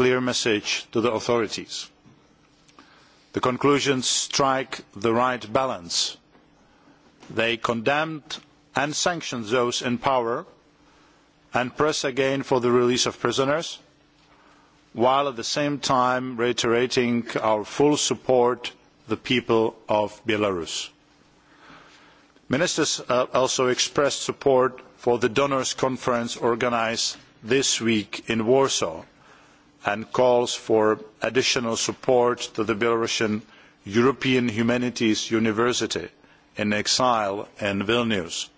clear message to the authorities. The conclusions strike the right balance. They condemned and sanctioned those in power and press again for the release of prisoners, while at the same time reiterating our full support to the people of Belarus. Ministers uh, also expressed support for the Donors' Conference organised this week in Warsaw and calls for additional support to the Belarusian European Humanities University in exile in Vilnius.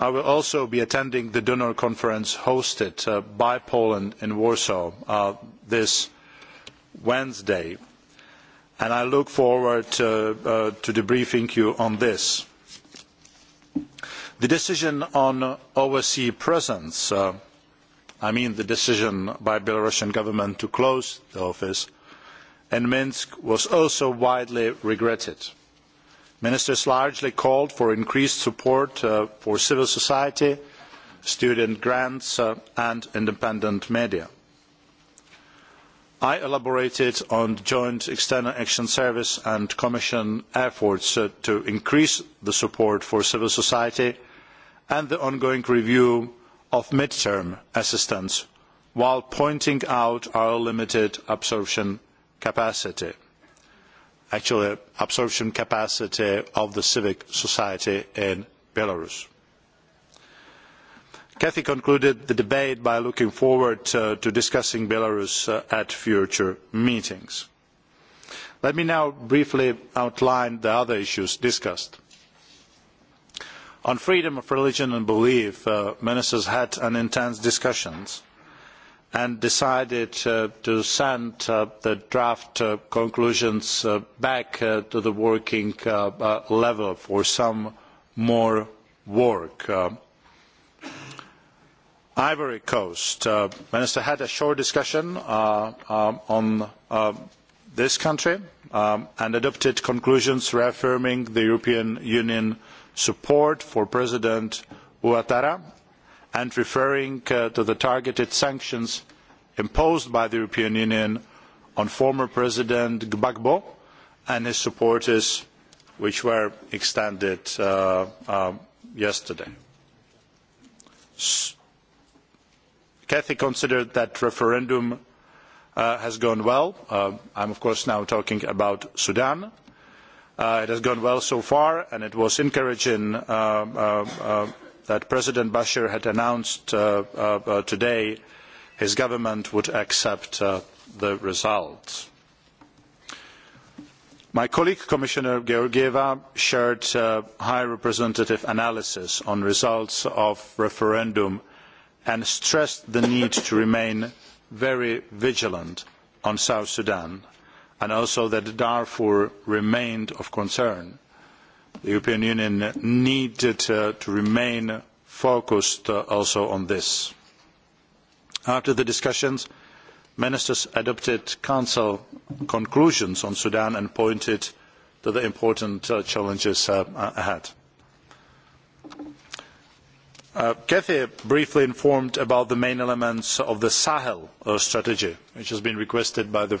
I will also be attending the donor conference hosted uh, by Poland in Warsaw uh, this Wednesday, and I look forward uh, uh, to debriefing you on this. The decision on overseas presence uh, i mean the decision by the belarusian government to close the office in minsk was also widely regretted. ministers largely called for increased support uh, for civil society student grants uh, and independent media. i elaborated on the joint external action service and commission efforts uh, to increase the support for civil society and the ongoing review of mid term assistance while pointing out our limited absorption capacity actually absorption capacity of the civic society in belarus. cathy concluded the debate by looking forward uh, to discussing belarus uh, at future meetings. let me now briefly outline the other issues discussed on freedom of religion and belief uh, ministers had an intense discussions and decided uh, to send uh, the draft uh, conclusions uh, back uh, to the working uh, uh, level for some more work. Uh, Ivory Coast, uh, Minister had a short discussion uh, um, on uh, this country um, and adopted conclusions reaffirming the European Union support for President Ouattara and referring uh, to the targeted sanctions imposed by the European Union on former President Gbagbo and his supporters, which were extended uh, uh, yesterday. S Cathy considered that referendum uh, has gone well. Uh, I'm of course now talking about Sudan. Uh, Uh, it has gone well so far and it was encouraging um, uh, uh, that president bashir had announced uh, uh, uh, today his government would accept the results. my colleague commissioner georgieva shared high representative analysis on results of referendum and stressed the need to remain very vigilant on south sudan and also that Darfur remained of concern. The European Union needed uh, to remain focused uh, also on this. After the discussions, ministers adopted Council conclusions on Sudan and pointed to the important uh, challenges uh, ahead. Uh, cathy briefly informed about the main elements of the sahel uh, strategy which has been requested by the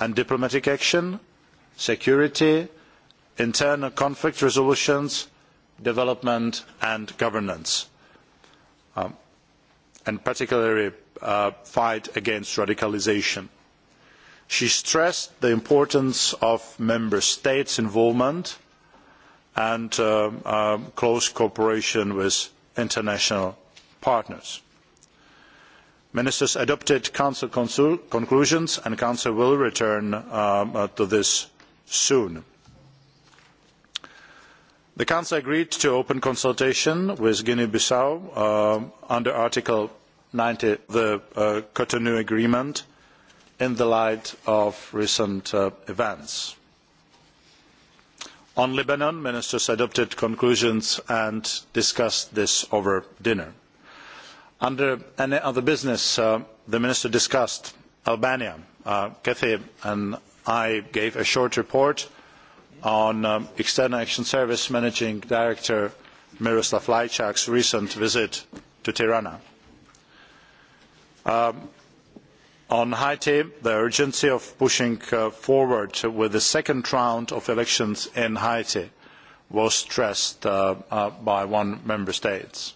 and diplomatic action security internal conflict resolution development and governance um, and particularly the uh, fight against radicalisation. she stressed the importance of member states' involvement and uh, uh, close cooperation with international partners ministers adopted council conclusions and the council will return um, uh, to this soon. the council agreed to open consultation with guinea bissau um, under article ninety of the uh, cotonou agreement in the light of recent uh, events. on lebanon ministers adopted conclusions and discussed this over dinner under any other business uh, the minister discussed albania. Uh, cathy and i gave a short report on um, external action service managing director miroslav lajczak's recent visit to tirana. Um, on haiti the urgency of pushing uh, forward with the second round of elections in haiti was stressed uh, uh by one member state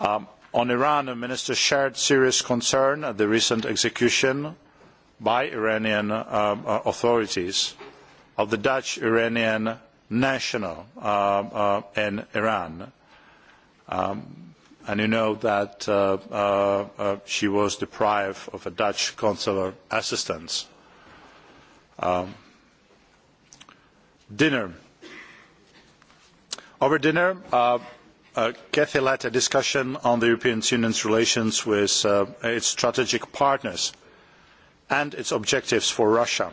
Um, on Iran, the minister shared serious concern at the recent execution by Iranian um, uh, authorities of the Dutch Iranian national uh, uh, in Iran. Um, and you know that uh, uh, uh, she was deprived of a Dutch consular assistance. Um, dinner. Over dinner, uh, Uh, Cathy led a discussion on the European Union's relations with uh, its strategic partners and its objectives for Russia.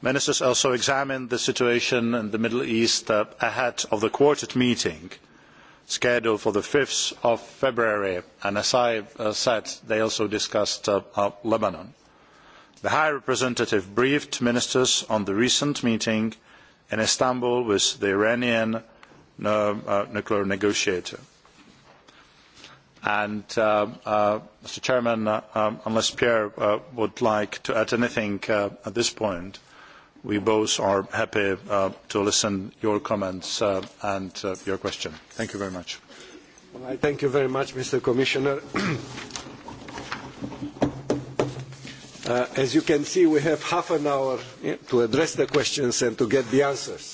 Ministers also examined the situation in the Middle East uh, ahead of the quartet meeting scheduled for the 5th of February, and as I uh, said, they also discussed uh, uh, Lebanon. The High Representative briefed ministers on the recent meeting in Istanbul with the Iranian uh, nuclear negotiator. And, uh, uh, Mr. Chairman, uh, um, unless Pierre uh, would like to add anything uh, at this point, we both are happy uh, to listen to your comments uh, and uh, your question. Thank you very much. Well, I thank you very much, Mr. Commissioner. uh, as you can see, we have half an hour to address the questions and to get the answers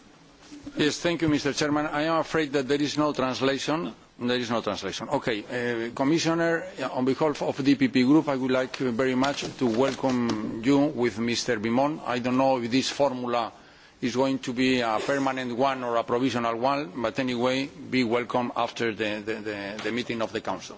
Yes, thank you, Mr. Chairman. I am afraid that there is no translation. There is no translation. Okay, uh, Commissioner, uh, on behalf of the DPP Group, I would like very much to welcome you with Mr. Bimon. I don't know if this formula is going to be a permanent one or a provisional one, but anyway, be welcome after the, the, the, the meeting of the Council.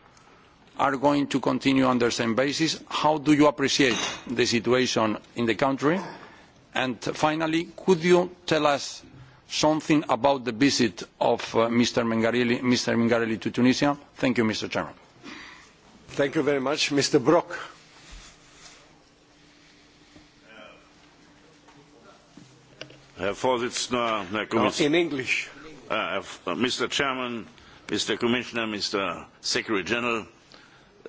are going to continue on the same basis? How do you appreciate the situation in the country? And finally, could you tell us something about the visit of uh, Mr. Mengarelli, Mr. Mengarelli to Tunisia? Thank you, Mr. Chairman. Thank you very much. Mr. Brock. Herr Vorsitzender, Herr Kommissar. No, in English. Uh, Mr. Chairman, Mr. Commissioner, Mr. Secretary General,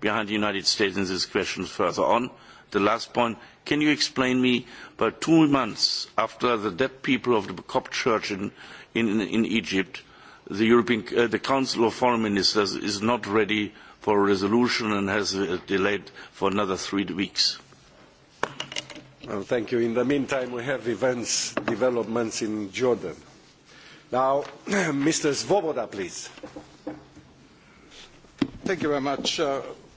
behind the United States in this question further on. The last point, can you explain me, but two months after the dead people of the Coptic Church in, in, in Egypt, the, European, uh, the Council of Foreign Ministers is not ready for a resolution and has uh, delayed for another three weeks. Well, thank you. In the meantime, we have events, developments in Jordan. Now, Mr. Svoboda, please. Thank you very much. Uh,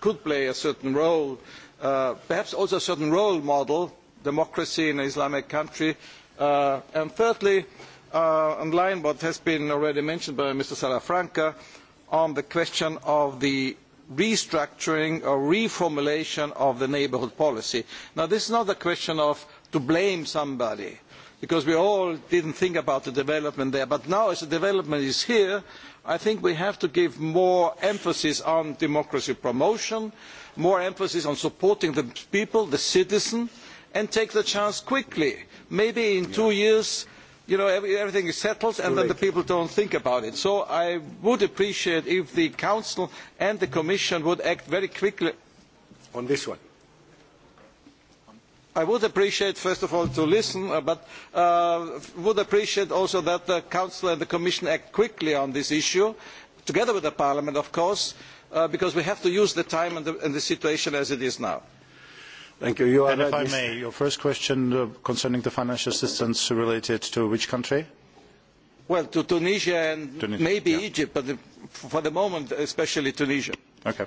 could play a certain role, uh, perhaps also a certain role model, democracy in an Islamic country. Uh, and thirdly, uh, underline what has been already mentioned by Mr. Salafranca on the question of the restructuring or reformulation of the neighbourhood policy. Now, this is not a question of to blame somebody, because we all didn't think about the development there. But now, as the development is here, I think we have to give more emphasis on democracy promotion, more emphasis on supporting the people, the citizen, and take the chance quickly. Maybe in yeah. two years, you know, every, everything is settled and then the people don't think about it. So I would appreciate if the Council and the Commission would act very quickly on this one. I would appreciate, first of all, to listen, uh, but uh, would appreciate also that the Council and the Commission act quickly on this issue, together with the Parliament, of course, uh, because we have to use the time and the, and the situation as it is now. Thank you. you are and right, if I Mr. may, your first question uh, concerning the financial assistance related to which country? Well, to Tunisia and Tunisia, maybe yeah. Egypt, but the, for the moment, especially Tunisia. Okay.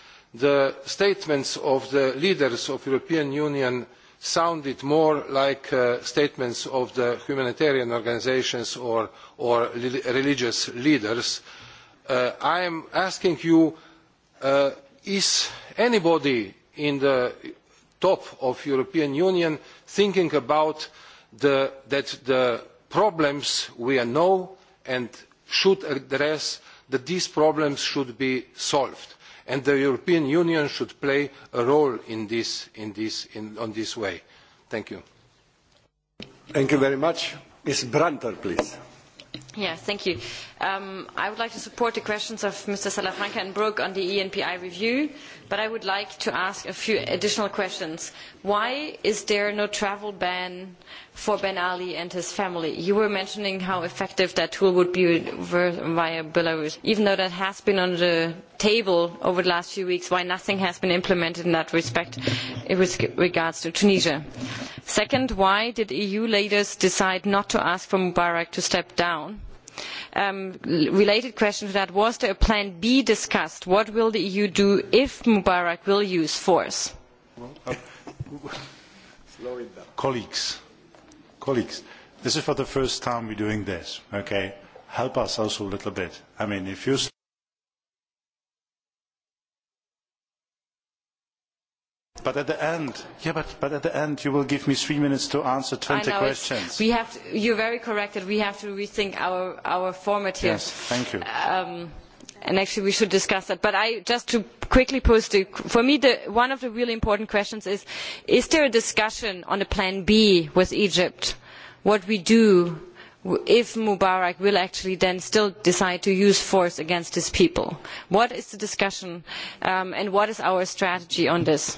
the statements of the leaders of the european union sounded more like uh, statements of the humanitarian organisations or, or religious leaders. Uh, i am asking you uh, is anybody at the top of the european union thinking about the, that the problems we know and should address that these problems should be solved? and the european union should play a role in this in this in on this way thank you thank you very much ms brantner please yeah, thank you. Um, I would like to support the questions of Mr. Salafranca and Brooke on the ENPI review, but I would like to ask a few additional questions. Why is there no travel ban for Ben Ali and his family. You were mentioning how effective that tool would be via Belarus. Even though that has been on the table over the last few weeks, why nothing has been implemented in that respect with regards to Tunisia. Second, why did EU leaders decide not to ask for Mubarak to step down? Um, related question to that, was there a plan B discussed? What will the EU do if Mubarak will use force? Well, uh, Colleagues, colleagues, this is for the first time we're doing this, okay? Help us also a little bit. I mean, if you... But at the end, yeah, but, but at the end, you will give me three minutes to answer 20 I know, questions. We have to, you're very correct that we have to rethink our, our format here. Yes, thank you. Um, and actually we should discuss that but I, just to quickly pose the for me the, one of the really important questions is is there a discussion on a plan b with egypt what we do if mubarak will actually then still decide to use force against his people what is the discussion um, and what is our strategy on this?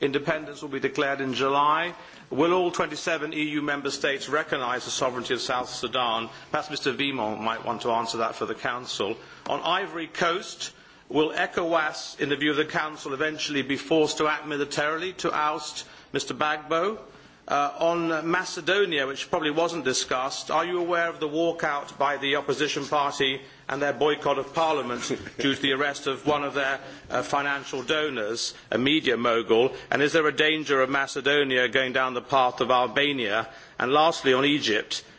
Independence will be declared in July. Will all 27 EU member states recognise the sovereignty of South Sudan? Perhaps Mr Vimon might want to answer that for the Council. On Ivory Coast, will ECOWAS, in the view of the Council, eventually be forced to act militarily to oust Mr Bagbo? Uh, on Macedonia, which probably wasn't discussed, are you aware of the walkout by the opposition party and their boycott of parliament due to the arrest of one of their uh, financial donors, a media mogul? And is there a danger of Macedonia going down the path of Albania? And lastly, on Egypt,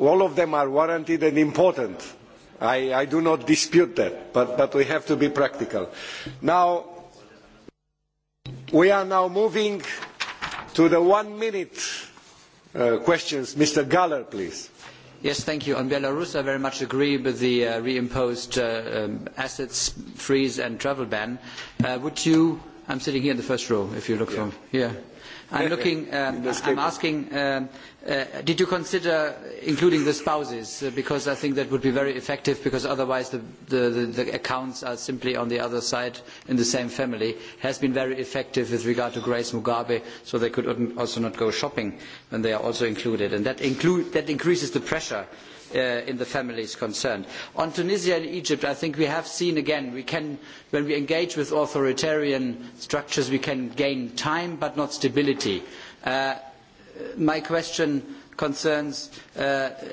all of them are warranted and important. I, I do not dispute that, but, but we have to be practical. Now, we are now moving to the one-minute uh, questions. Mr. Galler, please. Yes, thank you. On Belarus, I very much agree with the uh, reimposed uh, um, assets freeze and travel ban. Uh, would you? I'm sitting here in the first row. If you look yeah. from here, I'm looking. Um, I'm asking um, Uh, did you consider including the spouses? Uh, because I think that would be very effective, because otherwise the, the, the, the accounts are simply on the other side in the same family. Has been very effective with regard to Grace Mugabe, so they could also not go shopping when they are also included. And that, include, that increases the pressure uh, in the families concerned. On Tunisia and Egypt, I think we have seen again, we can, when we engage with authoritarian structures, we can gain time but not stability. Uh, my question concerns, uh,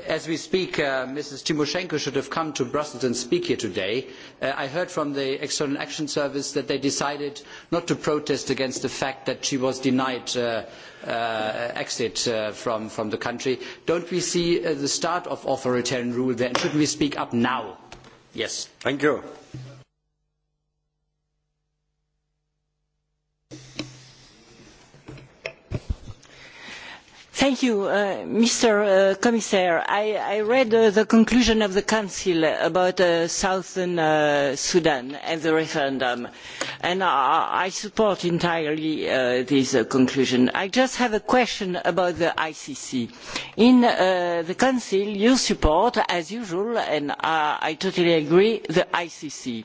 as we speak, uh, Mrs. Timoshenko should have come to Brussels and speak here today. Uh, I heard from the External Action Service that they decided not to protest against the fact that she was denied uh, uh, exit uh, from, from the country. Don't we see uh, the start of authoritarian rule there? And shouldn't we speak up now? Yes. Thank you. Thank you, uh, Mr. Uh, Commissaire. I, I read uh, the conclusion of the Council about uh, southern uh, Sudan and the referendum, and I, I support entirely uh, this uh, conclusion. I just have a question about the ICC. In uh, the Council, you support, as usual, and uh, I totally agree, the ICC.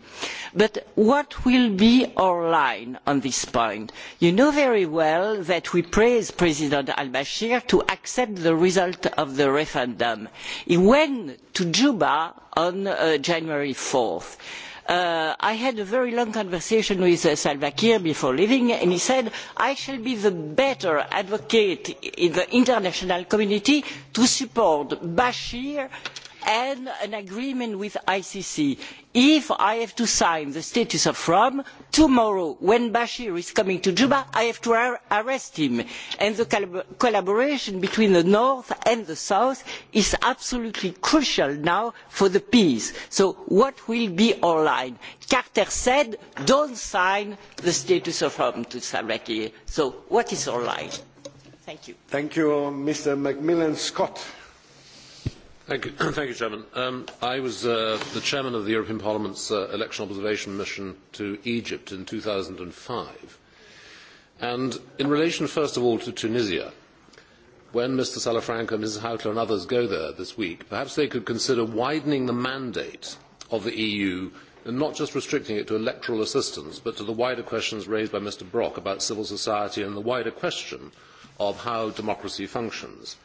But what will be our line on this point? You know very well that we praise President al-Bashir to accept the result of the referendum. He went to Juba on uh, January 4th. Uh, I had a very long conversation with uh, Salva Kiir before leaving, and he said, I shall be the better advocate in the international community to support Bashir and an agreement with the icc if i have to sign the status of rome tomorrow when bashir is coming to juba i have to ar arrest him and the collaboration between the north and the south is absolutely crucial now for the peace. so what will be our line? carter said don't sign the status of rome to salva kiir. so what is our line? thank you. thank you mr mcmillan scott. Thank you, Thank you Chairman. Um, I was uh, the Chairman of the European Parliament's uh, Election Observation Mission to Egypt in 2005. And in relation, first of all, to Tunisia, when Mr. Salafranca, Mrs. Hautler and others go there this week, perhaps they could consider widening the mandate of the EU and not just restricting it to electoral assistance, but to the wider questions raised by Mr. Brock about civil society and the wider question of how democracy functions. Uh,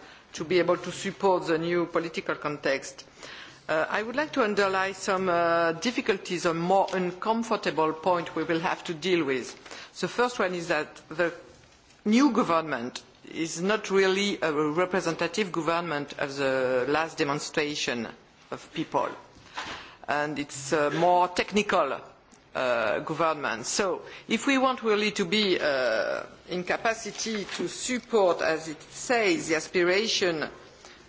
to be able to support the new political context. Uh, I would like to underline some uh, difficulties or more uncomfortable point we will have to deal with. The first one is that the new government is not really a representative government of the last demonstration of people. And it's uh, more technical uh, government. So if we want really to be uh, in capacity to support, as it says, the aspiration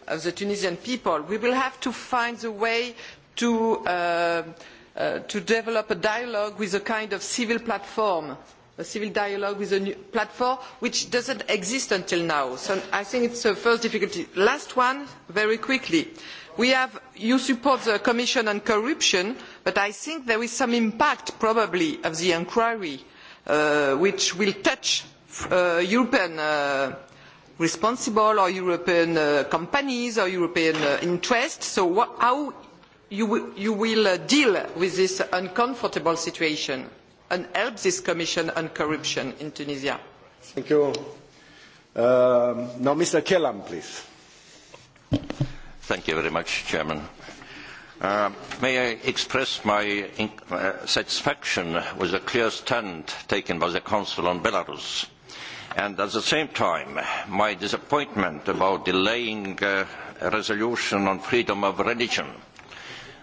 of the Tunisian people, we will have to find a way to, uh, uh, to develop a dialogue with a kind of civil platform a civil dialogue with a new platform which does not exist until now. So I think it's the first difficulty. Last one, very quickly. Uh, Have, you support the commission on corruption but i think there is some impact probably of the inquiry uh, which will touch uh, european uh, responsible or european uh, companies or european uh, interests so what, how you, you will uh, deal with this uncomfortable situation and help this commission on corruption in tunisia? thank you. Um, now mr kelam please. Thank you very much, Chairman. Uh, may I express my in, uh, satisfaction with the clear stand taken by the Council on Belarus, and at the same time, my disappointment about delaying uh, a resolution on freedom of religion.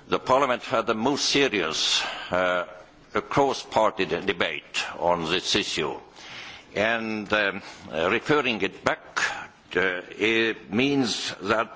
The Parliament had the most serious uh, cross-party debate on this issue, and um, referring it back uh, it means that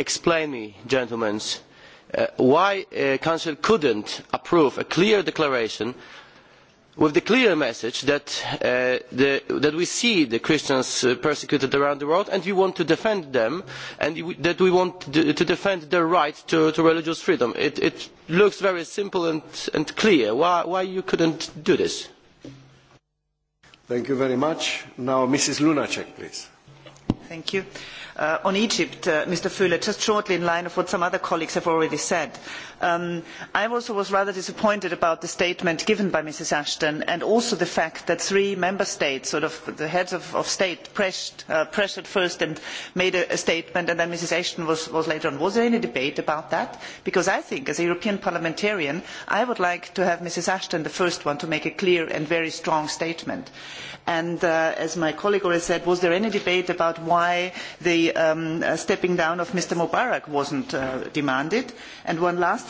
explain me, gentlemen, uh, why the uh, Council couldn't approve a clear declaration with the clear message that, uh, the, that we see the Christians uh, persecuted around the world and we want to defend them and we, that we want to, to defend their right to, to religious freedom. It, it looks very simple and, and clear. Why, why you couldn't do this? Thank you very much. Now Mrs. Lunacek, please. Thank you. Uh, Uh, on Egypt, uh, Mr. Fuller, just shortly in line of what some other colleagues have already said. Uh, Um, I also was rather disappointed about the statement given by Mrs. Ashton and also the fact that three member states, sort of the heads of, of state, pressed, uh, pressured first and made a, a statement and then Mrs. Ashton was, was later on. Was there any debate about that? Because I think as a European parliamentarian, I would like to have Mrs. Ashton the first one to make a clear and very strong statement. And uh, as my colleague already said, was there any debate about why the um, uh, stepping down of Mr. Mubarak wasn't uh, demanded? And one last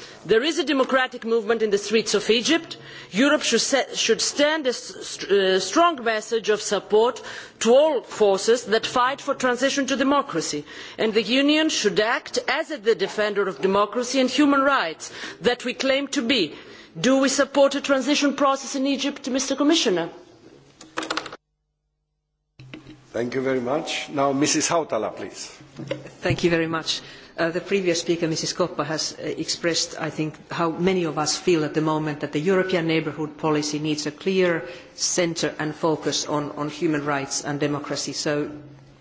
there is a democratic movement in the streets of egypt. europe should, set, should send a st uh, strong message of support to all forces that fight for transition to democracy and the union should act as the defender of democracy and human rights that we claim to be. do we support a transition process in egypt mr commissioner? thank you very much. now mrs hautala please. thank you very much. Uh, the previous speaker, Mrs. Koppa, has uh, expressed, I think, how many of us feel at the moment that the European neighbourhood policy needs a clear centre and focus on, on human rights and democracy. So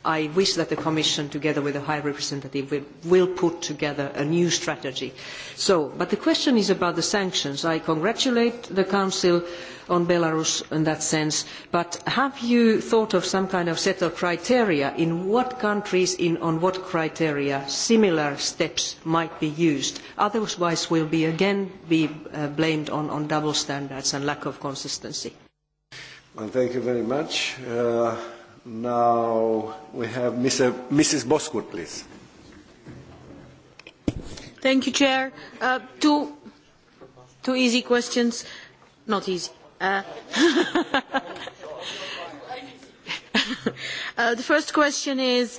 I wish that the Commission, together with the High Representative, will, will put together a new strategy. So, but the question is about the sanctions. I congratulate the Council uh, on Belarus in that sense, but have you thought of some kind of set of criteria in what countries, in, on what criteria similar steps might be used? Otherwise we'll be again be uh, blamed on, on double standards and lack of consistency. Well, thank you very much. Uh, now we have Mr. Mrs. Boswood, please. Thank you, Chair. Uh, two, two easy questions. Not easy. Uh, uh, the first question is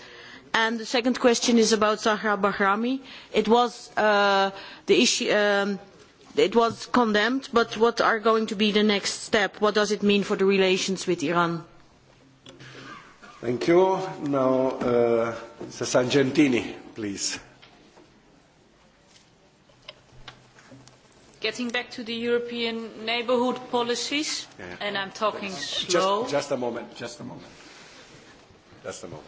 And the second question is about Zahra Bahrami. It was, uh, the issue, um, it was condemned, but what are going to be the next step? What does it mean for the relations with Iran? Thank you. Now, uh, Mr. Sargentini, please. Getting back to the European neighbourhood policies, yeah. and I'm talking just, slow. Just, just a moment, just a moment, just a moment.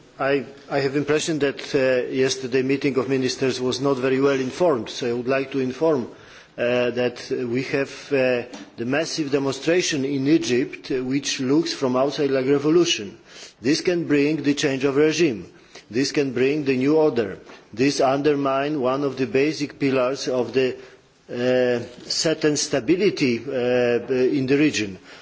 I, I have the impression that uh, yesterday meeting of ministers was not very well informed, so I would like to inform uh, that we have uh, the massive demonstration in Egypt uh, which looks from outside like revolution. This can bring the change of regime. This can bring the new order. This undermines one of the basic pillars of the uh, certain stability uh, in the region. Uh,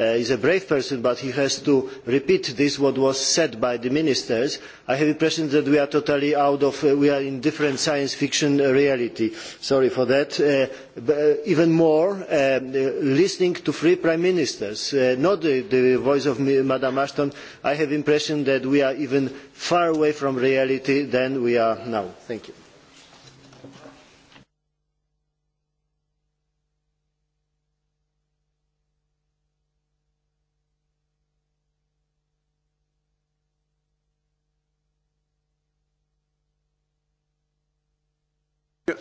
uh, is a brave person, but he has to repeat this, what was said by the ministers. I have the impression that we are totally out of, uh, we are in different science fiction uh, reality. Sorry for that. Uh, but uh, even more, um, uh, listening to three prime ministers, uh, not the, the voice of Madam Ashton, I have the impression that we are even far away from reality than we are now. Thank you.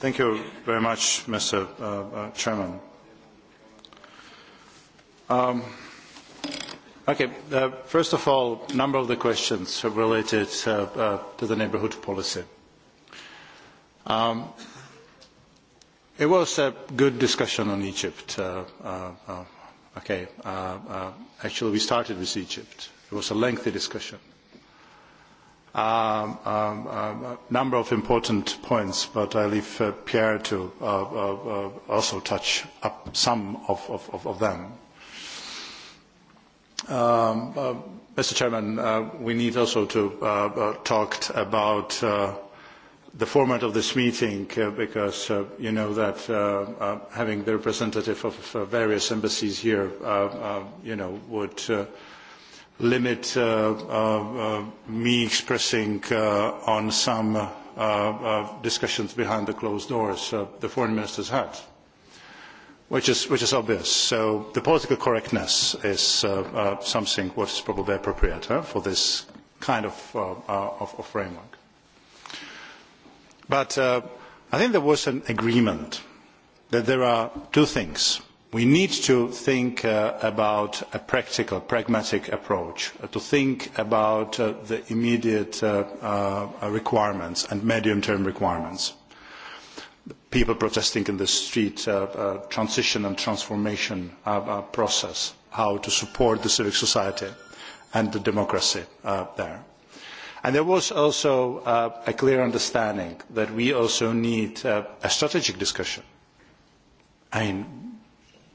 Thank you very much, Mr. Uh, uh, Chairman. Um, okay, uh, first of all, a number of the questions are related uh, uh, to the neighbourhood policy. Um, it was a good discussion on Egypt. Uh, uh, uh, okay, uh, uh, actually we started with Egypt. It was a lengthy discussion um, um, um, number of important points, but I leave uh, Pierre to uh, uh, uh also touch up some of, of, of them. Um, uh, Mr. Chairman, uh, we need also to uh, uh, talk about uh, the format of this meeting uh, because uh, you know that uh, uh, having the representative of uh, various embassies here, uh, uh, you know, would uh, limit uh, uh, uh, me expressing uh, on some uh, uh, discussions behind the closed doors uh, the foreign ministers had, which is, which is obvious. So the political correctness is uh, uh, something what is probably appropriate huh, for this kind of, uh, uh, of, of framework. But uh, I think there was an agreement that there are two things – we need to think uh, about a practical, pragmatic approach, uh, to think about uh, the immediate uh, uh, requirements and medium-term requirements. People protesting in the street, uh, uh, transition and transformation uh, uh, process, how to support the civic society and the democracy uh, there. And there was also uh, a clear understanding that we also need uh, a strategic discussion. I mean,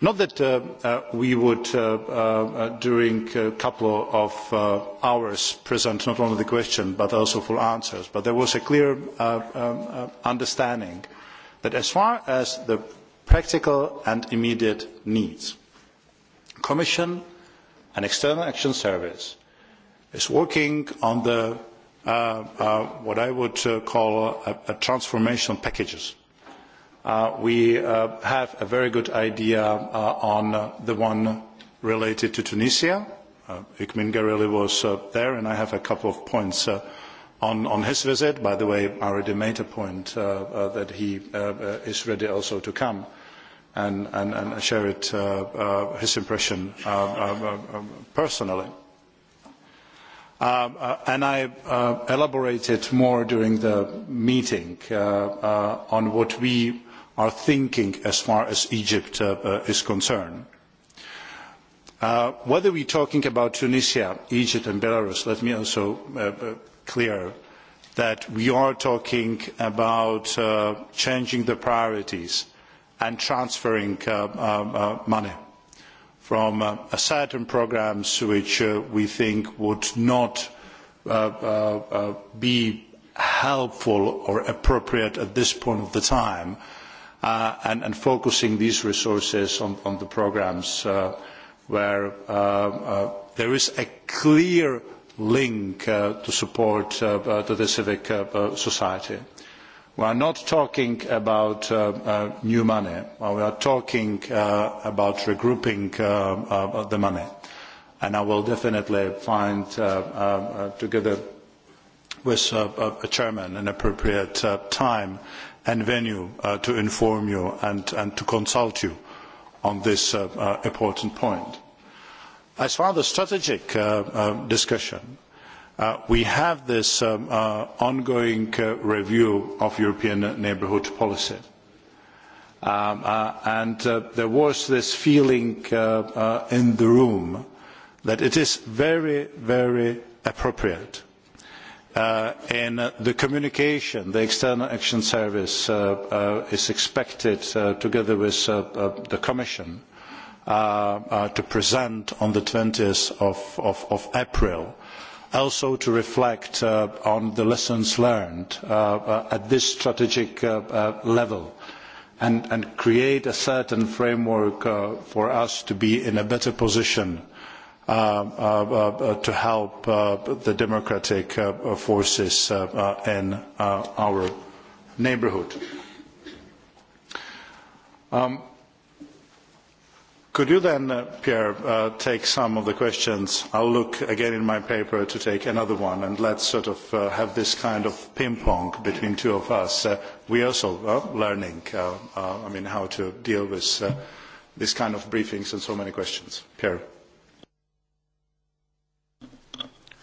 Not that uh, uh, we would, uh, uh, uh, during a couple of uh, hours, present not only the question but also full answers, but there was a clear uh, um, uh, understanding that as far as the practical and immediate needs, Commission and External Action Service is working on the, uh, uh, what I would uh, call a, a transformation packages – uh, we uh, have a very good idea uh, on uh, the one related to Tunisia. Uh, Ikmin Gareli was uh, there, and I have a couple of points uh, on, on his visit. By the way, I already made a point uh, uh, that he uh, uh, is ready also to come and, and, and share it, uh, uh, his impression uh, uh, uh, personally. Um, uh, and I uh, elaborated more during the meeting uh, uh, on what we are thinking as far as Egypt uh, uh, is concerned. Uh, whether we're talking about Tunisia, Egypt and Belarus, let me also uh, uh, clear that we are talking about uh, changing the priorities and transferring uh, uh, uh money from uh, certain programs which uh, we think would not uh, uh, uh, be helpful or appropriate at this point of the time uh, uh, and, and focusing these resources on, on the programs uh, where uh, uh, there is a clear link uh, to support uh, uh, to the civic uh, uh, society. We are not talking about uh, uh, new money. Uh, we are talking uh, about regrouping uh, uh, the money. And I will definitely find, uh, uh, uh together with uh, uh, a chairman, an appropriate uh, time and venue uh, to inform you and, and to consult you on this uh, uh, important point. As far as the strategic uh, uh, discussion, uh, we have this um, uh, ongoing uh, review of European neighbourhood policy. Um, uh, and uh, there was this feeling uh, uh, in the room that it is very, very appropriate uh, Uh, and uh, the communication, the External Action Service uh, uh, is expected, uh, together with uh, uh, the Commission, uh, uh, to present on the 20th of, of, of April, also to reflect uh, on the lessons learned uh, uh, at this strategic uh, uh, level and, and create a certain framework uh, for us to be in a better position uh, Um, uh, uh, to help uh, the democratic uh, forces uh, in our neighborhood. Um, could you then, Pierre, take some of the questions? I'll look again in my paper to take another one, and let's sort of have this kind of ping-pong between two of us. We also are learning, I mean, how to deal with this kind of briefings and so many questions. Pierre.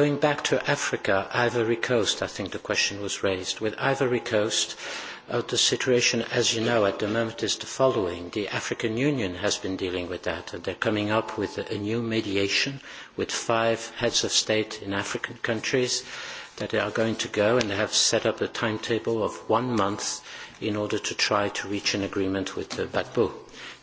Going back to Africa, Ivory Coast, I think the question was raised. With Ivory Coast, uh, the situation, as you know, at the moment is the following. The African Union has been dealing with that, and they're coming up with a, a new mediation with five heads of state in African countries that they are going to go and they have set up a timetable of one month in order to try to reach an agreement with uh, Batbo.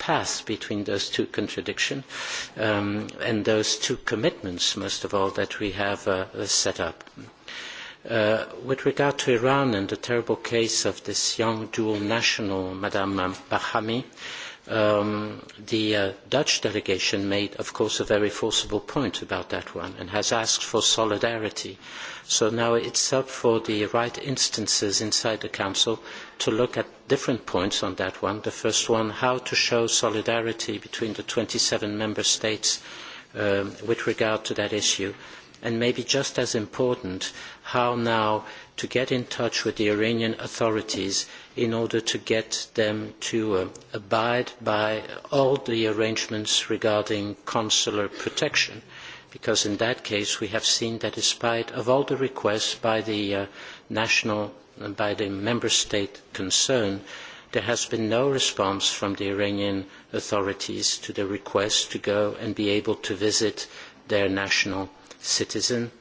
path between those two contradictions um, and those two commitments, most of all, that we have uh, uh, set up. Uh, with regard to Iran and the terrible case of this young dual national, Madame Bahami, um, the uh, Dutch delegation made, of course, a very forcible point about that one and has asked for solidarity uh, So now it's up for the right instances inside the Council to look at different points on that one. The first one, how to show solidarity between the 27 member states um, with regard to that issue. And maybe just as important, how now to get in touch with the Iranian authorities in order to get them to uh, abide by all the arrangements regarding consular protection because in that case we have seen that despite of all the requests by the uh, national and uh, by the member state concerned, there has been no response from the Iranian authorities to the request to go and be able to visit their national citizen.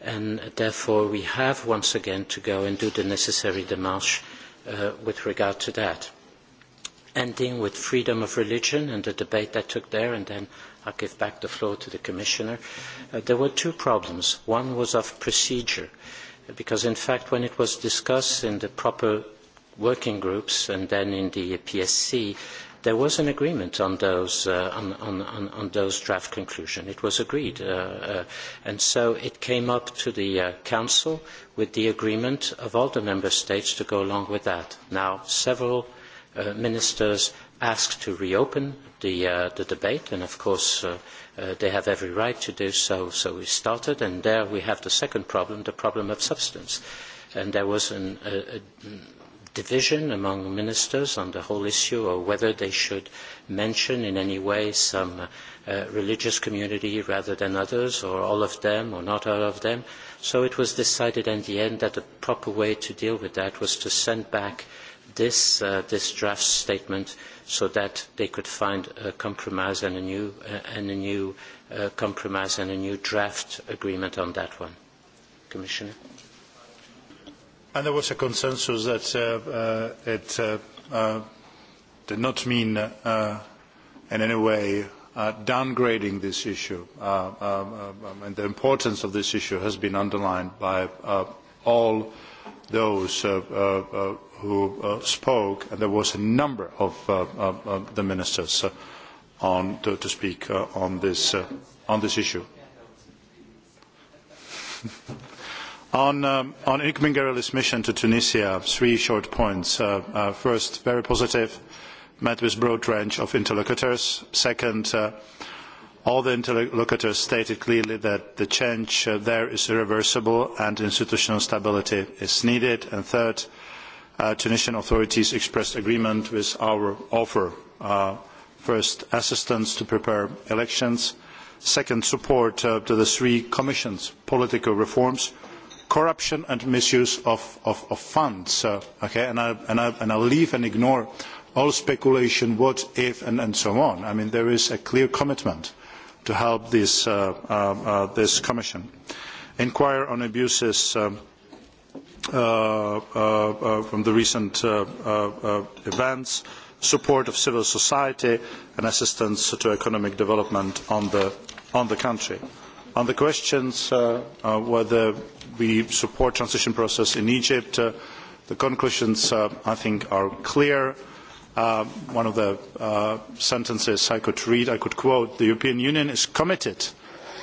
And therefore we have once again to go and do the necessary démarche uh, with regard to that ending with freedom of religion and the debate that took there, and then I'll give back the floor to the Commissioner. Uh, there were two problems. One was of procedure, because in fact when it was discussed in the proper working groups and then in the PSC, there was an agreement on those uh, on, on, on, on those draft conclusion. It was agreed, uh, uh, and so it came up to the uh, council with the agreement of all the member states to go along with that. Now several uh, ministers asked to reopen the, uh, the debate, and of course uh, uh, they have every right to do so, so we started, and there we have the second problem, the problem of substance. And there was an, a, a division among ministers on the whole issue or whether they should mention in any way some uh, religious community rather than others or all of them or not all of them. So it was decided in the end that the proper way to deal with that was to send back uh, this, uh, this draft statement so that they could find a compromise and a new, uh, and a new uh, compromise and a new draft agreement on that one. Commissioner? And there was a consensus that uh, uh, it uh, uh, did not mean uh, in any way uh, downgrading this issue. Uh, um, um, and the importance of this issue has been underlined by uh, all uh, those uh, uh, uh, who spoke, and there was a number of the ministers on, to, to speak on this, on this issue. on um, on Ikmin Gareli's mission to Tunisia, three short points. Uh, uh, first, very positive, met with broad range of interlocutors. Second, uh, all the interlocutors stated clearly that the change uh, there is irreversible and institutional stability is needed. And third, uh, Tunisian authorities expressed agreement with our offer. Uh, first, assistance to prepare elections. Second, support uh, to the three commissions, political reforms, corruption and misuse of, of, of funds. Uh, okay, and, I, and, I, and I'll leave and ignore all speculation, what if, and, and so on. I mean, there is a clear commitment to help this, uh, uh, uh, this Commission inquire on abuses um, uh, uh, uh, from the recent uh, uh, uh, events, support of civil society and assistance to economic development on the, on the country. On the questions uh, uh, whether we support transition process in Egypt, uh, the conclusions uh, I think are clear. Uh, uh, one of the uh, sentences I could read, I could quote, the European Union is committed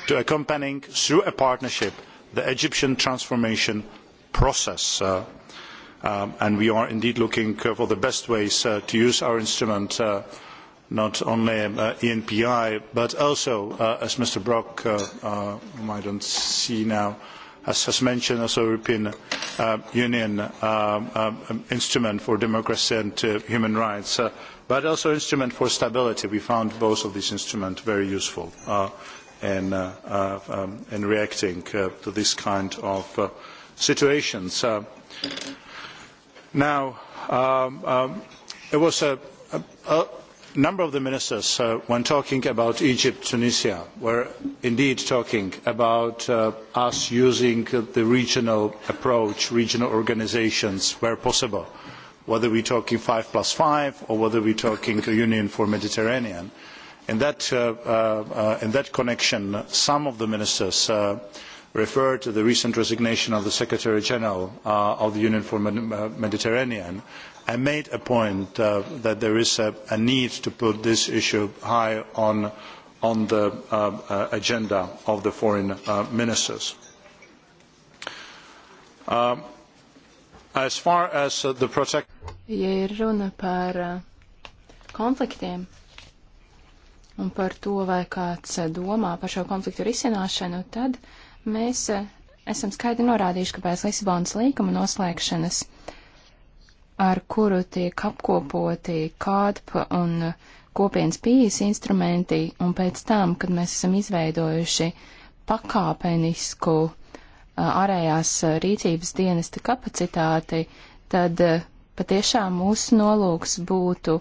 to accompanying through a partnership the Egyptian transformation process. Uh, um, and we are indeed looking uh, for the best ways uh, to use our instrument, uh, not only uh, ENPI, but also, uh, as Mr. Brock, uh, uh, whom I don't see now, uh, as has mentioned also European uh, Union um, um, instrument for democracy and uh, human rights, uh, but also instrument for stability. We found both of these instruments very useful uh, in, uh, uh, um, in reacting uh, to this kind of uh, situations. Uh, now, um, um, it was a, a, a a number of the ministers uh, when talking about egypt and tunisia were indeed talking about uh, us using uh, the regional approach regional organisations where possible whether we are talking five plus five or whether we are talking a union for the mediterranean. In that, uh, uh, uh, in that connection some of the ministers uh, referred to the recent resignation of the secretary general uh, of the union for the mediterranean I made a point uh, that there is a, a need to put this issue high on, on the uh, uh, agenda of the foreign uh, ministers. Uh, as far as uh, the protect... Ja ir runa par uh, konfliktiem un par to, vai kāds uh, domā par šo konfliktu risināšanu, tad mēs uh, esam skaidri norādījuši, ka pēc Lisabonas līguma noslēgšanas uh, ar kuru tiek apkopoti kādpa un kopienas pieejas instrumenti, un pēc tam, kad mēs esam izveidojuši pakāpenisku ārējās rīcības dienesta kapacitāti, tad patiešām mūsu nolūks būtu,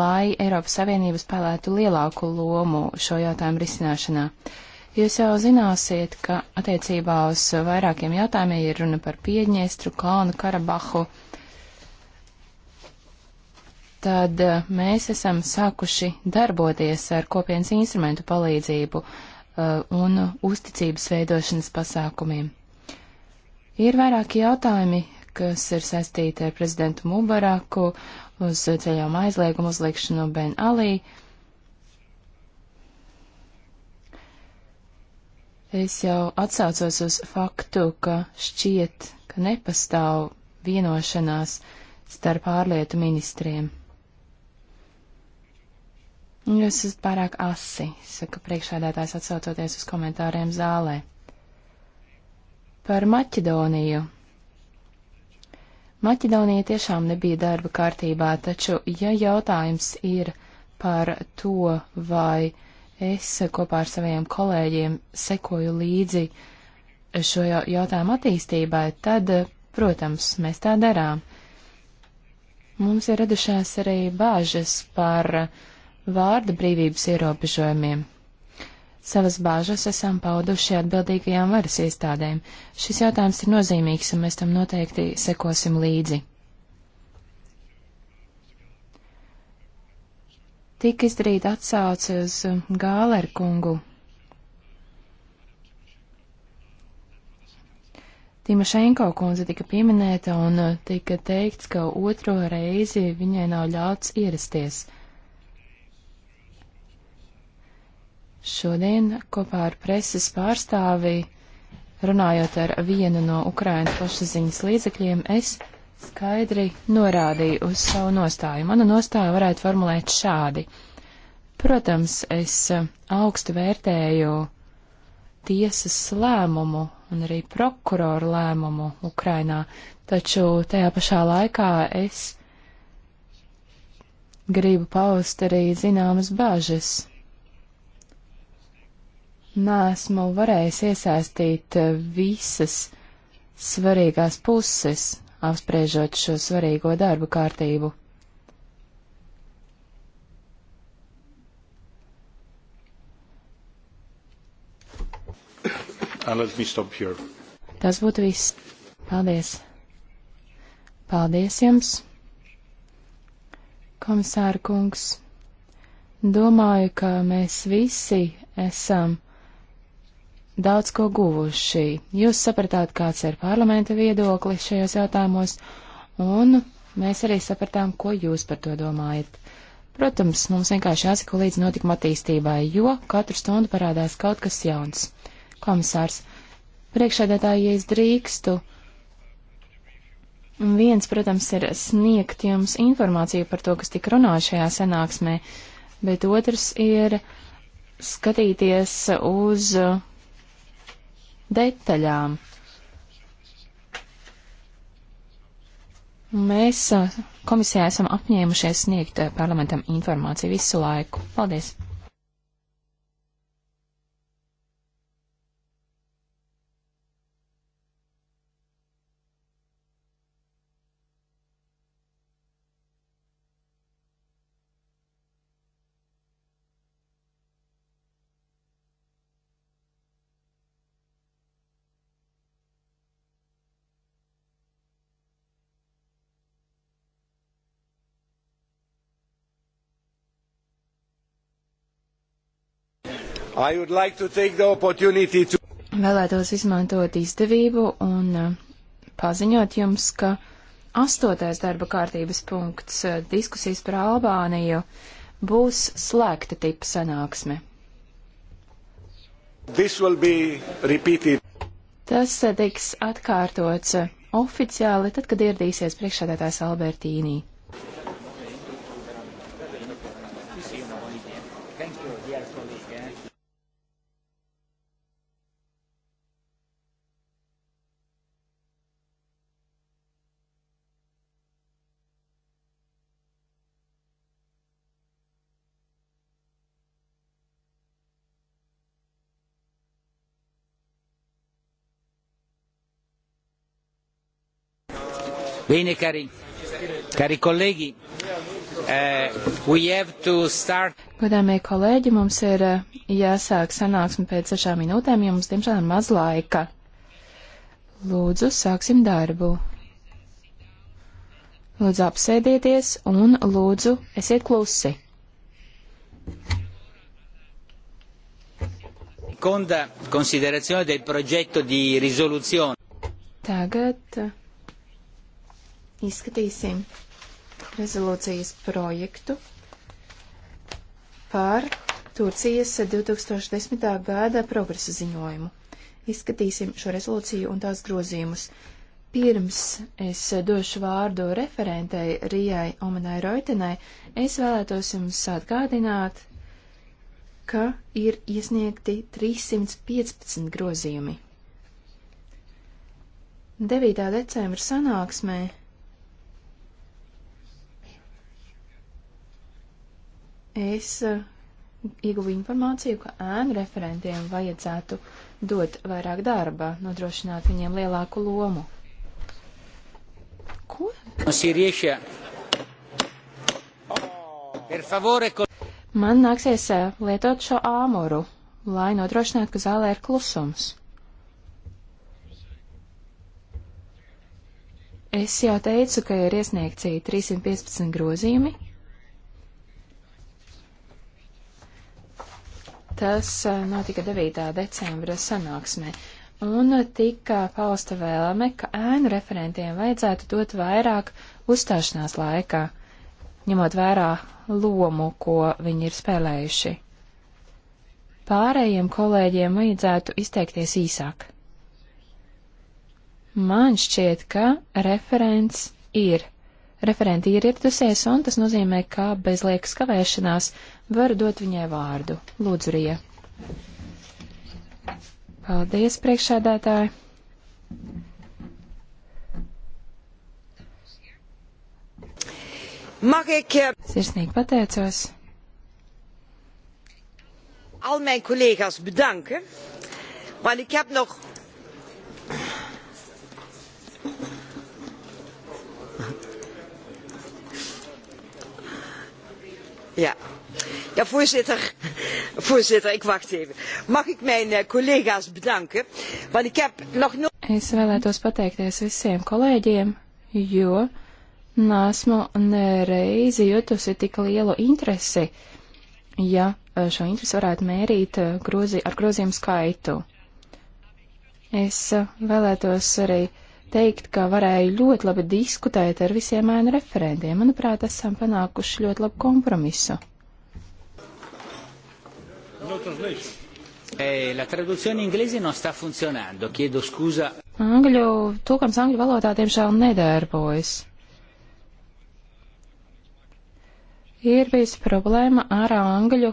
lai Eiropas Savienība spēlētu lielāku lomu šo jautājumu risināšanā. Jūs jau zināsiet, ka attiecībā uz vairākiem jautājumiem ir runa par Piedņestru, Kalnu Karabahu, uh, tad eh, mēs esam sākuši darboties ar kopienas instrumentu palīdzību eh, un uzticības veidošanas pasākumiem. Ir vairāki jautājumi, kas ir saistīti ar prezidentu Mubaraku, uz ceļām aizliegumu uzliekšanu Ben Alī. Es jau atsaucos uz faktu, ka šķiet, ka nepastāv vienošanās starp ārlietu ministriem. Jūs esat pārāk asi, saka priekšādātājs atsaucoties uz komentāriem zālē. Par Maķedoniju. Maķedonija tiešām nebija darba kārtībā, taču, ja jautājums ir par to, vai es kopā ar saviem kolēģiem sekoju līdzi šo jautājumu attīstībai, tad, protams, mēs tā darām. Mums ir radušās arī bāžas par uh, vārda brīvības ierobežojumiem. Savas bāžas esam pauduši atbildīgajām varas iestādēm. Šis jautājums ir nozīmīgs, un mēs tam noteikti sekosim līdzi. Tik izdarīta atsauce uz Gāleru kungu. Timošenko kundze tika pieminēta un tika teikts, ka otro reizi viņai nav ļauts ierasties. Šodien kopā ar preses pārstāvi, runājot ar vienu no Ukrainas plašsaziņas līdzekļiem, es skaidri norādīju uz savu nostāju. Mana nostāja varētu formulēt šādi. Protams, es eh, augstu vērtēju tiesas lēmumu un arī prokuroru lēmumu Ukrainā, taču tajā pašā laikā es gribu paust arī zināmas bāžas nesmu varējis iesaistīt eh, visas svarīgās puses, apspriežot šo svarīgo darbu kārtību. Tas būtu viss. Paldies. Paldies jums, komisāra kungs. Domāju, ka mēs visi esam daudz ko guvuši. Jūs sapratāt, kāds ir parlamenta viedoklis šajos jautājumos, un mēs arī sapratām, ko jūs par to domājat. Protams, mums vienkārši jāsako līdz notikuma attīstībai, jo katru stundu parādās kaut kas jauns. Komisārs, priekšēdētāji, ja es drīkstu, viens, protams, ir sniegt jums informāciju par to, kas tika runāts šajā sanāksmē, bet otrs ir skatīties uz uh, detaļām. Mēs komisijā esam apņēmušies sniegt parlamentam informāciju visu laiku. Paldies! Like to... Vēlētos izmantot izdevību un uh, paziņot jums, ka astotais darba kārtības punkts uh, diskusijas par Albāniju būs slēgta tipa sanāksme. Tas uh, tiks atkārtots oficiāli tad, kad ieradīsies priekšsēdētājs Albertīnī. Bene, cari, cari colleghi, uh, we have to start. Godāmie kolēģi, mums ir eh, jāsāk sanāksme pēc sešām minūtēm, jo mums, diemžēl, ir maz laika. Lūdzu, sāksim darbu. Lūdzu, apsēdieties un lūdzu, esiet klusi. Seconda considerazione del progetto di risoluzione. Tagad izskatīsim rezolūcijas projektu par Turcijas 2010. gada progresa ziņojumu. Izskatīsim šo rezolūciju un tās grozījumus. Pirms es došu vārdu referentei Rijai Omanai Roitenai, es vēlētos jums atgādināt, ka ir iesniegti 315 grozījumi. 9. decembra sanāksmē es eh, ieguvu informāciju, ka ēnu referentiem vajadzētu dot vairāk darba, nodrošināt viņiem lielāku lomu. Ko? Man nāksies eh, lietot šo āmuru, lai nodrošinātu, ka zālē ir klusums. Es jau teicu, ka ir iesniegti 315 grozījumi, Tas eh, notika 9. decembra sanāksmē, un tika pausta vēlme, ka ēnu referentiem vajadzētu dot vairāk uzstāšanās laikā, ņemot vērā lomu, ko viņi ir spēlējuši. Pārējiem kolēģiem vajadzētu izteikties īsāk. Man šķiet, ka referents ir Referenti ir ieradusies, un tas nozīmē, ka bez liekas kavēšanās varu dot viņai vārdu. Lūdzu, Rija. Paldies, priekšsēdētāji. Eh, Sirsnīgi pateicos. Al mijn collega's bedanken, want ik heb nog Ja. Ja, voorzitter. voorzitter, ik wacht even. Mag ik mijn uh, collega's bedanken? Want ik heb nog nooit. Es vēlētos pateikties visiem kolēģiem, jo nesmu nereizi jutusi tik lielu interesi, ja eh, šo interesi varētu mērīt eh, grozi, ar grozījumu skaitu. Es vēlētos arī uh, teikt, ka varēju ļoti labi diskutēt ar visiem ēnu referentiem. Manuprāt, esam panākuši ļoti labu kompromisu. Eh, angļu tūkams angļu valodā diemžēl nedarbojas. Ir bijusi problēma ar angļu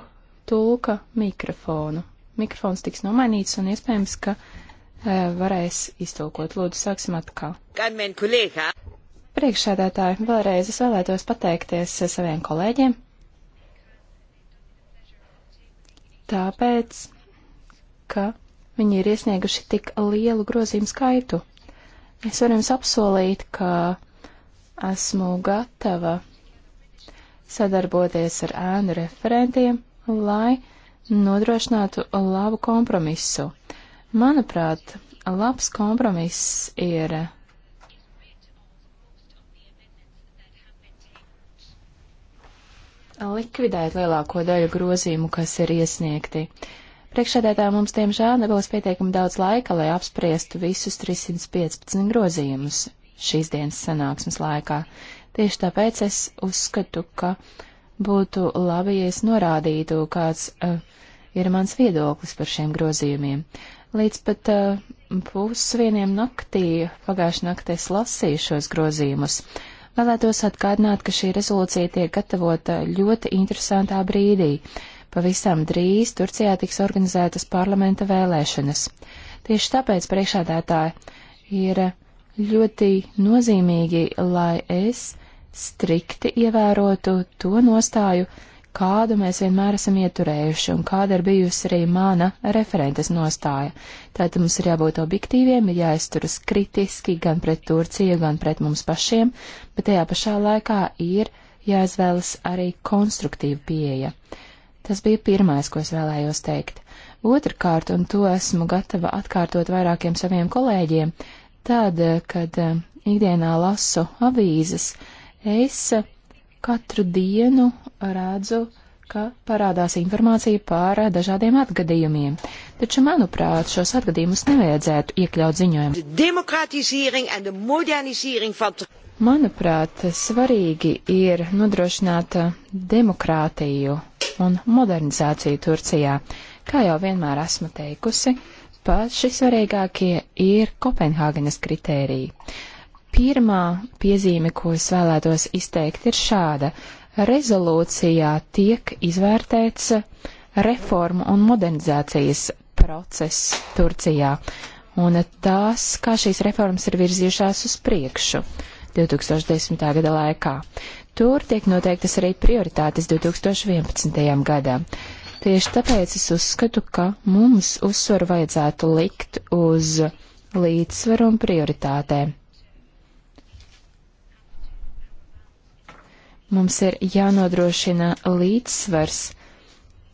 tulka mikrofonu. Mikrofons tiks nomainīts un iespējams, ka uh, Eh, varēs iztulkot. Lūdzu, sāksim atkal. Priekšsēdētāji, vēlreiz es vēlētos pateikties saviem kolēģiem. Tāpēc, ka viņi ir iesnieguši tik lielu grozījumu skaitu. Es varu jums apsolīt, ka esmu gatava sadarboties ar ēnu referentiem, lai nodrošinātu labu kompromisu. Manuprāt, labs kompromiss ir likvidēt lielāko daļu grozījumu, kas ir iesniegti. Priekšsēdētā mums, diemžēl, nebūs pietiekami daudz laika, lai apspriestu visus 315 grozījumus šīs dienas sanāksmes laikā. Tieši tāpēc es uzskatu, ka būtu labi, ja es norādītu, kāds uh, ir mans viedoklis par šiem grozījumiem. Līdz pat uh, pusvieniem naktī pagājušajā naktī es lasīju šos grozījumus. Vēlētos atgādināt, ka šī rezolūcija tiek gatavota ļoti interesantā brīdī. Pavisam drīz Turcijā tiks organizētas parlamenta vēlēšanas. Tieši tāpēc priekšādātāji ir ļoti nozīmīgi, lai es strikti ievērotu to nostāju, kādu mēs vienmēr esam ieturējuši un kāda ir bijusi arī mana referentes nostāja. Tātad mums ir jābūt objektīviem, ir jāizturas kritiski gan pret Turciju, gan pret mums pašiem, bet tajā pašā laikā ir jāizvēlas arī konstruktīva pieeja. Tas bija pirmais, ko es vēlējos teikt. Otrakārt, un to esmu gatava atkārtot vairākiem saviem kolēģiem, tad, kad eh, ikdienā lasu avīzes, es katru dienu redzu, ka parādās informācija par dažādiem atgadījumiem. Taču, manuprāt, šos atgadījumus nevajadzētu iekļaut ziņojumā. Manuprāt, svarīgi ir nodrošināt demokrātiju un modernizāciju Turcijā. Kā jau vienmēr esmu teikusi, paši svarīgākie ir Kopenhāgenes kritēriji. Pirmā piezīme, ko es vēlētos izteikt, ir šāda. Rezolūcijā tiek izvērtēts reformu un modernizācijas process Turcijā un tās, kā šīs reformas ir virzījušās uz priekšu 2010. gada laikā. Tur tiek noteiktas arī prioritātes 2011. gadam. Tieši tāpēc es uzskatu, ka mums uzsvaru vajadzētu likt uz līdzsvaru un prioritātēm. Mums ir jānodrošina līdzsvars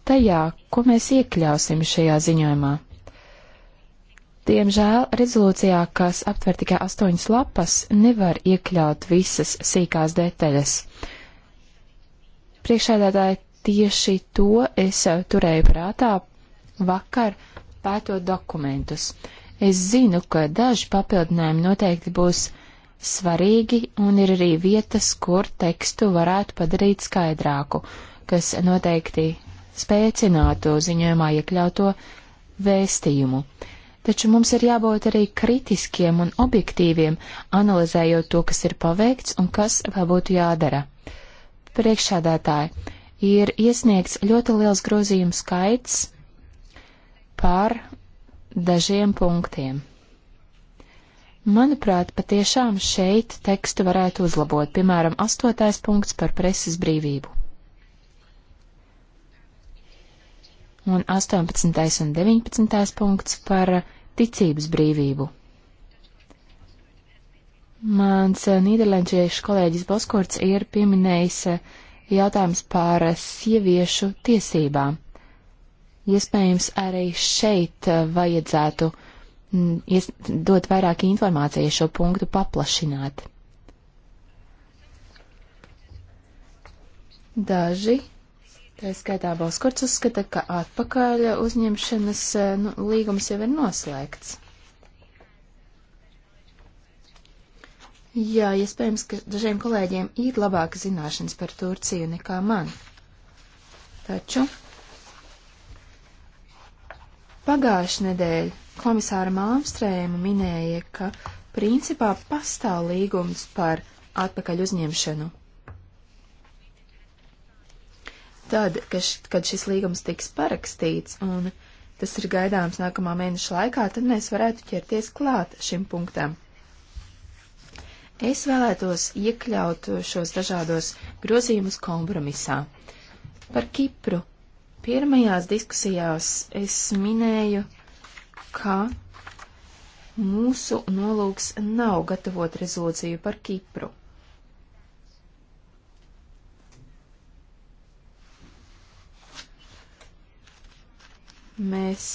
tajā, ko mēs iekļausim šajā ziņojumā. Diemžēl rezolūcijā, kas aptver tikai astoņas lapas, nevar iekļaut visas sīkās detaļas. Priekšēdētāji tieši to es eh, turēju prātā vakar pētot dokumentus. Es zinu, ka daži papildinājumi noteikti būs svarīgi, un ir arī vietas, kur tekstu varētu padarīt skaidrāku, kas noteikti spēcinātu ziņojumā iekļauto vēstījumu. Taču mums ir jābūt arī kritiskiem un objektīviem, analizējot to, kas ir paveikts un kas vēl būtu jādara. Priekšādātāji, ir iesniegts ļoti liels grozījums skaits pār dažiem punktiem. Manuprāt, patiešām šeit tekstu varētu uzlabot, piemēram, astotais punkts par preses brīvību. Un 18. un 19. punkts par ticības brīvību. Mans nīderlandiešu kolēģis Boskurts ir pieminējis jautājums par sieviešu tiesībām. Iespējams, arī šeit vajadzētu Mm, dot vairāk informācijas šo punktu paplašināt. Daži, tā skaitā Balskurts, uzskata, ka atpakaļ uzņemšanas eh, nu, līgums jau ir noslēgts. Jā, iespējams, ka dažiem kolēģiem ir labāka zināšanas par Turciju nekā man. Taču Pagājuši nedēļ komisāra Māmstrēma minēja, ka principā pastāv līgums par atpakaļ uzņemšanu. Tad, kad šis līgums tiks parakstīts un tas ir gaidāms nākamā mēneša laikā, tad mēs varētu ķerties klāt šim punktam. Es vēlētos iekļaut šos dažādos grozījumus kompromisā. Par Kipru Pirmajās diskusijās es minēju, ka mūsu nolūks nav gatavot rezolūciju par Kipru. Mēs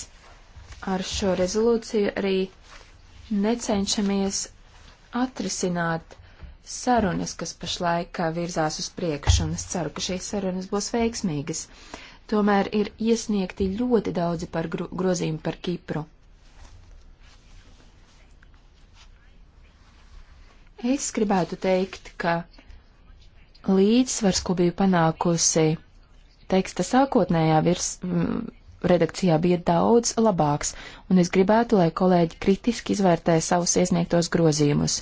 ar šo rezolūciju arī necenšamies atrisināt sarunas, kas pašlaik virzās uz priekšu, un es ceru, ka šīs sarunas būs veiksmīgas. Uh, Tomēr ir iesniegti ļoti daudzi par gro grozījumu par Kipru. Es gribētu teikt, ka līdzsvars, ko biju panākusi teksta sākotnējā virs, m, redakcijā, bija daudz labāks, un es gribētu, lai kolēģi kritiski izvērtē savus iesniegtos grozījumus.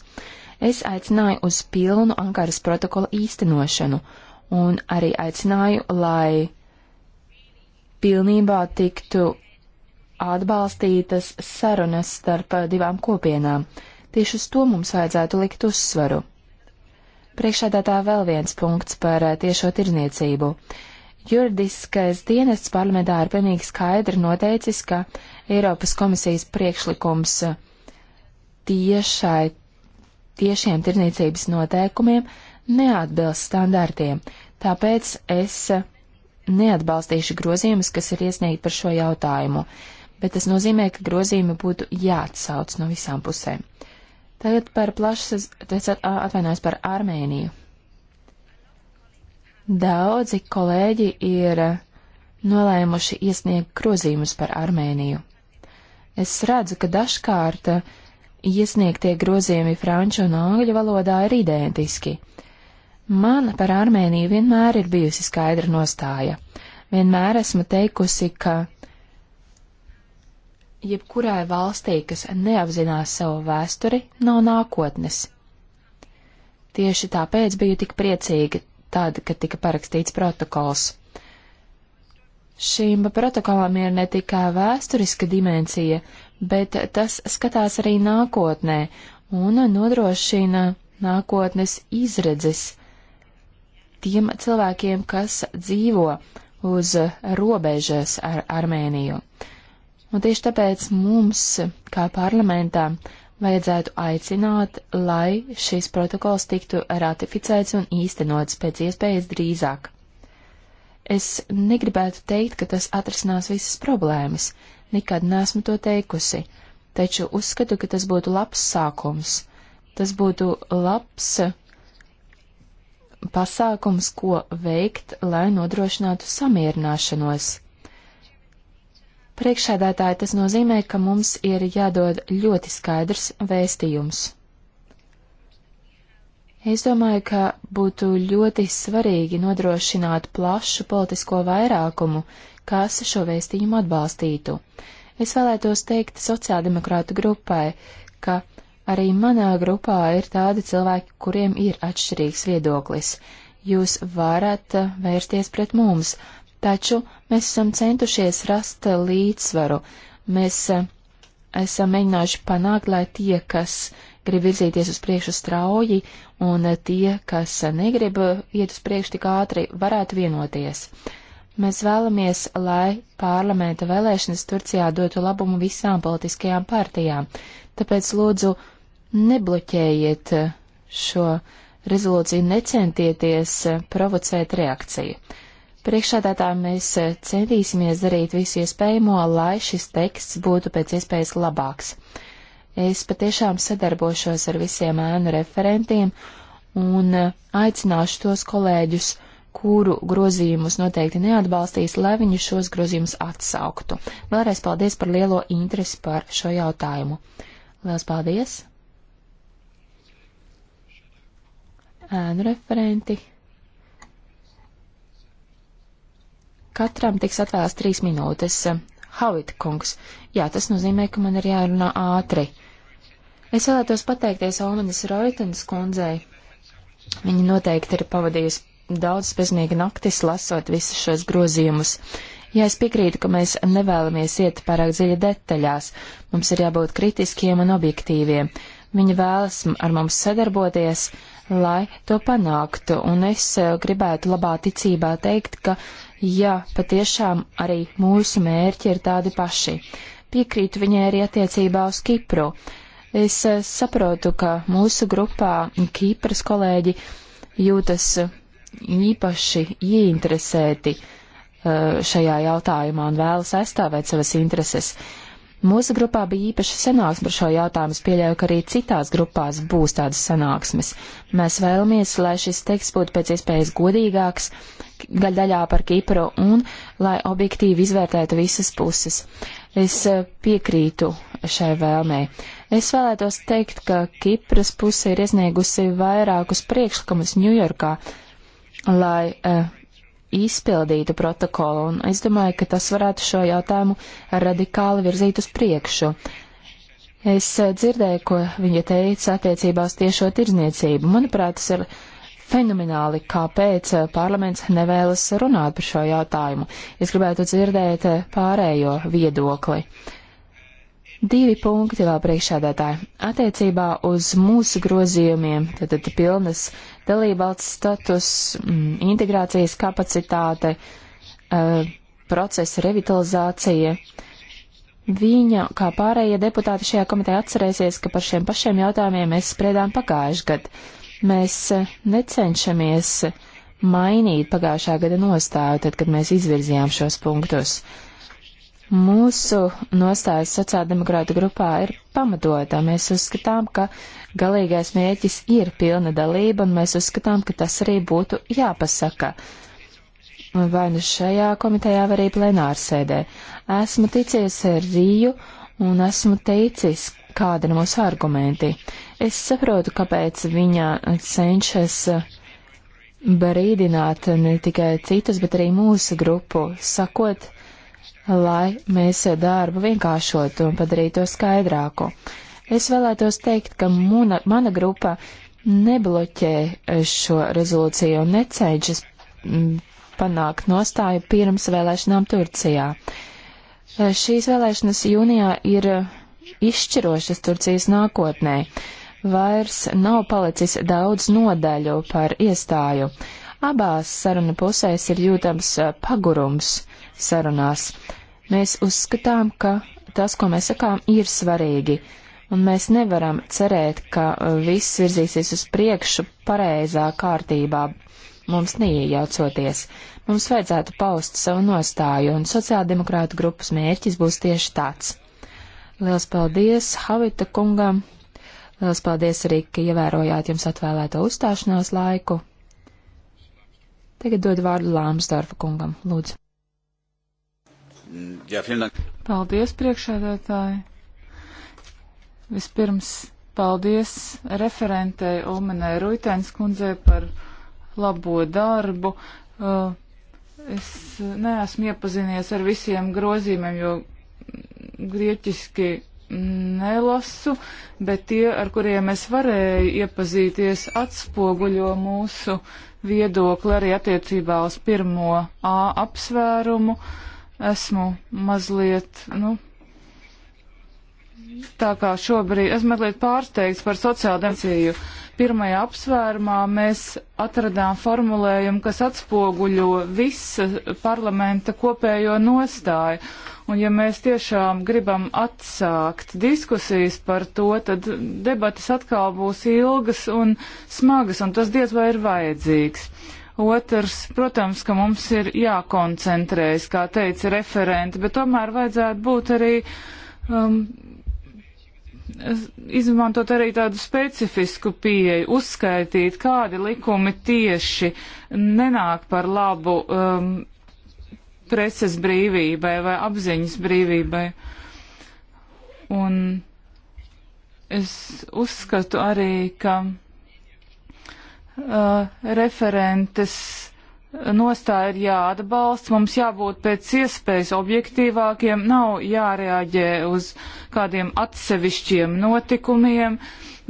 Es aicināju uz pilnu Ankaras protokola īstenošanu, un arī aicināju, lai pilnībā tiktu atbalstītas sarunas starp divām kopienām. Tieši uz to mums vajadzētu likt uzsvaru. Priekšādātā vēl viens punkts par tiešo tirzniecību. Juridiskais dienests parlamentā ir pilnīgi skaidri noteicis, ka Eiropas komisijas priekšlikums tiešai, tiešiem tirzniecības noteikumiem neatbilst standartiem, tāpēc es neatbalstīšu grozījumus, kas ir iesniegti par šo jautājumu, bet tas nozīmē, ka grozījumi būtu jāatsauc no visām pusēm. Tagad par plašas, atvainojos par Armēniju. Daudzi kolēģi ir nolēmuši iesniegt grozījumus par Armēniju. Es redzu, ka dažkārt iesniegtie grozījumi franču un angļu valodā ir identiski. Uh, Man par Armēniju vienmēr ir bijusi skaidra nostāja. Vienmēr esmu teikusi, ka jebkurai valstī, kas neapzinās savu vēsturi, nav nākotnes. Tieši tāpēc biju tik priecīga tad, kad tika parakstīts protokols. Šīm protokolam ir ne tikai vēsturiska dimensija, bet tas skatās arī nākotnē un nodrošina nākotnes izredzes tiem cilvēkiem, kas dzīvo uz robežas ar Armēniju. Un tieši tāpēc mums, kā parlamentā, vajadzētu aicināt, lai šis protokols tiktu ratificēts un īstenots pēc iespējas drīzāk. Es negribētu teikt, ka tas atrisinās visas problēmas, nekad neesmu to teikusi, taču uzskatu, ka tas būtu labs sākums. Tas būtu labs pasākums, ko veikt, lai nodrošinātu samierināšanos. Priekšsēdētāji tas nozīmē, ka mums ir jādod ļoti skaidrs vēstījums. Es domāju, ka būtu ļoti svarīgi nodrošināt plašu politisko vairākumu, kas šo vēstījumu atbalstītu. Es vēlētos teikt sociāldemokrātu grupai, ka Arī manā grupā ir tādi cilvēki, kuriem ir atšķirīgs viedoklis. Jūs varat vērsties pret mums, taču mēs esam centušies rast līdzsvaru. Mēs eh, esam mēģinājuši panākt, lai tie, kas grib virzīties uz priekšu strauji, un eh, tie, kas negrib eh, iet uz priekšu tik ātri, varētu vienoties. Mēs vēlamies, lai parlamenta vēlēšanas Turcijā dotu labumu visām politiskajām partijām, tāpēc lūdzu Nebloķējiet šo rezolūciju, necentieties provocēt reakciju. Priekšādātā mēs centīsimies darīt visu iespējamo, lai šis teksts būtu pēc iespējas labāks. Es patiešām sadarbošos ar visiem ēnu referentiem un aicināšu tos kolēģus, kuru grozījumus noteikti neatbalstīs, lai viņi šos grozījumus atsauktu. Vēlreiz paldies par lielo interesi par šo jautājumu. Lielas paldies! ēnu referenti. Katram tiks atvēlēts trīs minūtes. Havit kungs, jā, tas nozīmē, ka man ir jārunā ātri. Es vēlētos pateikties Almanis Roitenes kundzei. Viņa noteikti ir pavadījusi daudz bezmiega naktis, lasot visus šos grozījumus. Ja es piekrītu, ka mēs nevēlamies iet pārāk dziļi detaļās, mums ir jābūt kritiskiem un objektīviem. Viņa vēlas ar mums sadarboties, lai to panāktu. Un es eh, gribētu labā ticībā teikt, ka jā, patiešām arī mūsu mērķi ir tādi paši. Piekrītu viņai arī attiecībā uz Kipru. Es eh, saprotu, ka mūsu grupā Kīpras kolēģi jūtas eh, īpaši ieinteresēti šajā jautājumā un vēlas aizstāvēt savas intereses. Uh, Mūsu grupā bija īpaša sanāksme par šo jautājumu. Es pieļauju, ka arī citās grupās būs tādas sanāksmes. Mēs vēlamies, lai šis teksts būtu pēc iespējas godīgāks daļā par Kipru un lai objektīvi izvērtētu visas puses. Es eh, piekrītu šai vēlmē. Es vēlētos teikt, ka Kipras puse ir iesniegusi vairākus priekšlikumus Ņujorkā, lai uh, izpildītu protokolu, un es domāju, ka tas varētu šo jautājumu radikāli virzīt uz priekšu. Es eh, dzirdēju, ko viņa teica attiecībā uz tiešo tirzniecību. Manuprāt, tas ir fenomenāli, kāpēc eh, parlaments nevēlas runāt par šo jautājumu. Es gribētu dzirdēt eh, pārējo viedokli. Divi punkti vēl priekšādātāji. Attiecībā uz mūsu grozījumiem, tad, tad pilnas dalībvalsts status, mm, integrācijas kapacitāte, e, procesa revitalizācija. Viņa, kā pārējie deputāti šajā komitē, atcerēsies, ka par šiem pašiem jautājumiem mēs spriedām pagājuši gadu. Mēs e, necenšamies mainīt pagājušā gada nostāju, tad, kad mēs izvirzījām šos punktus. Mūsu nostājas sociāldemokrāta grupā ir pamatotā. Mēs uzskatām, ka uh, galīgais mērķis ir pilna dalība, un mēs uzskatām, ka tas arī būtu jāpasaka. Vai nu šajā komitejā, vai arī plenārsēdē. Esmu ticies ar Rīju, un esmu teicis, kāda ir mūsu argumenti. Es saprotu, kāpēc viņa cenšas brīdināt ne tikai citus, bet arī mūsu grupu, sakot, lai mēs darbu vienkāršotu un padarītu to skaidrāku. Es vēlētos teikt, ka muna, mana grupa nebloķē eh, šo rezolūciju un necenšas mm, panākt nostāju pirms vēlēšanām Turcijā. Eh, šīs vēlēšanas jūnijā ir eh, izšķirošas Turcijas nākotnē. Vairs nav palicis daudz nodaļu par iestāju. Abās saruna pusēs ir jūtams pagurums sarunās. Mēs uzskatām, ka tas, ko mēs sakām, ir svarīgi un mēs nevaram cerēt, ka uh, viss virzīsies uz priekšu pareizā kārtībā, mums neiejaucoties. Mums vajadzētu paust savu nostāju, un sociāldemokrātu grupas mērķis būs tieši tāds. Liels paldies Havita kungam! Liels paldies arī, ka ievērojāt jums atvēlēto uzstāšanās laiku. Tagad dod vārdu Lāmsdorfa kungam, lūdzu. Jā, Paldies, priekšēdētāji! Vispirms paldies referentei Ulmenē Ruitēns kundzei par labo darbu. Uh, es neesmu iepazinies ar visiem grozīmiem, jo grieķiski nelasu, bet tie, ar kuriem es varēju iepazīties, atspoguļo mūsu viedokli arī attiecībā uz pirmo A apsvērumu. Esmu mazliet, nu, tā kā šobrīd esmu mazliet pārsteigts par sociāldemociju. Pirmajā apsvērumā mēs atradām formulējumu, kas atspoguļo visa parlamenta kopējo nostāju. Un ja mēs tiešām gribam atsākt diskusijas par to, tad debatas atkal būs ilgas un smagas, un tas diez vai ir vajadzīgs. Otrs, protams, ka mums ir jākoncentrējas, kā teica referenti, bet tomēr vajadzētu būt arī um, izmantot arī tādu specifisku pieeju, uzskaitīt, kādi likumi tieši nenāk par labu um, preses brīvībai vai apziņas brīvībai. Un es uzskatu arī, ka uh, referentes nostāja ir jāatbalsta, mums jābūt pēc iespējas objektīvākiem, nav jārēģē uz kādiem atsevišķiem notikumiem,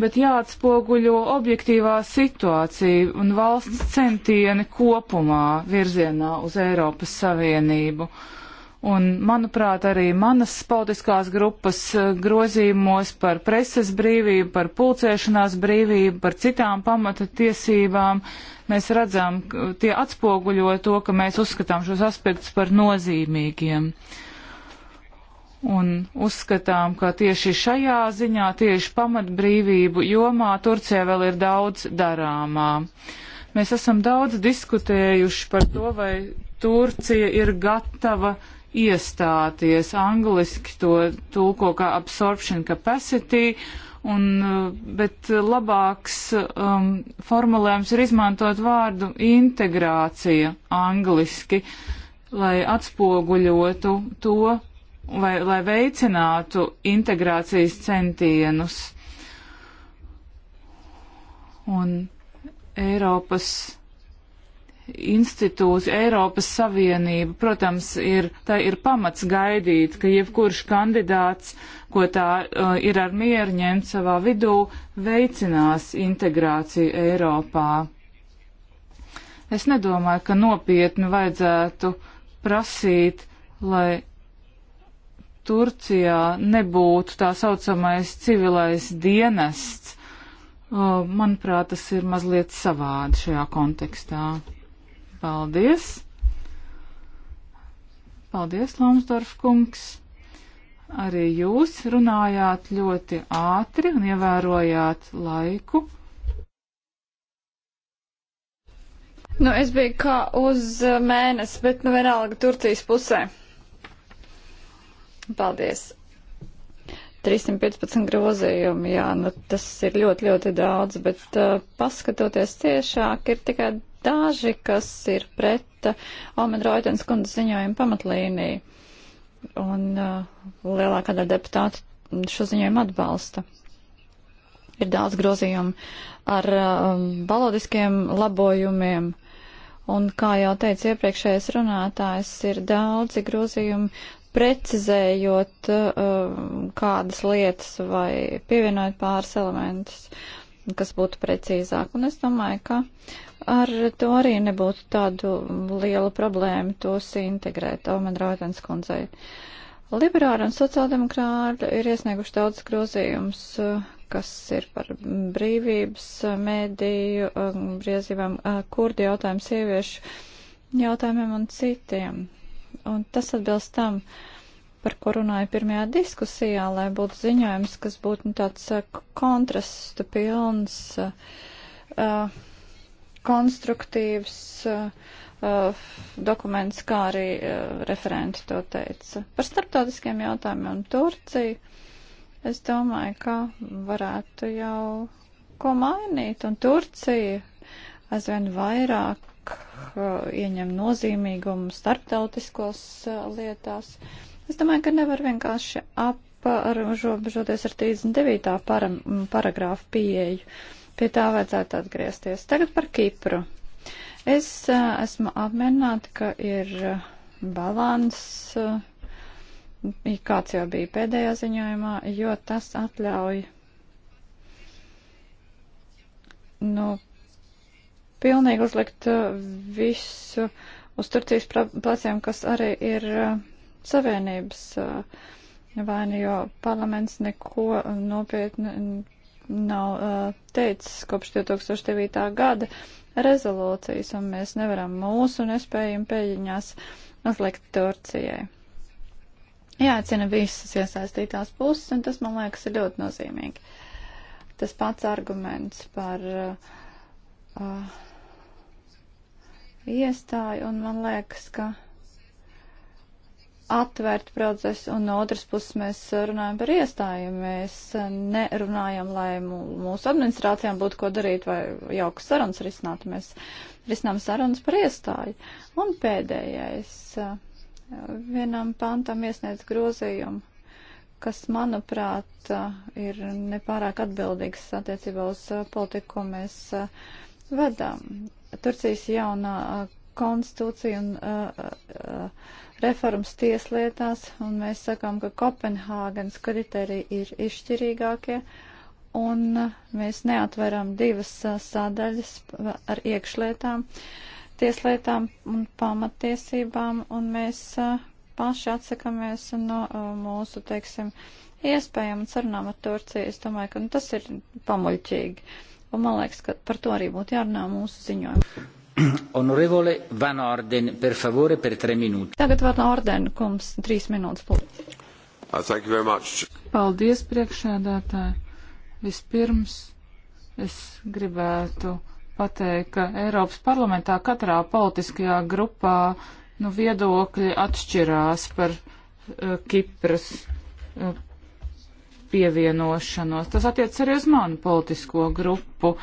bet jāatspoguļo objektīvā situācija un valsts centieni kopumā virzienā uz Eiropas Savienību. Uh, Un, manuprāt, arī manas politiskās grupas eh, grozījumos par preses brīvību, par pulcēšanās brīvību, par citām pamata tiesībām mēs redzam, tie atspoguļo to, ka mēs uzskatām šos aspektus par nozīmīgiem. Un uzskatām, ka tieši šajā ziņā, tieši pamatbrīvību jomā Turcijā vēl ir daudz darāmā. Mēs esam daudz diskutējuši par to, vai Turcija ir gatava uh, iestāties. Angliski to tulko kā absorption capacity, un, eh, bet labāks um, formulējums ir izmantot vārdu integrācija angliski, lai atspoguļotu to, vai, lai veicinātu integrācijas centienus. Un Eiropas institūts, Eiropas Savienība, protams, ir, tā ir pamats gaidīt, ka jebkurš kandidāts, ko tā uh, ir ar mieru ņemt savā vidū, veicinās integrāciju Eiropā. Es nedomāju, ka nopietni vajadzētu prasīt, lai Turcijā nebūtu tā saucamais civilais dienests. Uh, manuprāt, tas ir mazliet savādi šajā kontekstā. Paldies! Paldies, Lomsdorf kungs! Arī jūs runājāt ļoti ātri un ievērojāt laiku. Nu, es biju kā uz mēnesi, bet nu vienalga Turcijas pusē. Paldies. 315 grozījumi, jā, nu tas ir ļoti, ļoti daudz, bet uh, paskatoties ciešāk, ir tikai daži, kas ir pret Almendra uh, Oidens kundas ziņojuma pamatlīniju. Un uh, lielākā daļa deputātu šo ziņojumu atbalsta. Ir daudz grozījumu ar um, valodiskiem labojumiem. Un, kā jau teica iepriekšējais runātājs, ir daudzi grozījumi precizējot uh, kādas lietas vai pievienojot pāris elementus, kas būtu precīzāk. Un es domāju, ka uh, ar to arī nebūtu tādu lielu problēmu tos integrēt, Omen Rautens kundzei. Liberāli un sociāldemokrāti ir iesnieguši daudz grozījumus, kas ir par brīvības, mēdīju, briezībām, kurdi jautājumu sieviešu jautājumiem un citiem. Un tas atbilst tam, par ko runāju pirmajā diskusijā, lai būtu ziņojums, kas būtu nu, tāds kontrastu pilns, uh, konstruktīvs uh, uh, dokuments, kā arī uh, referenti to teica. Par starptautiskiem jautājumiem un Turciju es domāju, ka varētu jau ko mainīt, un Turcija aizvien vairāk uh, ieņem nozīmīgumu starptautiskos uh, lietās. Es domāju, ka nevar vienkārši aprobežoties ar 39. Para, paragrāfu pieeju Pie tā vajadzētu atgriezties. Tagad par Kipru. Es uh, esmu apmierināta, ka ir uh, balans, uh, kāds jau bija pēdējā ziņojumā, jo tas atļauj nu, pilnīgi uzlikt uh, visu uz Turcijas pleciem, kas arī ir uh, savienības uh, vaina, jo parlaments neko nopietni nav uh, teicis kopš 2009. gada rezolūcijas, un mēs nevaram mūsu nespējumu pēļiņās uzlikt Turcijai. Jāatcina visas iesaistītās puses, un tas, man liekas, ir ļoti nozīmīgi. Tas pats arguments par uh, uh, iestāju, un man liekas, ka atvērt procesu, un no otras puses mēs uh, runājam par iestāju. Mēs uh, nerunājam, lai mūsu administrācijām būtu ko darīt vai jaukas sarunas risināt. Mēs risinām sarunas par iestāju. Un pēdējais uh, vienam pantam iesniedz grozījumu, kas, manuprāt, ir nepārāk atbildīgs attiecībā uz politiku, ko mēs vedām. Turcijas jaunā konstitūcija un uh, uh, reformas tieslietās, un mēs sakām, ka Kopenhāgenes kriteriji ir izšķirīgākie, un mēs neatveram divas sadaļas ar iekšlietām, tieslietām un pamatiesībām, un mēs paši atsakamies no mūsu, teiksim, iespējām sarunām ar Turciju. Es domāju, ka nu, tas ir pamuļķīgi. Un man liekas, ka par to arī būtu jārunā mūsu ziņojumā. Onorevole Van Orden, per favore, per tre minūtes. Tagad Van Orden, kungs, trīs minūtes, lūdzu. Uh, thank you very much. Paldies, priekšēdētāji. Vispirms es gribētu pateikt, ka Eiropas parlamentā katrā politiskajā grupā nu, viedokļi atšķirās par uh, Kipras uh, pievienošanos. Tas attiec arī uz manu politisko grupu,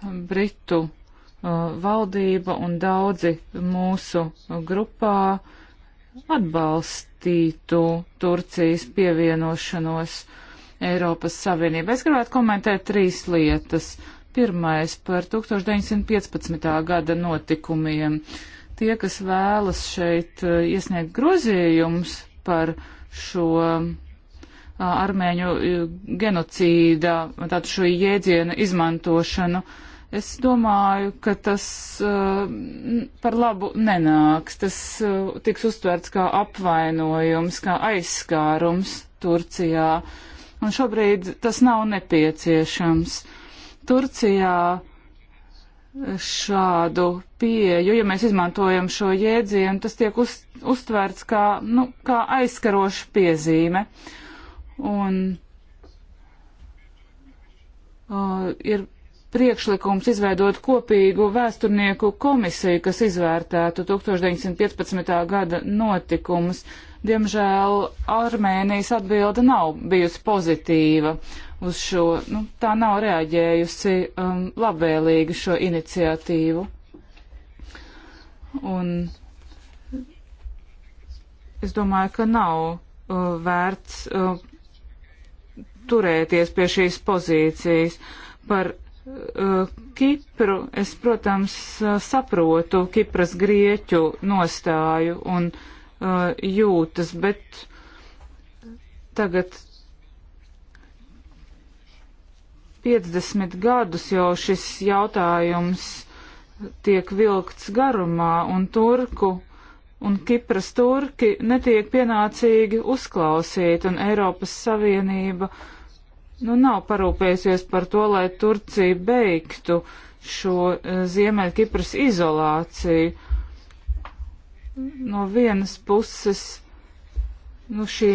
um, Britu Uh, valdība un daudzi mūsu grupā atbalstītu Turcijas pievienošanos Eiropas Savienībai. Es gribētu komentēt trīs lietas. Pirmais par 1915. gada notikumiem. Tie, kas vēlas šeit uh, iesniegt grozījums par šo uh, armēņu genocīda, tātad šo jēdzienu izmantošanu, uh, Es domāju, ka tas uh, par labu nenāks. Tas uh, tiks uztverts kā apvainojums, kā aizskārums Turcijā. Un šobrīd tas nav nepieciešams. Turcijā šādu pieju, ja mēs izmantojam šo jēdzienu, tas tiek uz, uztverts kā, nu, kā aizskaroša piezīme. Un uh, ir priekšlikums izveidot kopīgu vēsturnieku komisiju, kas izvērtētu 1915. gada notikumus. Diemžēl Armēnijas atbilde nav bijusi pozitīva uz šo, nu, tā nav reaģējusi um, labvēlīgi šo iniciatīvu. Un es domāju, ka nav uh, vērts uh, turēties pie šīs pozīcijas par Eh, Kipru es, protams, eh, saprotu Kipras grieķu nostāju un uh, jūtas, bet tagad 50 gadus jau šis jautājums tiek vilkts garumā un turku un Kipras turki netiek pienācīgi uzklausīti un Eiropas Savienība uh, nu, nav parūpējusies par to, lai Turcija beigtu šo eh, Ziemeļkipras izolāciju. No vienas puses, nu, šī,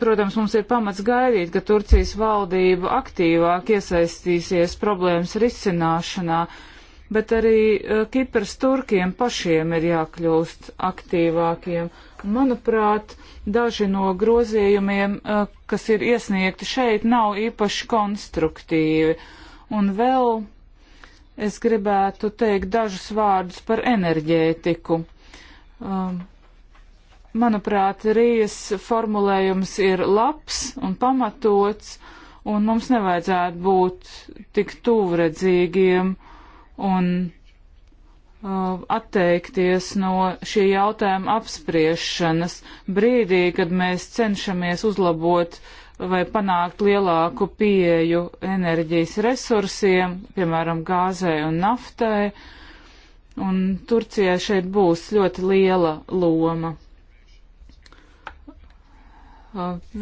protams, mums ir pamats gaidīt, ka Turcijas valdība aktīvāk iesaistīsies problēmas risināšanā. Uh, bet arī uh, Kipras turkiem pašiem ir jākļūst aktīvākiem. Manuprāt, daži no grozījumiem, uh, kas ir iesniegti šeit, nav īpaši konstruktīvi. Un vēl es gribētu teikt dažus vārdus par enerģētiku. Um, manuprāt, Rīgas formulējums ir labs un pamatots, un mums nevajadzētu būt tik tuvredzīgiem un uh, atteikties no šī jautājuma apspriešanas brīdī, kad mēs cenšamies uzlabot vai panākt lielāku pieeju enerģijas resursiem, piemēram, gāzei un naftai. Un Turcijai šeit būs ļoti liela loma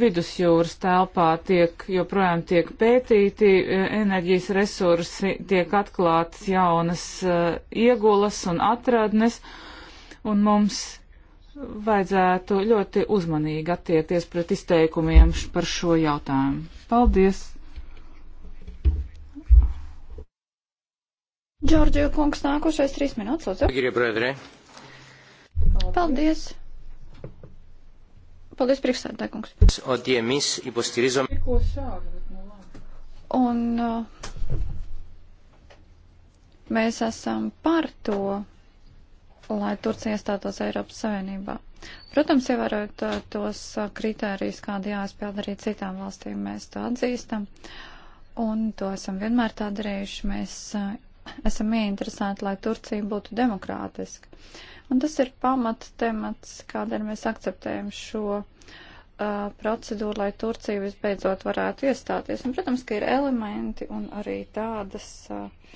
vidusjūras telpā tiek joprojām tiek pētīti enerģijas resursi, tiek atklātas jaunas uh, iegulas un atradnes, un mums vajadzētu ļoti uzmanīgi attiekties pret izteikumiem par šo jautājumu. Paldies! Džordžija kungs nākošais trīs minūtes. Paldies! Paldies. Paldies, priekšsēdētāj, kungs. Nu Un uh, mēs esam par to, lai Turcija iestātos Eiropas Savienībā. Protams, ievērojot uh, tos uh, kritērijus, kādi jāizpild arī citām valstīm, mēs to atzīstam. Un to esam vienmēr tā darījuši. Mēs uh, esam ieinteresēti, lai Turcija būtu demokrātiska. Un tas ir pamata temats, kādēļ mēs akceptējam šo procedūru, lai Turcija visbeidzot varētu iestāties. Un, protams, ka ir elementi un arī tādas uh,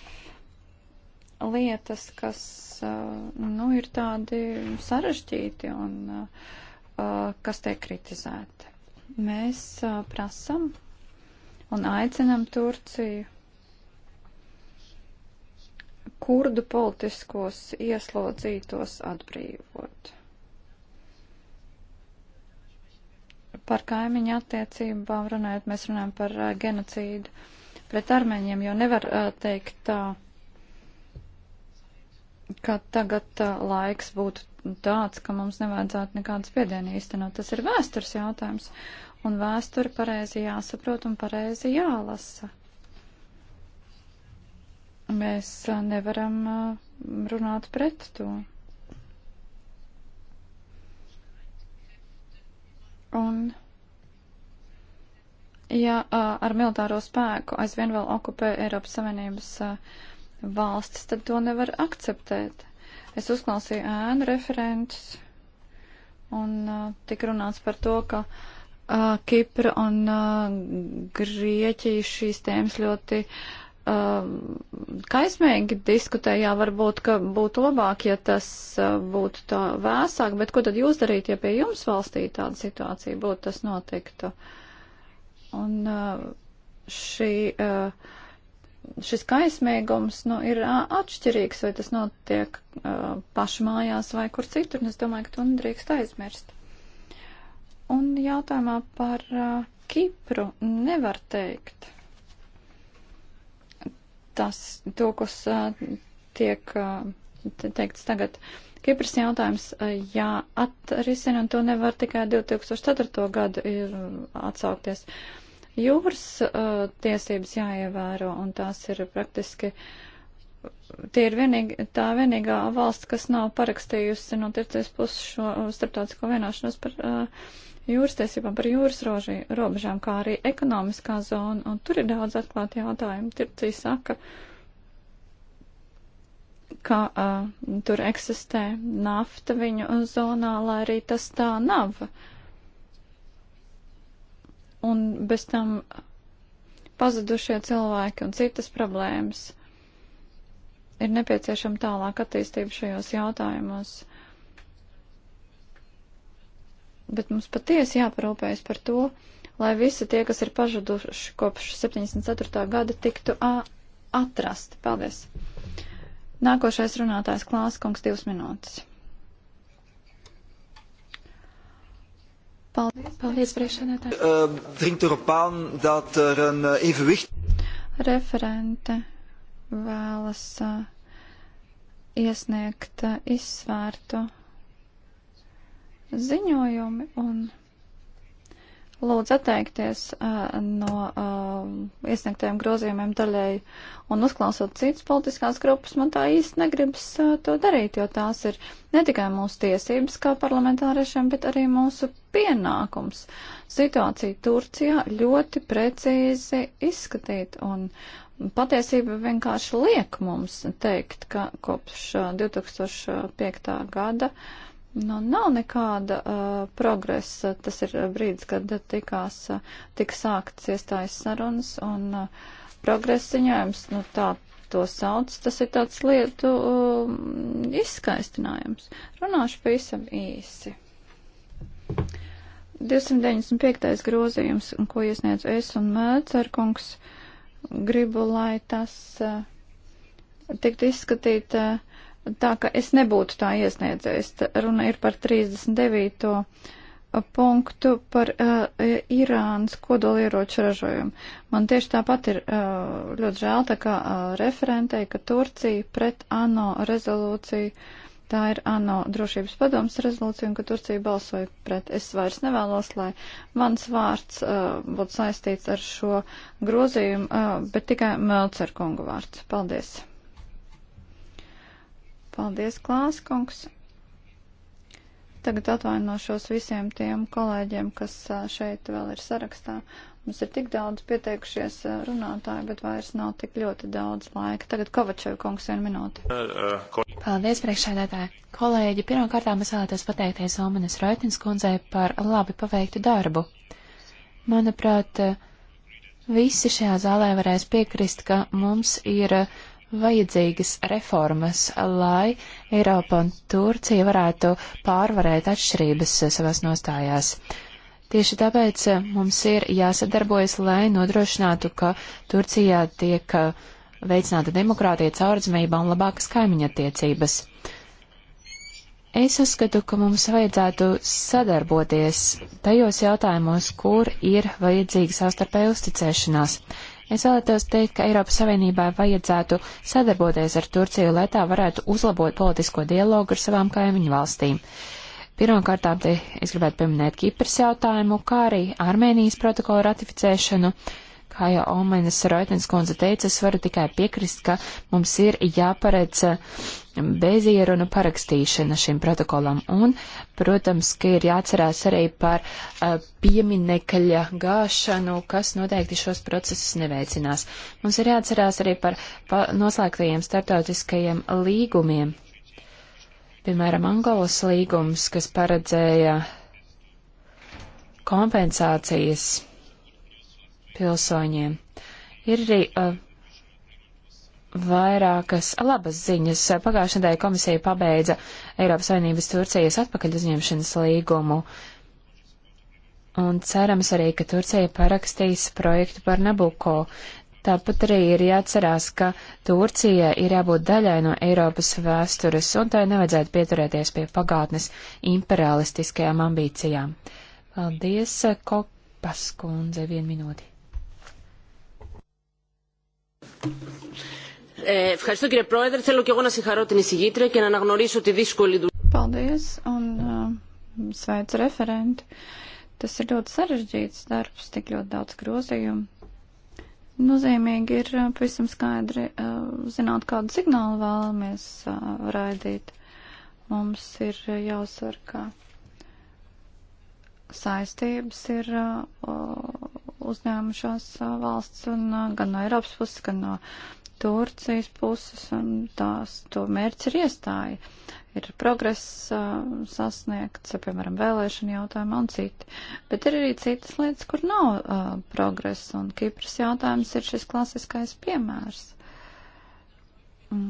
lietas, kas, uh, nu, ir tādi sarežģīti un uh, kas tiek kritizēti. Mēs prasam un aicinam Turciju kurdu politiskos ieslodzītos atbrīvot. Par kaimiņu attiecībām runājot, mēs runājam par uh, genocīdu pret armēņiem, jo nevar uh, teikt tā, ka tagad uh, laiks būtu tāds, ka mums nevajadzētu nekādas piedienu īstenot. Tas ir vēstures jautājums, un vēsture pareizi jāsaprot un pareizi jālasa. Mēs nevaram runāt pret to. Un, ja ar militāro spēku aizvien vēl okupē Eiropas Savienības valstis, tad to nevar akceptēt. Es uzklausīju ēnu referentus un tik runāts par to, ka uh, Kipra un uh, Grieķija šīs tēmas ļoti uh, Um, kaismīgi diskutēja, jā, varbūt, ka būtu labāk, ja tas uh, būtu tā vēsāk, bet ko tad jūs darītu, ja pie jums valstī tāda situācija būtu, tas notiktu? Un uh, šī, uh, šis kaismīgums, nu, ir atšķirīgs, vai tas notiek paši mājās vai kur citur, un es domāju, ka to nedrīkst aizmirst. Un jautājumā par Kipru nevar teikt tas, to, kas tiek te, teikts tagad. Kipras jautājums jāatrisina, un to nevar tikai 2004. gadu atsaukties. Jūras uh, tiesības jāievēro, un tās ir praktiski, tie ir vienīgi, tā vienīgā valsts, kas nav parakstījusi no tirdzēs puses šo starptautisko vienošanos par uh, jūras tiesībām, par jūras roži, robežām, kā arī ekonomiskā zona, un tur ir daudz atklāti jautājumi. Turcija saka, ka uh, tur eksistē nafta viņu zonā, lai arī tas tā nav. Un bez tam pazudušie cilvēki un citas problēmas ir nepieciešama tālāk attīstība šajos jautājumos bet mums patiesi jāparūpējas par to, lai visi tie, kas ir pažuduši kopš 74. gada, tiktu atrasti. Paldies! Nākošais runātājs Klāskungs divas minūtes. Paldies, paldies priekšsēdētāji. Uh, dringt erop aan dat er een uh, evenwicht. Referente vēlas uh, iesniegt uh, izsvērtu ziņojumi un lūdzu atteikties uh, no uh, iesniegtajiem grozījumiem daļai un uzklausot citas politiskās grupas, man tā īsti negribas uh, to darīt, jo tās ir ne tikai mūsu tiesības kā parlamentāriešiem, bet arī mūsu pienākums situāciju Turcijā ļoti precīzi izskatīt un patiesība vienkārši liek mums teikt, ka kopš 2005. Uh, uh, gada uh, Nu, nav nekāda uh, progresa. Tas ir uh, brīdis, kad tikās, uh, tika sāktas iestājas sarunas un uh, progresa ziņojums, nu tā to sauc, tas ir tāds lietu uh, izskaistinājums. Runāšu pavisam īsi. 295. grozījums, ko iesniedz es un Mēcerkungs, gribu, lai tas uh, tiktu izskatīt. Uh, tā ka es nebūtu tā iesniedzējis. Runa ir par 39. punktu par uh, Irānas kodolieroču ražojumu. Man tieši tāpat ir uh, ļoti žēl, tā kā uh, referentei, ka Turcija pret ANO rezolūciju, tā ir ANO drošības padomas rezolūcija, un ka Turcija balsoja pret. Es vairs nevēlos, lai mans vārds uh, būtu saistīts ar šo grozījumu, uh, bet tikai Melcerkunga vārds. Paldies! Paldies, Klāskungs. Tagad atvainošos visiem tiem kolēģiem, kas šeit vēl ir sarakstā. Mums ir tik daudz pieteikušies runātāji, bet vairs nav tik ļoti daudz laika. Tagad Kovačev kungs vienu minūti. Paldies, priekšsēdētāji. Kolēģi, pirmkārtām es vēlētos pateikties Omenes Roitins kundzei par labi paveiktu darbu. Manuprāt, visi šajā zālē varēs piekrist, ka mums ir vajadzīgas reformas, lai Eiropa un Turcija varētu pārvarēt atšķirības savās nostājās. Tieši tāpēc eh, mums ir jāsadarbojas, lai nodrošinātu, ka Turcijā tiek eh, veicināta demokrātija, caurdzamība un labākas kaimiņa attiecības. Es uzskatu, ka mums vajadzētu sadarboties tajos jautājumos, kur ir vajadzīga savstarpēja uzticēšanās. Es vēlētos teikt, ka Eiropas Savienībai vajadzētu sadarboties ar Turciju, lai tā varētu uzlabot politisko dialogu ar savām kaimiņu valstīm. Pirmkārtām te es gribētu pieminēt Kipras jautājumu, kā arī Armēnijas protokolu ratificēšanu, Kā jau Omenas Roitens kundze teica, es varu tikai piekrist, ka mums ir jāparedz eh, bezierunu parakstīšana šim protokolam. Un, protams, ka ir jāatcerās arī par eh, pieminekļa gāšanu, kas noteikti šos procesus neveicinās. Mums ir jāatcerās arī par noslēgtajiem startautiskajiem līgumiem. Piemēram, Angolas līgums, kas paredzēja kompensācijas pilsoņiem. Ir arī uh, vairākas labas ziņas. Pagājušajā nedēļā komisija pabeidza Eiropas Savienības Turcijas atpakaļ uzņemšanas līgumu. Un cerams arī, ka Turcija parakstīs projektu par Nabuko. Tāpat arī ir jāatcerās, ka Turcija ir jābūt daļai no Eiropas vēstures, un tai nevajadzētu pieturēties pie pagātnes imperialistiskajām ambīcijām. Paldies, Kopas kundze, vien minūti. Ευχαριστώ κύριε Πρόεδρε. Θέλω και εγώ να συγχαρώ την εισηγήτρια και να αναγνωρίσω τη δύσκολη δουλειά. Paldies un uh, um, sveicu referenti. Tas ir ļoti sarežģīts darbs, tik ļoti daudz grozījumu. Nozīmīgi ir uh, pavisam skaidri uh, zināt, kādu signālu vēlamies uh, raidīt. Mums ir uh, jāuzsver, ka. Kā saistības ir uh, uzņēmušās uh, valsts un uh, gan no Eiropas puses, gan no Turcijas puses, un tās to mērķis ir iestāja. Ir progress sasniegts, piemēram, vēlēšana jautājumā un citi. Bet ir arī citas lietas, kur nav uh, progresa, un Kipras jautājums ir šis klasiskais piemērs.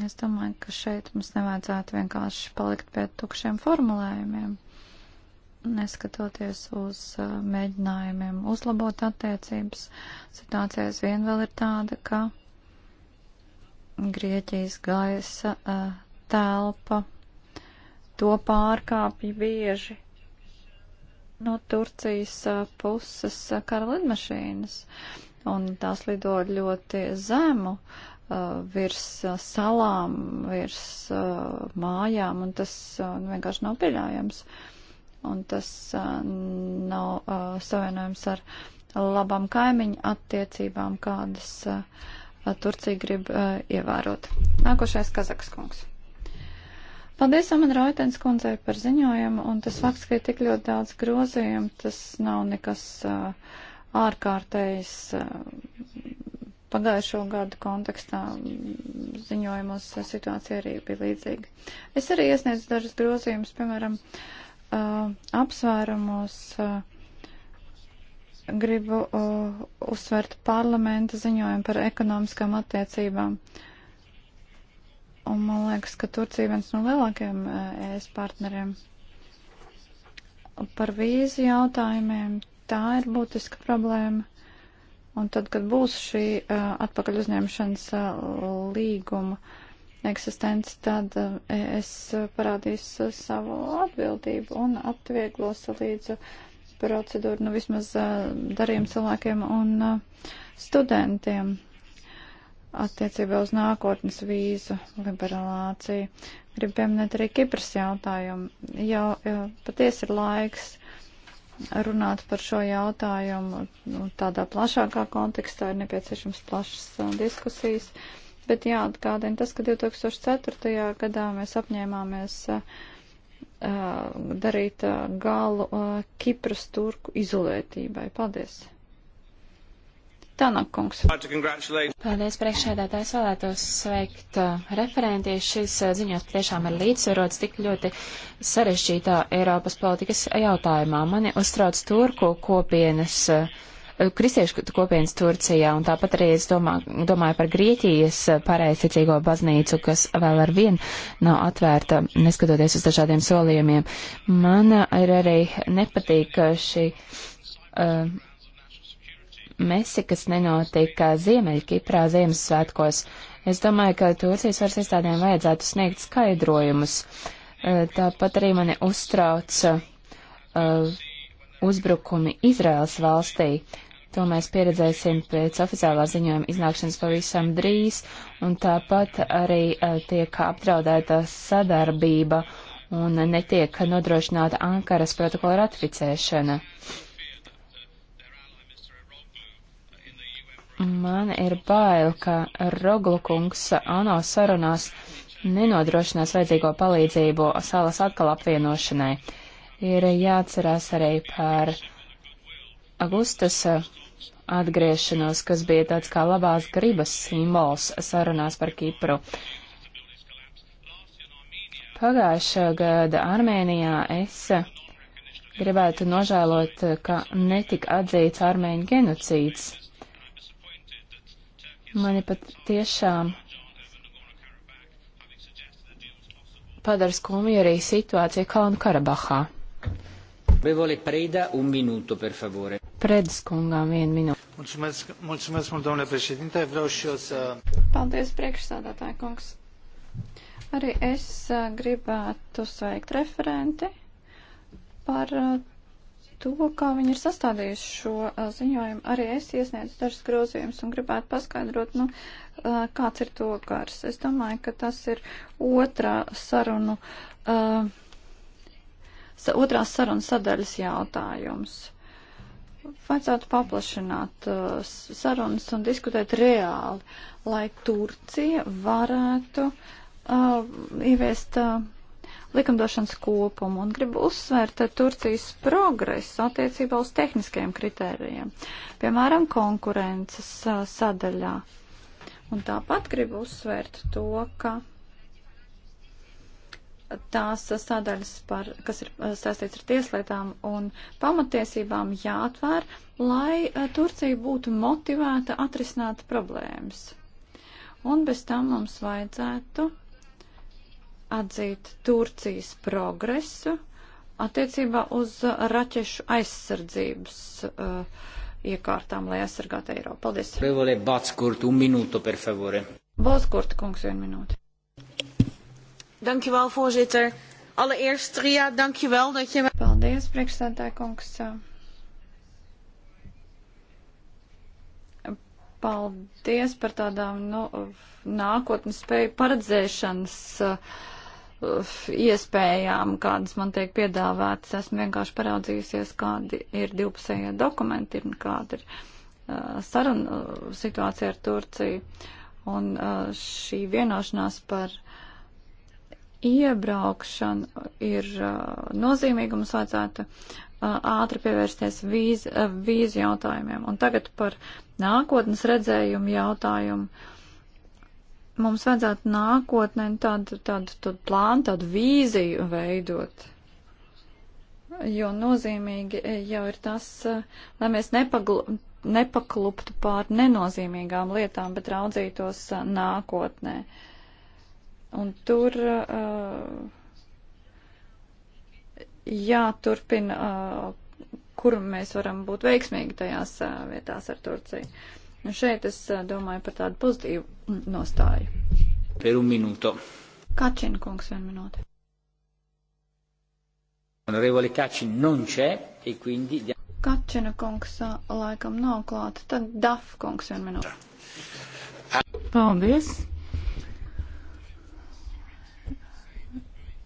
Es domāju, ka šeit mums nevajadzētu vienkārši palikt pie tukšiem formulējumiem neskatoties uz uh, mēģinājumiem uzlabot attiecības, situācija aizvien vēl ir tāda, ka Grieķijas gaisa uh, telpa to pārkāpja bieži no Turcijas uh, puses kara lidmašīnas, un tās lido ļoti zemu virs salām, virs mājām, un tas vienkārši nav pieļaujams. Uh, un tas uh, nav uh, savienojums ar labām kaimiņu attiecībām, kādas uh, Turcija grib uh, ievērot. Nākošais Kazakas kungs. Paldies Amen Raitens kundzei par ziņojumu, un tas fakts, ka ir tik ļoti daudz grozījumu, tas nav nekas uh, ārkārtējs. Uh, Pagājušo gadu kontekstā ziņojumos situācija arī bija līdzīga. Es arī iesniedzu dažas grozījumus, piemēram, uh, uh, apsvērumos uh, gribu uh, uzsvērt parlamenta ziņojumu par ekonomiskām attiecībām. Un man liekas, ka Turcija viens no lielākajiem uh, ES partneriem. Par vīzu jautājumiem tā ir būtiska problēma. Un tad, kad būs šī uh, atpakaļ uzņemšanas uh, līguma uh, eksistenci, tad eh, es parādīšu savu atbildību un atvieglos līdzu procedūru, nu vismaz eh, darījumu cilvēkiem un eh, studentiem attiecībā uz nākotnes vīzu liberalizāciju. Gribu pieminēt arī Kipras jautājumu. Jau, jau patiesi ir laiks runāt par šo jautājumu nu, tādā plašākā kontekstā, ir nepieciešams plašas diskusijas. Uh, bet jāatgādina tas, ka 2004. gadā mēs apņēmāmies darīt galu Kipras turku izolētībai. Paldies! Tanak kungs. Paldies priekšsēdētājs vēlētos sveikt referenties. Šis ziņos tiešām ir līdzsvarots tik ļoti sarežģītā Eiropas politikas jautājumā. Mani uztrauc turku kopienas uh, kristiešu kopienas Turcijā, un tāpat arī es domā, domāju par Grieķijas pareizticīgo baznīcu, kas vēl ar vienu nav atvērta, neskatoties uz dažādiem solījumiem. Man ir arī nepatīk šī uh, mesi, kas nenotika Ziemeļkiprā Ziemassvētkos. Es domāju, ka Turcijas varas iestādēm vajadzētu sniegt skaidrojumus. Uh, tāpat arī mani uztrauc. Uh, uzbrukumi Izraels valstī. To mēs pieredzēsim pēc oficiālā ziņojuma iznākšanas pavisam drīz, un tāpat arī tiek apdraudēta sadarbība un netiek nodrošināta Ankaras protokola ratificēšana. Man ir bail, ka Roglu kungs ANO sarunās nenodrošinās vajadzīgo palīdzību salas atkal apvienošanai. Ir jāatcerās arī par uh, Agustas eh, atgriešanos, kas bija tāds kā labās gribas simbols sarunās par Kipru. Pagājušā gada Armēnijā es eh, gribētu nožēlot, eh, ka netika atzīts armēņu genocīds. Mani pat tiešām padara skumju arī situācija Kalnu Karabahā. Predes kungām vienu minūtu. Mulțumesc, mulțumesc mult, domnule președinte. Vreau și eu să... Paldies, priekšsādātāji kungs. Arī es uh, gribētu sveikt referenti par uh, to, kā viņi ir sastādījuši šo uh, ziņojumu. Arī es iesniedzu dažas grozījumus un gribētu paskaidrot, nu, kāds ir to gars. Es domāju, ka tas ir otrā sarunu. Uh, sa otrās sarunas sadaļas jautājums. Vajadzētu paplašināt uh, sarunas un diskutēt reāli, lai Turcija varētu uh, ieviest uh, likumdošanas kopumu un gribu uzsvērt uh, Turcijas progresu attiecībā uz tehniskajiem kritērijiem, piemēram, konkurences uh, sadaļā. Un tāpat gribu uzsvērt to, ka tās sādaļas, par, kas ir eh, saistīts ar tieslietām un pamatiesībām, jāatvēr, lai eh, Turcija būtu motivēta atrisināt problēmas. Un bez tam mums vajadzētu atzīt Turcijas progresu attiecībā uz eh, raķešu aizsardzības uh, iekārtām, lai aizsargātu Eiropu. Paldies! Bāckurt, un minūte, per favore. Bāckurt, kungs, vienu minūti. Dankjewel, voorzitter. Allereerst, Ria, dankjewel dat je... Paldies, priekšstādāja kungs. Paldies par tādām nu, nākotnes spēju paredzēšanas uh, iespējām, kādas man tiek piedāvātas. Esmu vienkārši paraudzījusies, kādi ir divpusējie dokumenti un kāda ir uh, saruna uh, situācija ar Turciju. Un uh, šī vienošanās par uh, iebraukšana ir uh, nozīmīga, mums vajadzētu uh, ātri pievērsties vīz, uh, vīzu jautājumiem. Un tagad par nākotnes redzējumu jautājumu. Mums vajadzētu nākotnē tādu, tādu, tādu plānu, tādu vīziju veidot. Jo nozīmīgi eh, jau ir tas, eh, lai mēs nepagl nepakluptu pār nenozīmīgām lietām, bet raudzītos eh, nākotnē. Uh, Un tur uh, jāturpina, uh, kur mēs varam būt veiksmīgi tajās uh, vietās ar Turciju. Un šeit es uh, domāju par tādu pozitīvu nostāju. Per un minūto. Kačina kungs, vienu minūti. Onorevole Kačina non c'è e quindi... Kačina kungs uh, laikam nav klāta, tad Daf kungs vienu minūti. Paldies!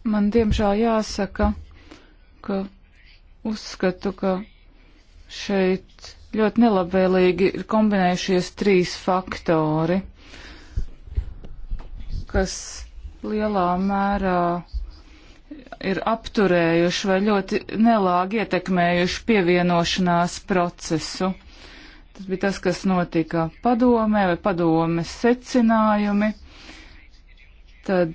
man diemžēl jāsaka, ka uzskatu, ka šeit ļoti nelabvēlīgi ir kombinējušies trīs faktori, kas lielā mērā ir apturējuši vai ļoti nelāgi ietekmējuši pievienošanās procesu. Tas bija tas, kas notika padomē vai padomes secinājumi. Tad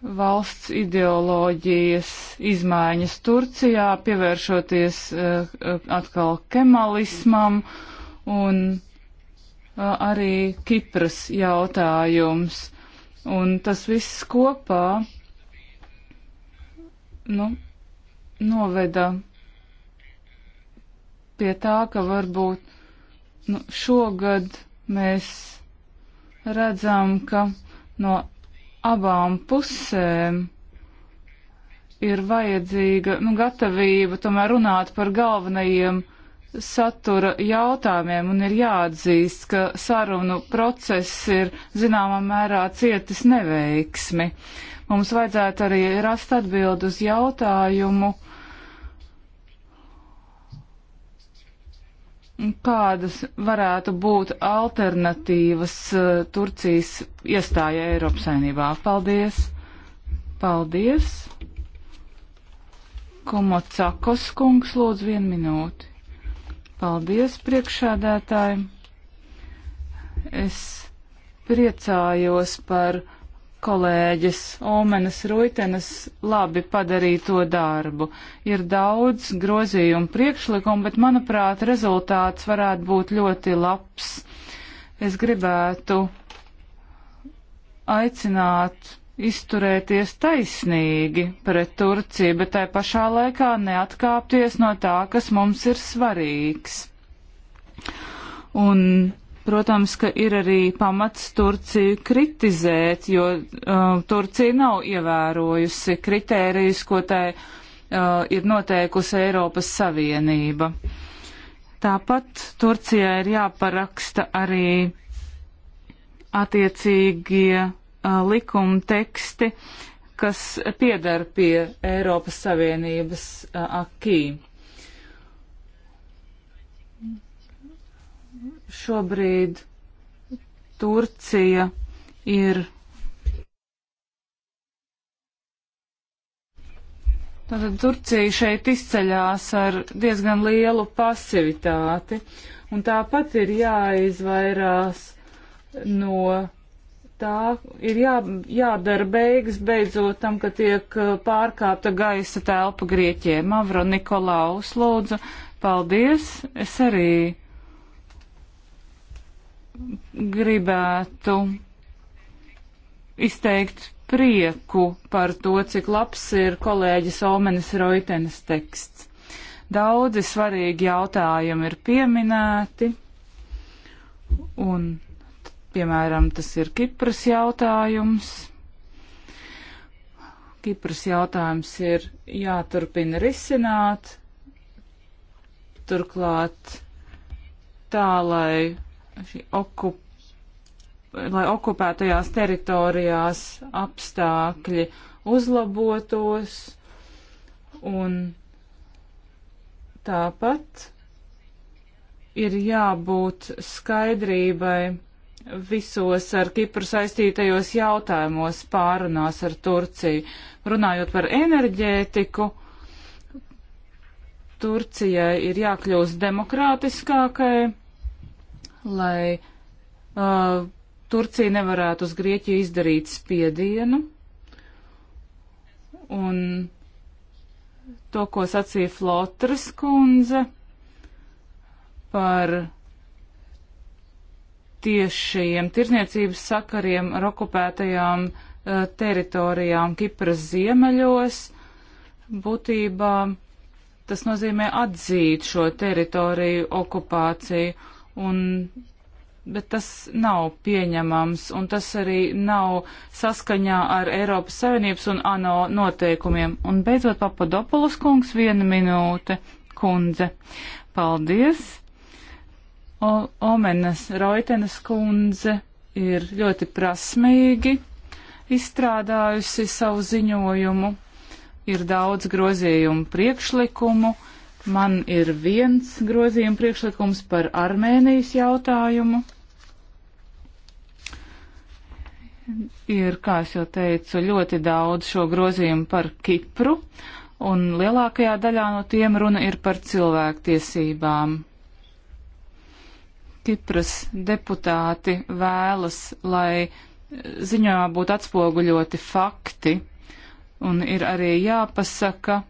valsts ideoloģijas izmaiņas Turcijā, pievēršoties uh, atkal kemalismam un uh, arī Kipras jautājums. Un tas viss kopā nu, noveda pie tā, ka varbūt nu, šogad mēs redzam, ka no abām pusēm ir vajadzīga nu, gatavība tomēr runāt par galvenajiem satura jautājumiem un ir jāatzīst, ka sarunu process ir zināmā mērā cietis neveiksmi. Mums vajadzētu arī rast atbild uz jautājumu, uh, Kādas varētu būt alternatīvas uh, Turcijas iestājai Eiropas saimnībā? Paldies! Paldies! Komocakos kungs lūdzu vienu minūti. Paldies priekšādētājiem! Es priecājos par kolēģis Omenas Ruitenes labi padarīto darbu. Ir daudz grozījumu priekšlikumu, bet, manuprāt, rezultāts varētu būt ļoti labs. Es gribētu aicināt izturēties taisnīgi pret Turciju, bet tai pašā laikā neatkāpties no tā, kas mums ir svarīgs. Un Protams, ka ir arī pamats Turciju kritizēt, jo uh, Turcija nav ievērojusi kritērijus, ko tai uh, ir noteikusi Eiropas Savienība. Tāpat Turcijai ir jāparaksta arī attiecīgie uh, likuma teksti, kas piedar pie Eiropas Savienības uh, akī. šobrīd Turcija ir. Tātad Turcija šeit izceļās ar diezgan lielu pasivitāti, un tāpat ir jāizvairās no tā, ir jā, jādara beigas beidzot tam, ka tiek uh, pārkāpta gaisa telpa Grieķiem. Avro Nikolaus, lūdzu, paldies, es arī gribētu izteikt prieku par to, cik labs ir kolēģis Omenis Roitenes teksts. Daudzi svarīgi jautājumi ir pieminēti, un, piemēram, tas ir Kipras jautājums. Kipras jautājums ir jāturpina risināt, turklāt tā, lai šī okup, lai okupētajās teritorijās apstākļi uzlabotos un tāpat ir jābūt skaidrībai visos ar Kipru saistītajos jautājumos pārunās ar Turciju. Runājot par enerģētiku, Turcijai ir jākļūst demokrātiskākai lai uh, Turcija nevarētu uz Grieķiju izdarīt spiedienu. Un to, ko sacīja Flotras kundze par tiešajiem tirniecības sakariem ar okupētajām uh, teritorijām Kipras ziemeļos, būtībā tas nozīmē atzīt šo teritoriju okupāciju un, bet tas nav pieņemams, un tas arī nav saskaņā ar Eiropas Savienības un ANO noteikumiem. Un beidzot, Papadopoulos kungs, viena minūte, kundze. Paldies! O, Omenas Roitenes kundze ir ļoti prasmīgi izstrādājusi savu ziņojumu, ir daudz grozījumu priekšlikumu Man ir viens grozījuma priekšlikums par Armēnijas jautājumu. Ir, kā es jau teicu, ļoti daudz šo grozījumu par Kipru, un lielākajā daļā no tiem runa ir par cilvēktiesībām. Kipras deputāti vēlas, lai ziņojumā būtu atspoguļoti fakti, un ir arī jāpasaka,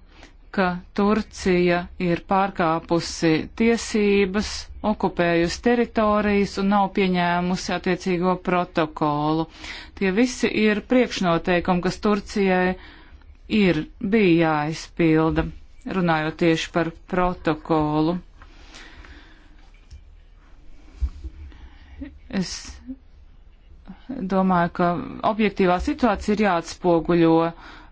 ka Turcija ir pārkāpusi tiesības, okupējusi teritorijas un nav pieņēmusi attiecīgo protokolu. Tie visi ir priekšnoteikumi, kas Turcijai ir bija jāizpilda, runājot tieši par protokolu. Es domāju, ka objektīvā situācija ir jāatspoguļo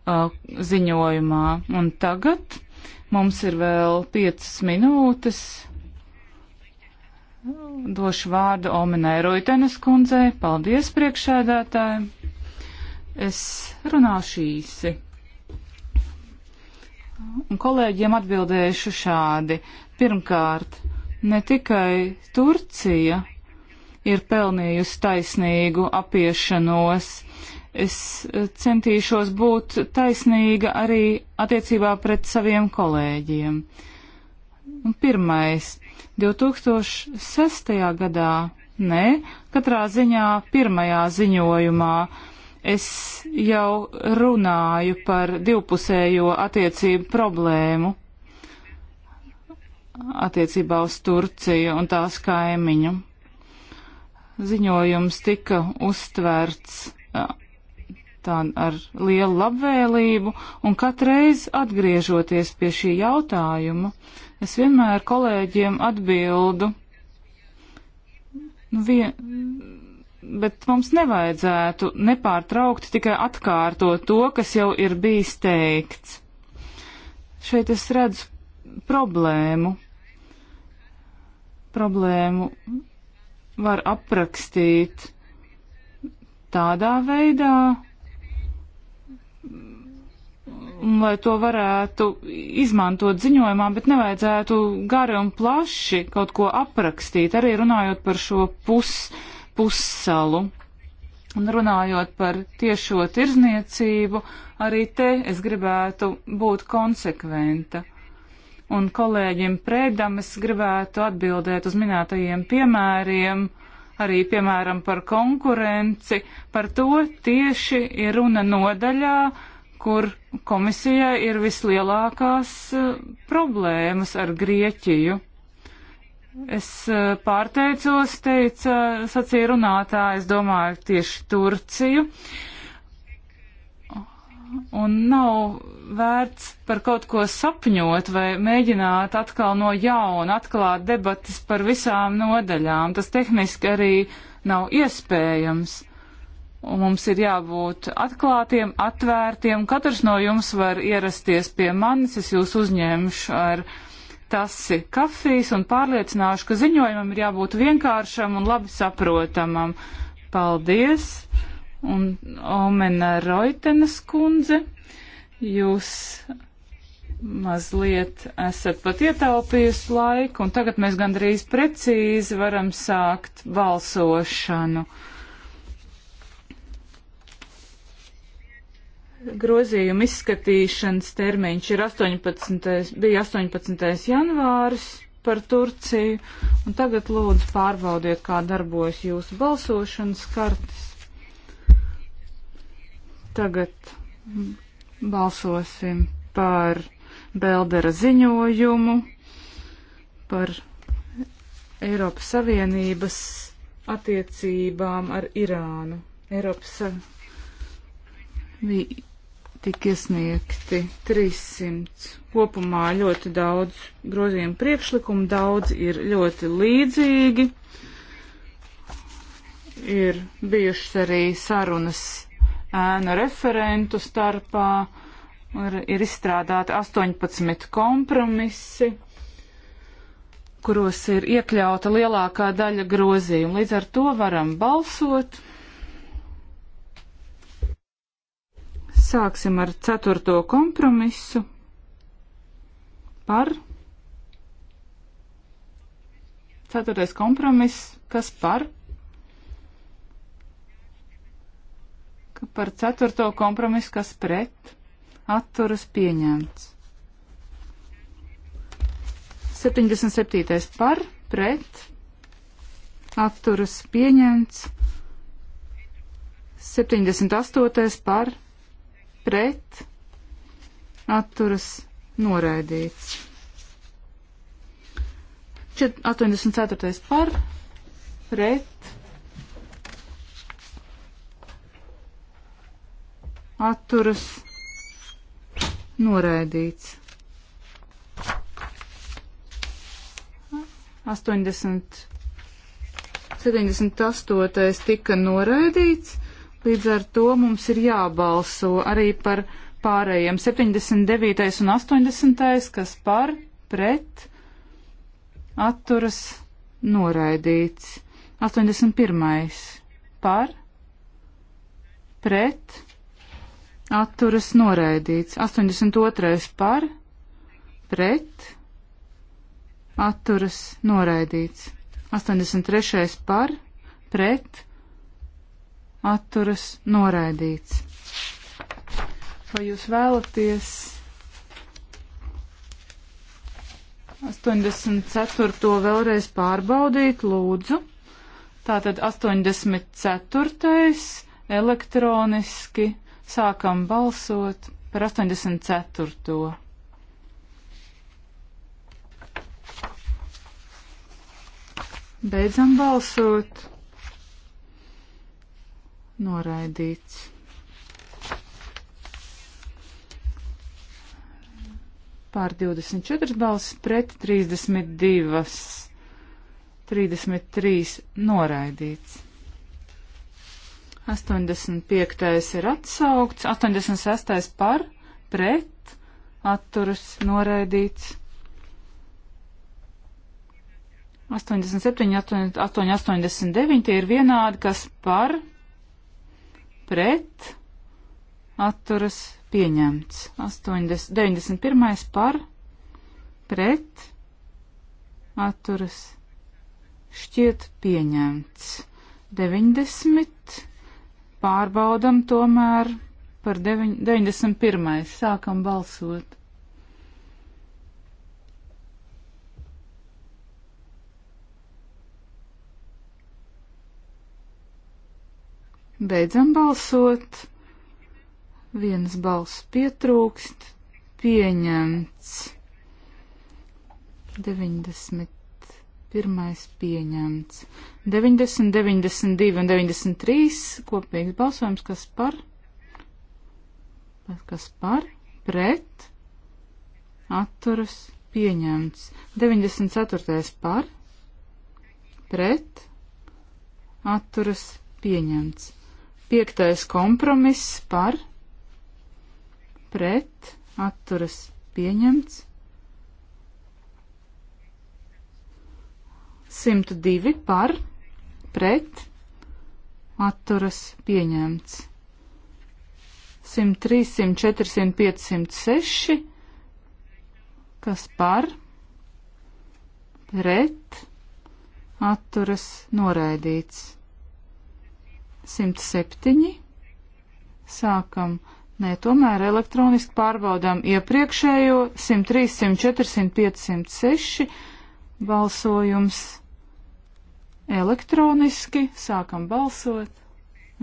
uh, ziņojumā. Un tagad mums ir vēl piecas minūtes. Došu vārdu Omenai Roitenes kundzei. Paldies priekšēdētājiem. Es runāšu īsi. Un kolēģiem atbildēšu šādi. Pirmkārt, ne tikai Turcija ir pelnījusi taisnīgu apiešanos, Es eh, centīšos būt taisnīga arī attiecībā pret saviem kolēģiem. Un pirmais, 2006. gadā, nē, katrā ziņā pirmajā ziņojumā es jau runāju par divpusējo attiecību problēmu attiecībā uz Turciju un tās kaimiņu. Ziņojums tika uztverts eh, tā ar lielu labvēlību, un katreiz atgriežoties pie šī jautājuma, es vienmēr kolēģiem atbildu, nu, vien, bet mums nevajadzētu nepārtraukti tikai atkārtot to, kas jau ir bijis teikts. Šeit es redzu problēmu. Problēmu var aprakstīt tādā veidā, lai to varētu izmantot ziņojumā, bet nevajadzētu gari un plaši kaut ko aprakstīt, arī runājot par šo pus, pussalu. Un runājot par tiešo tirzniecību, arī te es gribētu būt konsekventa. Un kolēģim Prēdam es gribētu atbildēt uz minētajiem piemēriem, arī piemēram par konkurenci, par to tieši ir runa nodaļā, kur komisijai ir vislielākās eh, problēmas ar Grieķiju. Es eh, pārteicos, teica, sacīja runātā, es domāju tieši Turciju. Un nav vērts par kaut ko sapņot vai mēģināt atkal no jauna atklāt debatas par visām nodaļām. Tas tehniski arī nav iespējams un mums ir jābūt atklātiem, atvērtiem. Katrs no jums var ierasties pie manis, es jūs uzņemšu ar tasi kafijas un pārliecināšu, ka ziņojumam ir jābūt vienkāršam un labi saprotamam. Paldies! Un Omena Roitenes kundze, jūs mazliet esat pat ietaupījusi laiku, un tagad mēs gandrīz precīzi varam sākt balsošanu. grozījuma izskatīšanas termiņš ir 18. bija 18. janvāris par Turciju, un tagad lūdzu pārbaudiet, kā darbojas jūsu balsošanas kartes. Tagad balsosim par Beldera ziņojumu, par Eiropas Savienības attiecībām ar Irānu. Eiropas Savienības tika iesniegti 300. Kopumā ļoti daudz grozījumu priekšlikumu, daudz ir ļoti līdzīgi. Ir bijušas arī sarunas ēnu referentu starpā, ir izstrādāti 18 kompromisi, kuros ir iekļauta lielākā daļa grozījumu. Līdz ar to varam balsot. Sāksim ar ceturto kompromisu par. Ceturtais kompromiss, kas par? Ka par ceturto kompromisu, kas pret, atturas pieņemts. 77. par, pret, atturas pieņemts. 78. par, pret pret, atturas noraidīts. 84. par, pret, atturas noraidīts. 80, 78. tika noraidīts. Līdz ar to mums ir jābalso arī par pārējiem 79. un 80. kas par, pret, atturas, noraidīts. 81. par, pret, atturas, noraidīts. 82. par, pret, atturas, noraidīts. 83. par, pret, atturas noraidīts. Vai jūs vēlaties 84. vēlreiz pārbaudīt, lūdzu? Tātad 84. elektroniski sākam balsot par 84. Beidzam balsot noraidīts. Pār 24 balsis pret 32, 33 noraidīts. 85. ir atsaukts, 86. par, pret, atturas noraidīts. 87, 8, 89 tie ir vienādi, kas par, pret, atturas pieņemts. 80, 91. par, pret, atturas šķiet pieņemts. 90. pārbaudam tomēr par 9, 91. sākam balsot. Beidzam balsot. Vienas balss pietrūkst. Pieņemts. 91. pieņemts. 90, 92 un 93 kopīgs balsojums, kas par? Kas par? Pret? Atturas pieņemts. 94. par? Pret? Atturas pieņemts. Piektais kompromiss par, pret, atturas pieņemts. 102 par, pret, atturas pieņemts. 103, 104, 105, 106, kas par, pret, atturas noraidīts. 107. Sākam. Nē, tomēr elektroniski pārbaudām iepriekšējo 103, 104, 105, 106 balsojums elektroniski, sākam balsot,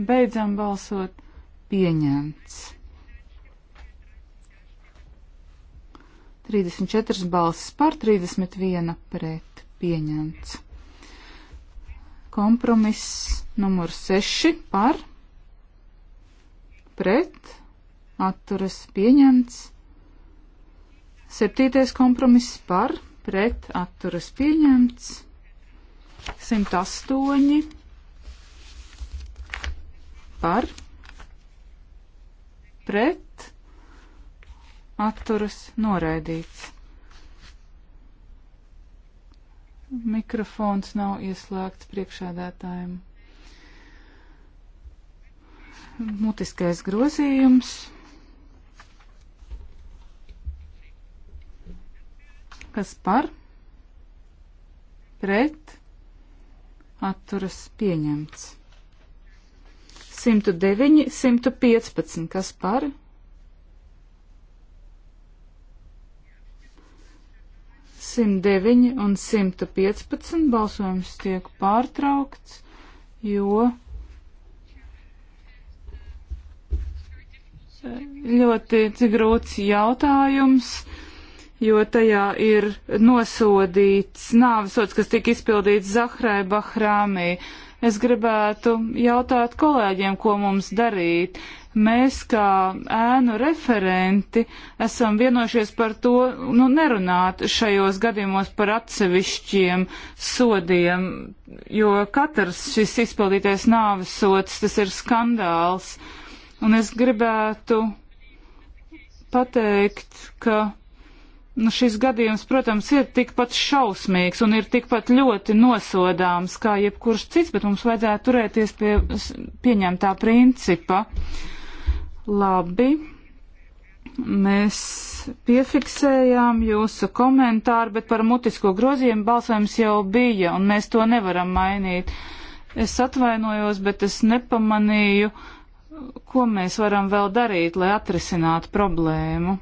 beidzam balsot, pieņemts. 34 balsis par, 31 pret, pieņemts. Kompromiss numur 6 par pret atturas pieņemts. Septītais kompromiss par pret atturas pieņemts. 108 par pret atturas noraidīts. Mikrofons nav ieslēgts priekšādātājiem. Mutiskais grozījums. Kas par? Pret? Atturas pieņemts. 109, 115. Kas par? 109 un 115 balsojums tiek pārtraukts, jo eh, ļoti grūts jautājums, jo tajā ir nosodīts nāvisots, kas tika izpildīts Zahrai Bahrāmī. Es gribētu jautāt kolēģiem, ko mums darīt mēs kā ēnu referenti esam vienojušies par to, nu, nerunāt šajos gadījumos par atsevišķiem sodiem, jo katrs šis izpildītais nāves sots, tas ir skandāls. Un es gribētu pateikt, ka. Nu, šis gadījums, protams, ir tikpat šausmīgs un ir tikpat ļoti nosodāms kā jebkurš cits, bet mums vajadzētu turēties pie pieņemtā principa. Uh, Labi, mēs piefiksējām jūsu komentāru, bet par mutisko grozījumu balsojums jau bija, un mēs to nevaram mainīt. Es atvainojos, bet es nepamanīju, ko mēs varam vēl darīt, lai atrisinātu problēmu.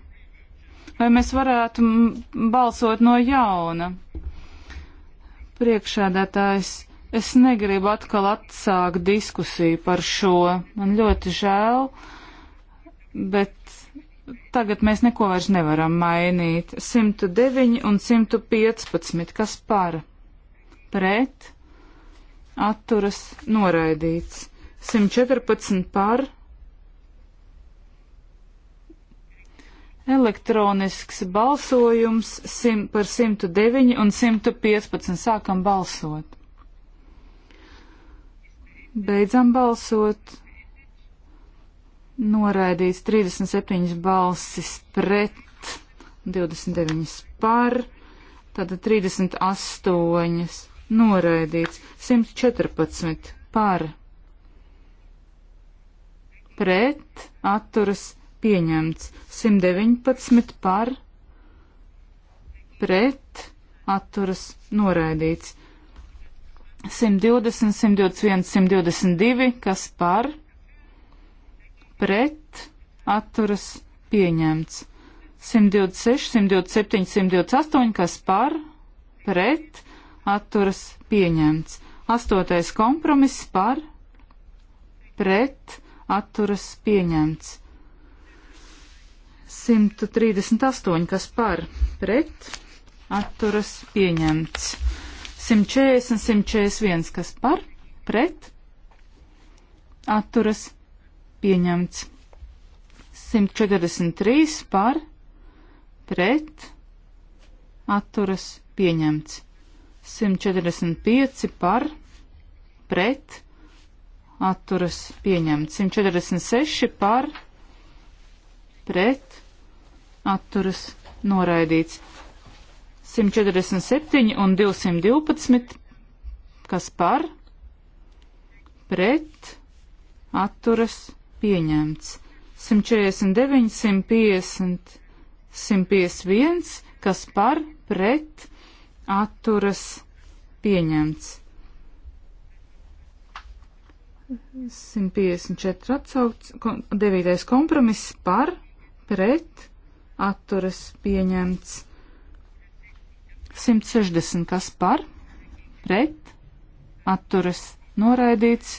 Vai mēs varētu balsot no jauna? Priekšēdētājs, es negribu atkal atsākt diskusiju par šo. Man ļoti žēl. Uh, bet tagad mēs neko vairs nevaram mainīt. 109 un 115, kas par? Pret, atturas, noraidīts. 114 par. Elektronisks balsojums sim, par 109 un 115. Sākam balsot. Beidzam balsot. Noraidīts 37 balsis pret, 29 par, tātad 38 noraidīts, 114 par, pret, atturas pieņemts, 119 par, pret, atturas noraidīts, 120, 121, 122, kas par, pret, pret atturas pieņemts. 126, 127, 128, kas par pret atturas pieņemts. 8. kompromiss par pret atturas pieņemts. 138, kas par pret atturas pieņemts. 140 un 141, kas par pret atturas pieņemts atturas pieņemts. 143 par, pret, atturas pieņemts. 145 par, pret, atturas pieņemts. 146 par, pret, atturas noraidīts. 147 un 212, kas par, pret, atturas pieņemts atturas pieņemts. 149, 150, 151, kas par pret atturas pieņemts. 154 atsaukts, 9. kompromiss par pret atturas pieņemts. 160 kas par pret atturas noraidīts.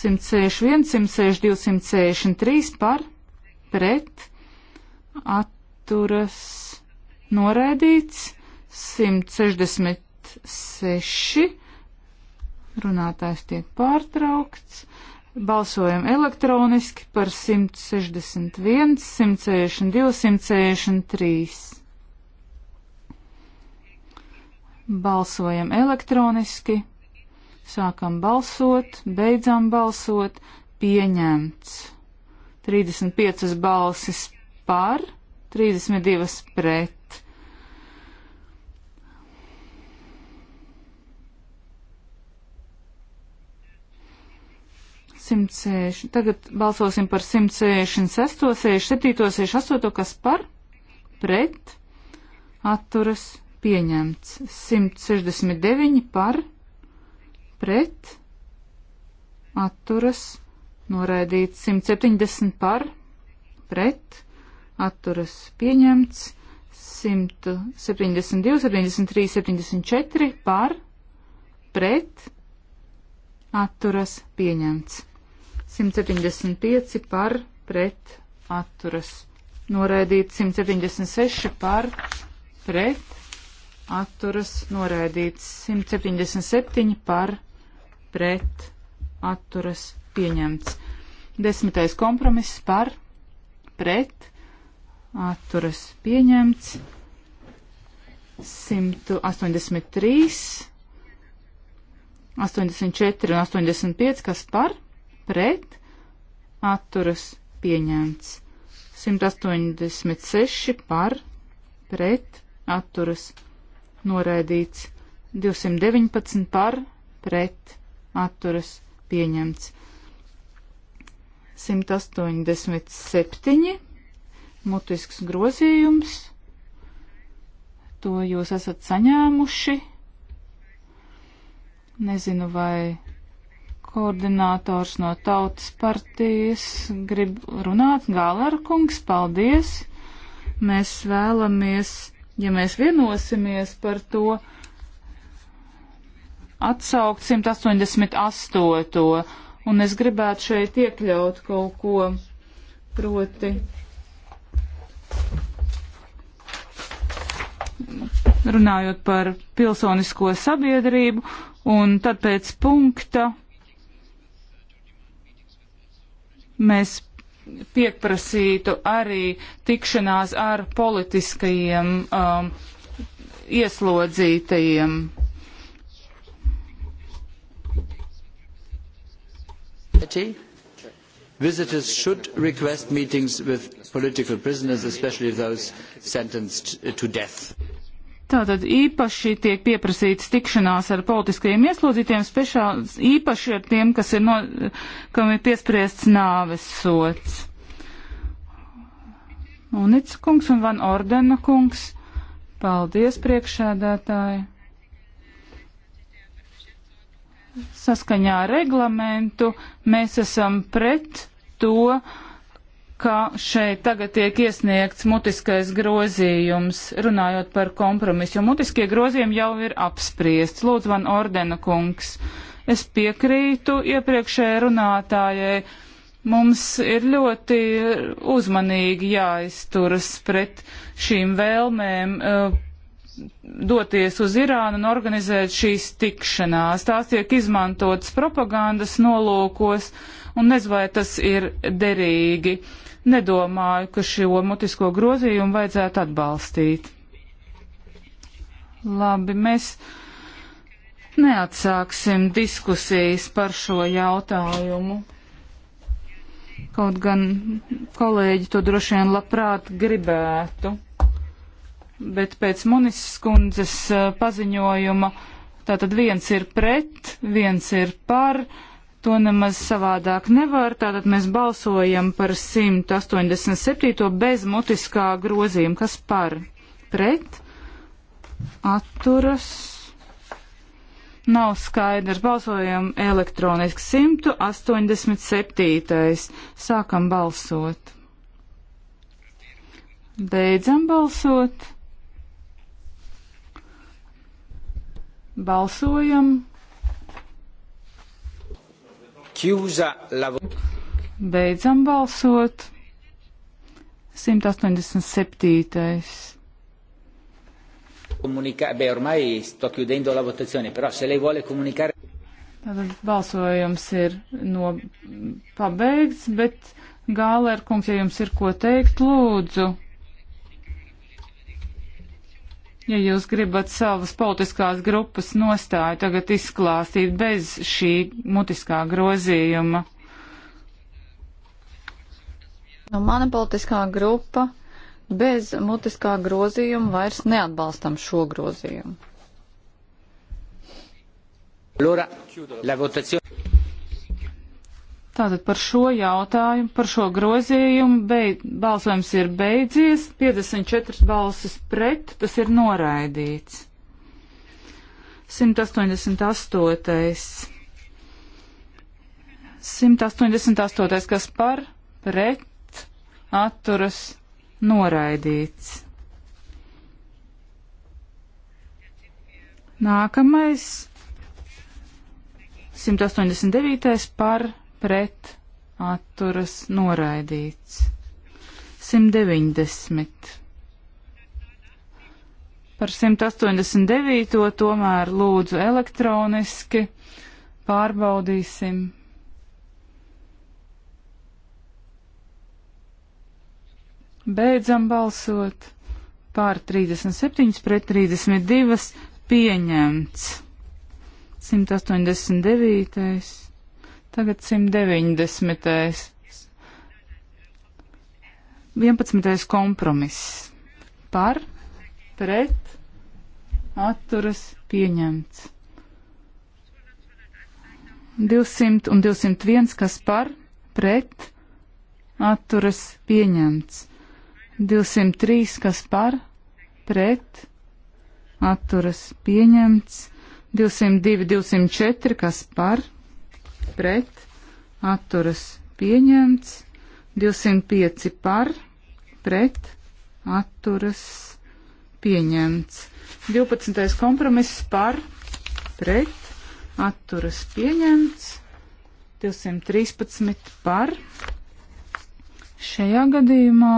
161, 162, 163 par pret atturas noraidīts 166. Runātājs tiek pārtraukts. Balsojam elektroniski par 161, 162, 163. Balsojam elektroniski. Sākam balsot, beidzam balsot, pieņemts. 35 balsis par, 32 pret. Tagad balsosim par 166, 67, 68, kas par, pret, atturas pieņemts. 169 par, pret pret, atturas, noraidīts 170 par, pret, atturas, pieņemts 172, 73, 74 par, pret, atturas, pieņemts 175 par, pret, atturas, noraidīts 176 par, pret, atturas, noraidīts 177 par, pret pret, atturas pieņemts. Desmitais kompromiss par, pret, atturas pieņemts. 183, 84 un 85, kas par, pret, atturas pieņemts. 186 par, pret, atturas noraidīts. 219 par, pret, atturas pieņemts. 187 mutisks grozījums. To jūs esat saņēmuši. Nezinu, vai koordinātors no tautas partijas grib runāt. Gālērkungs, paldies! Mēs vēlamies, ja mēs vienosimies par to, atsaukt 188. Un es gribētu šeit iekļaut kaut ko proti. Runājot par pilsonisko sabiedrību, un tad pēc punkta mēs pieprasītu arī tikšanās ar politiskajiem um, ieslodzītajiem. society. Visitors should request meetings with political prisoners, especially those sentenced to death. Tātad īpaši tiek pieprasīts tikšanās ar politiskajiem ieslodzītiem, speciāls īpaši ar tiem, kas ir, no, kam ir piespriests nāves sots. Unica kungs un Van Ordena kungs, paldies priekšēdētāji saskaņā ar reglamentu mēs esam pret to, ka šeit tagad tiek iesniegts mutiskais grozījums, runājot par kompromisu, jo mutiskie grozījumi jau ir apspriests. Lūdzu, man ordena kungs, es piekrītu iepriekšējai runātājai. Mums ir ļoti uzmanīgi jāizturas pret šīm vēlmēm. Uh, doties uz Irānu un organizēt šīs tikšanās. Tās tiek izmantotas propagandas nolūkos, un nezinu, vai tas ir derīgi. Nedomāju, ka šo mutisko grozījumu vajadzētu atbalstīt. Labi, mēs neatsāksim diskusijas par šo jautājumu. Kaut gan kolēģi to droši vien labprāt gribētu bet pēc Munis skundzes eh, paziņojuma tātad viens ir pret, viens ir par. To nemaz savādāk nevar, tātad mēs balsojam par 187. bez mutiskā grozījuma, kas par pret, atturas, nav skaidrs, balsojam elektroniski 187. sākam balsot. Beidzam balsot. Balsojam. Beidzam balsot. 187. Comunica... Beh, ormai sto chiudendo la votazione, però se lei vuole comunicare. Tātad balsojums ir no pabeigts, bet Gālēr kungs, ja jums ir ko teikt, lūdzu. Ja jūs gribat savas politiskās grupas nostāju tagad izklāstīt bez šī mutiskā grozījuma. Nu, no mana politiskā grupa bez mutiskā grozījuma vairs neatbalstam šo grozījumu. Allora, la votazione... Tātad par šo jautājumu, par šo grozījumu beid, balsojums ir beidzies, 54 balsis pret, tas ir noraidīts. 188. 188. kas par, pret, atturas, noraidīts. Nākamais 189. par pret atturas noraidīts. 190. Par 189. tomēr lūdzu elektroniski pārbaudīsim. Beidzam balsot pār 37 pret 32 pieņemts. 189. Tagad 190. 11. kompromiss. Par, pret, atturas pieņemts. 200 un 201, kas par, pret, atturas pieņemts. 203, kas par, pret, atturas pieņemts. 202, 204, kas par, pret pret, atturas pieņemts, 205 par, pret, atturas pieņemts, 12. kompromiss par, pret, atturas pieņemts, 213 par. Šajā gadījumā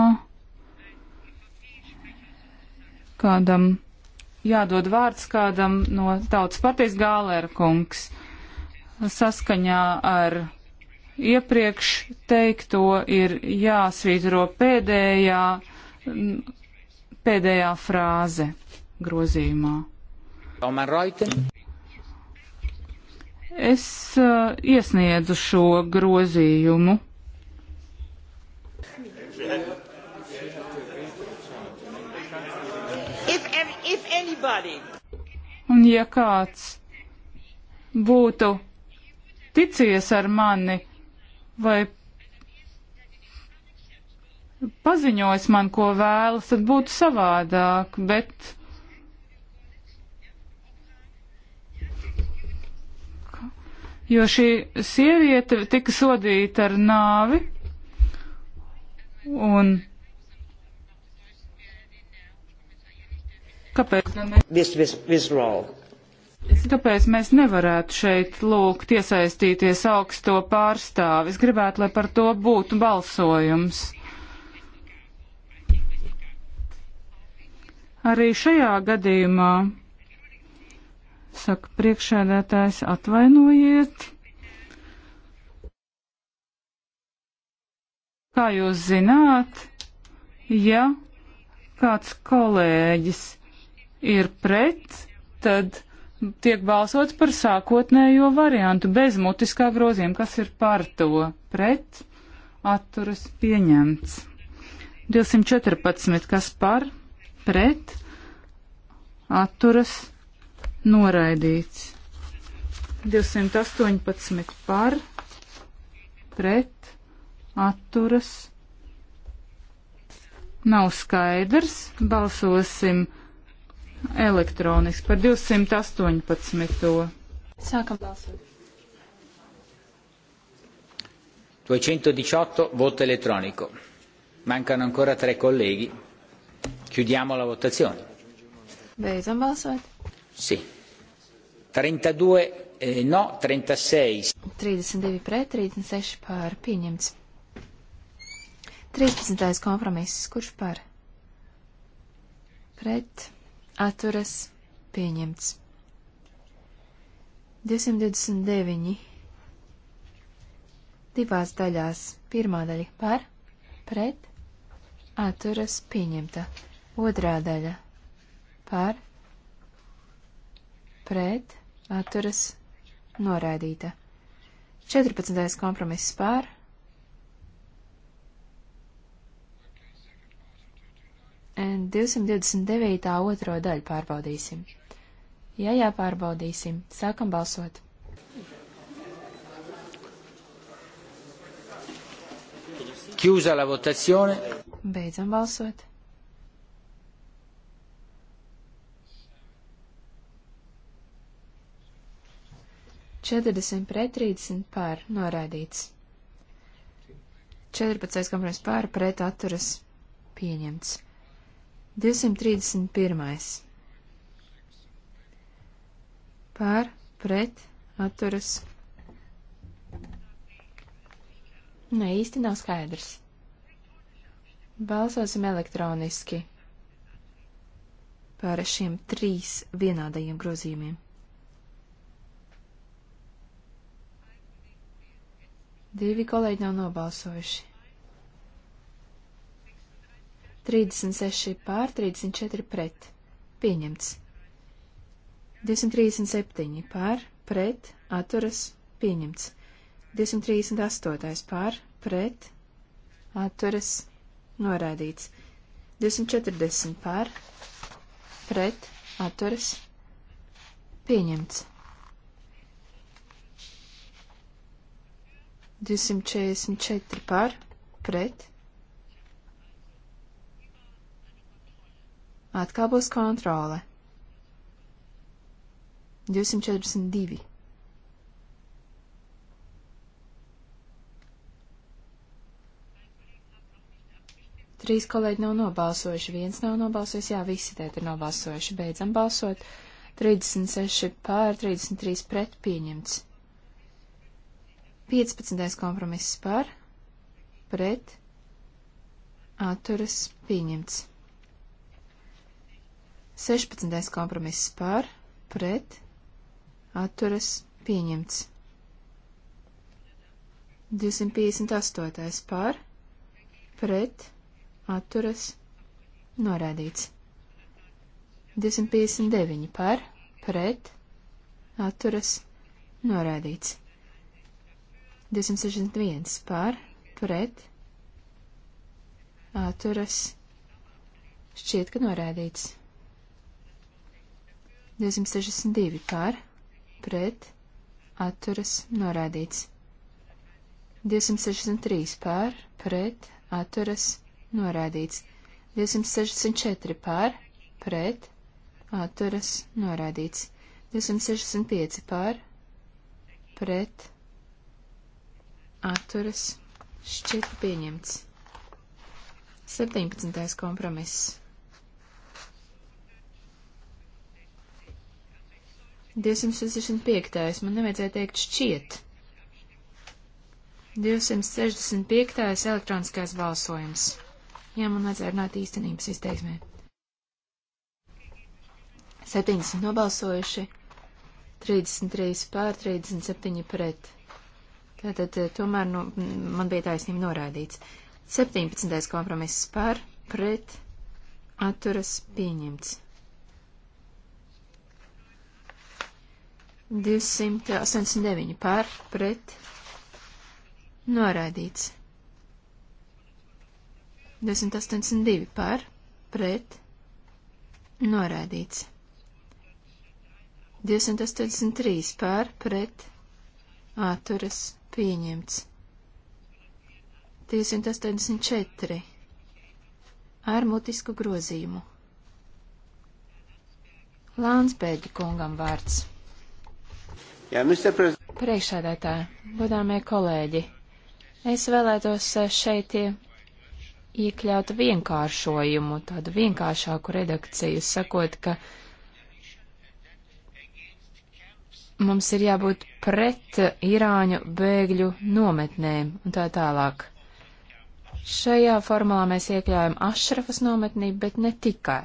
kādam jādod vārds kādam no tautas partijas Gālēra kungs saskaņā ar iepriekš teikto ir jāsvītro pēdējā, pēdējā frāze grozījumā. Es uh, iesniedzu šo grozījumu. If any, if anybody. Un ja kāds būtu ticies ar mani vai paziņojis man, ko vēlas, tad būtu savādāk, bet. Jo šī sieviete tika sodīta ar nāvi un. Kāpēc? Vis, vis, vis Tāpēc mēs nevarētu šeit lūgt iesaistīties augsto pārstāvi. Es gribētu, lai par to būtu balsojums. Arī šajā gadījumā, saka priekšēdētājs, atvainojiet. Kā jūs zināt, ja kāds kolēģis ir pret, tad tiek balsots par sākotnējo variantu bez mutiskā grozījuma, kas ir par to pret atturas pieņemts. 214, kas par pret atturas noraidīts. 218 par pret atturas nav skaidrs. Balsosim elektroniski par 218. Sākam balsot. 218 voto elettronico. Mancano ancora tre colleghi. Chiudiamo la votazione. Beidzam balsot. Sì. 32 eh, no, 36. 32 pret, 36 pār pieņemts. 13. kompromiss. Kurš par? Pret atturas pieņemts. 229. Divās daļās. Pirmā daļa par, pret, atturas pieņemta. Otrā daļa par, pret, atturas noraidīta. 14. kompromiss par, 229. otro daļu pārbaudīsim. Jā, jā, pārbaudīsim. Sākam balsot. Chiusa la votazione. Beidzam balsot. Četrdesmit pret trīsdesmit pār noraidīts. Četrpadsmit kompromiss pār pret atturas pieņemts. 231. Pār, pret, atturas. Nē, īsti nav skaidrs. Balsosim elektroniski par šiem trīs vienādajiem grozījumiem. Divi kolēģi nav nobalsojuši. 36 pār 34 pret. Pieņemts. 237 pār pret atturas pieņemts. 238 pār pret atturas norādīts. 240 pār pret atturas pieņemts. 244 pār pret Atkal būs kontrole. 242. Trīs kolēģi nav nobalsojuši, viens nav nobalsojis, jā, visi tēt ir nobalsojuši. Beidzam balsot. 36 pār, 33 pret pieņemts. 15. kompromiss par, pret, atturas pieņemts. 16. kompromiss par, pret, atturas, pieņemts. 258. par, pret, atturas, norādīts. 259 par, pret, atturas, norādīts. 261 par, pret, atturas, šķiet, ka norādīts. 262 par, pret, atturas, norādīts. 263 par, pret, atturas, norādīts. 264 par, pret, atturas, norādīts. 265 par, pret, atturas, šķiet pieņemts. 17. kompromiss 265. Man nevajadzēja teikt šķiet. 265. elektroniskais balsojums. Jā, man vajadzēja runāt īstenības izteiksmē. 70 nobalsojuši, 33 pār, 37 pret. Tātad eh, tomēr nu, man bija taisnība norādīts. 17. kompromiss pār, pret, atturas pieņemts. 289 pār pret noraidīts. 282 pār pret noraidīts. 283 pār pret atturas pieņemts. 284 ar mutisku grozījumu. Lānsbēģi kungam vārds. Yeah, Priekšsēdētāji, godāmie kolēģi, es vēlētos eh, šeit iekļaut vienkāršojumu, tādu vienkāršāku redakciju, sakot, ka mums ir jābūt pret Irāņu bēgļu nometnēm un tā tālāk. Šajā formulā mēs iekļaujam Ašrafas nometnī, bet ne tikai.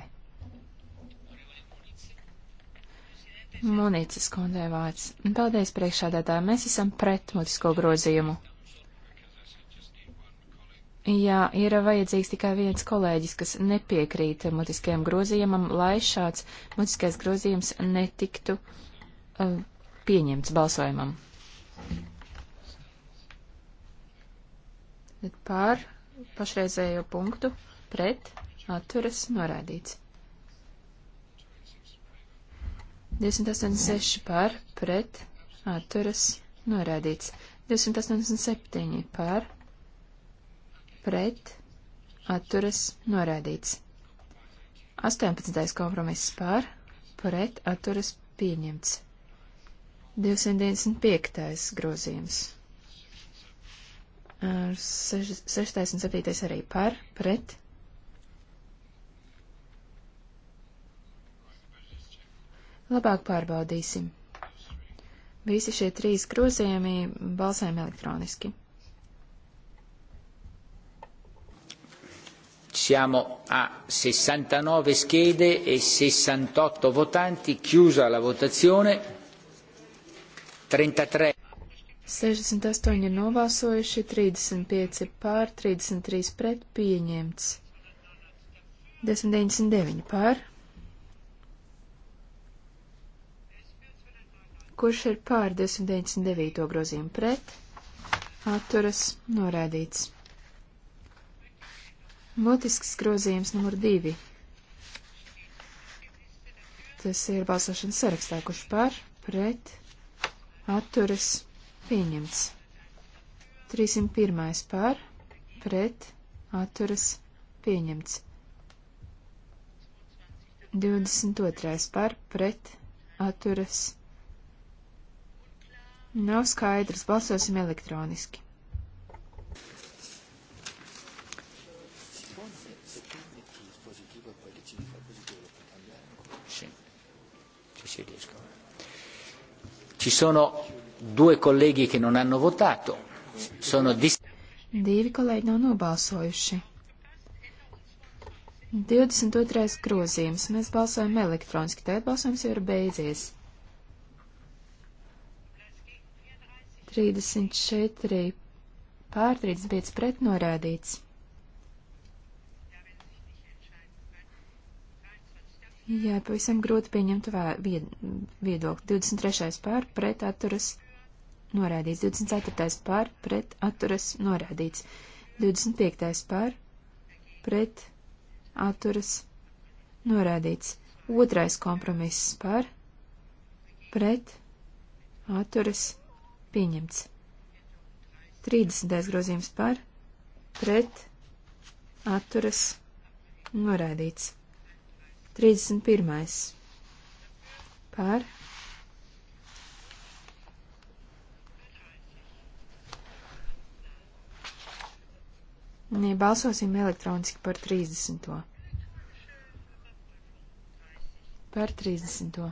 Munīcas kundē vārds. Paldies priekšādātāji, mēs esam pret mutisko grozījumu. Jā, ir vajadzīgs tikai viens kolēģis, kas nepiekrīt mutiskajam grozījumam, lai šāds mutiskais grozījums netiktu uh, pieņemts balsojumam. Pār pašreizējo punktu pret atturas norādīts. 286 par, pret, atturas, norādīts. 287 par, pret, atturas, norādīts. 18. kompromiss par, pret, atturas, pieņemts. 295. grozījums. 6. un 7. arī par, pret, Labāk pārbaudīsim. Visi šie trīs grozījumi balsēm elektroniski. Siamo a 69 schede e 68 votanti, chiusa la votazione. 33. 68 ir nobalsojuši, 35 pār, 33 pret, pieņemts. 1099 pār, Kurš ir pār 299. grozījumu pret? Atturas norādīts. Mutisks grozījums numur 2. Tas ir balsošanas sarakstā, kurš par, pret, atturas, pieņemts. 301. par, pret, atturas, pieņemts. 22. par, pret, atturas, pieņemts. Nav skaidrs. Balsosim elektroniski. Ci sono due colleghi che non hanno votato. Sono dis- Divi kolēģi nav nobalsojuši. 22. grozījums. Mēs balsojam elektroniski, tātad balsojums jau ir beidzies. 34 pār 35 pret norādīts. Jā, pavisam grūti pieņemt vied viedokli. 23. pār pret atturas norādīts. 24. pār pret atturas norādīts. 25. pār pret atturas norādīts. Otrais kompromiss par pret atturas norādīts Pieņemts. 30. grozījums par, pret, atturas, noraidīts. 31. par, Ja balsosim elektroniski par 30. Par 30.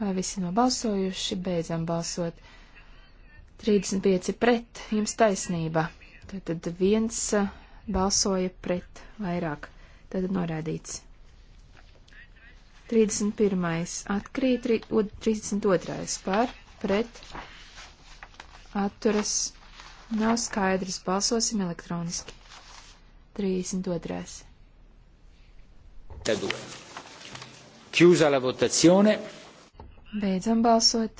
Vai visi nobalsojuši? Beidzam balsot. 35 pret, jums taisnība. Tad viens eh, balsoja pret vairāk. Tad norādīts. 31. atkrīt, 32. par, pret, atturas, nav skaidrs, balsosim elektroniski. 32. Chiusa la votazione. Beidzam balsot.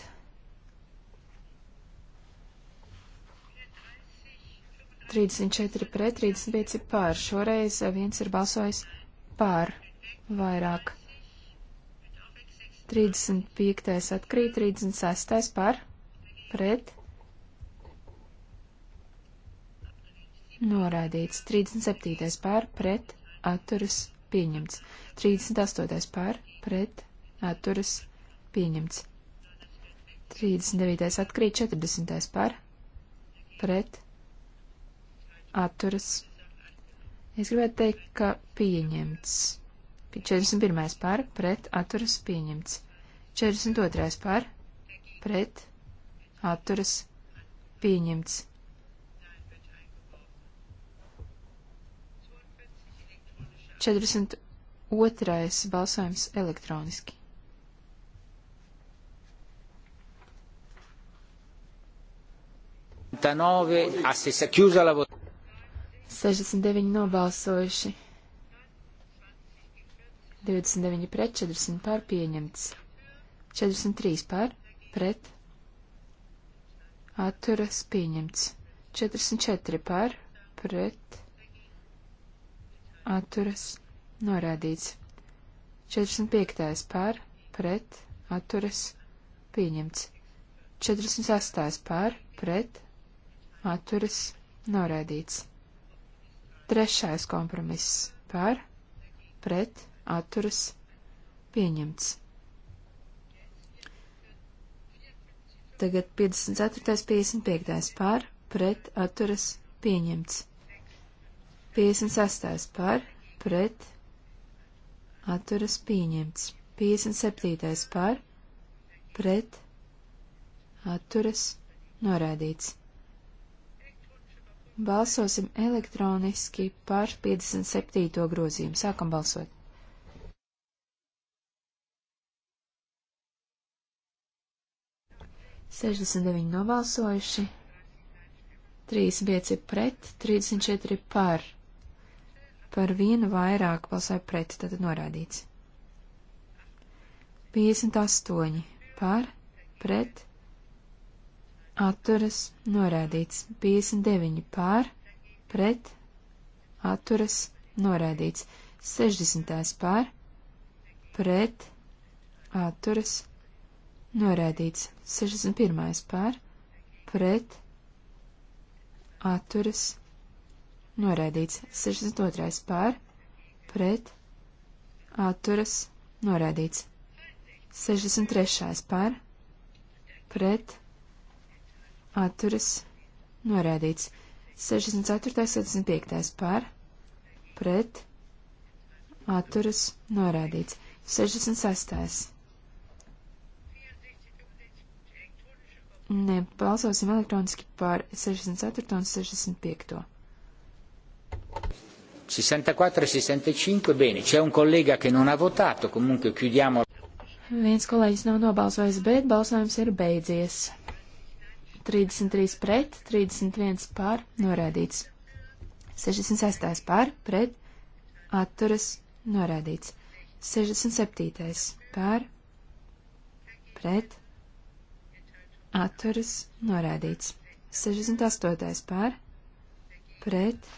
34 pret, 35 pār. Šoreiz viens ir balsojis pār vairāk. 35. atkrīt, 36. pār pret. Noraidīts. 37. pār pret atturas pieņemts. 38. pār pret atturas pieņemts pieņemts. 39. atkrīt 40. par, pret, atturas. Es gribētu teikt, ka pieņemts. 41. par, pret, atturas, pieņemts. 42. par, pret, atturas, pieņemts. 42. balsojums elektroniski. 69 nobalsojuši. 29 pret, 40 pār pieņemts. 43 pār, pret, atturas pieņemts. 44 pār, pret, atturas norādīts. 45 pār, pret, atturas pieņemts. 48 pār, pret, atturas noraidīts. Trešais kompromiss par, pret, atturas pieņemts. Tagad 54. 55. par, pret, atturas pieņemts. 56. par, pret, atturas pieņemts. 57. par, pret, atturas noraidīts. Balsosim elektroniski par 57. grozījumu. Sākam balsot. Sešdesmit deviņi nobalsojuši, trīs pieci pret, trīsdesmit četri par. Par vienu vairāk balsoja pret, tad norādīts. Piecdesmit astoņi par, pret, atturas norādīts 59 pār, pret, atturas norādīts 60 pār, pret, atturas norādīts 61 pār, pret, atturas norādīts 62 pār, pret, atturas norādīts 63 pār, pret, atturas norādīts. 64. 65. par pret atturas norādīts. 66. Nē, balsosim elektroniski par 64 un 65. 64 e 65, bene, c'è un collega che non ha votato, comunque chiudiamo. Viens kolēģis nav nobalsojis, bet balsojums ir beidzies. 33 pret, 31 pār, norādīts. 66 pār, pret, atturas, norādīts. 67 pār, pret, atturas, norādīts. 68 pār, pret,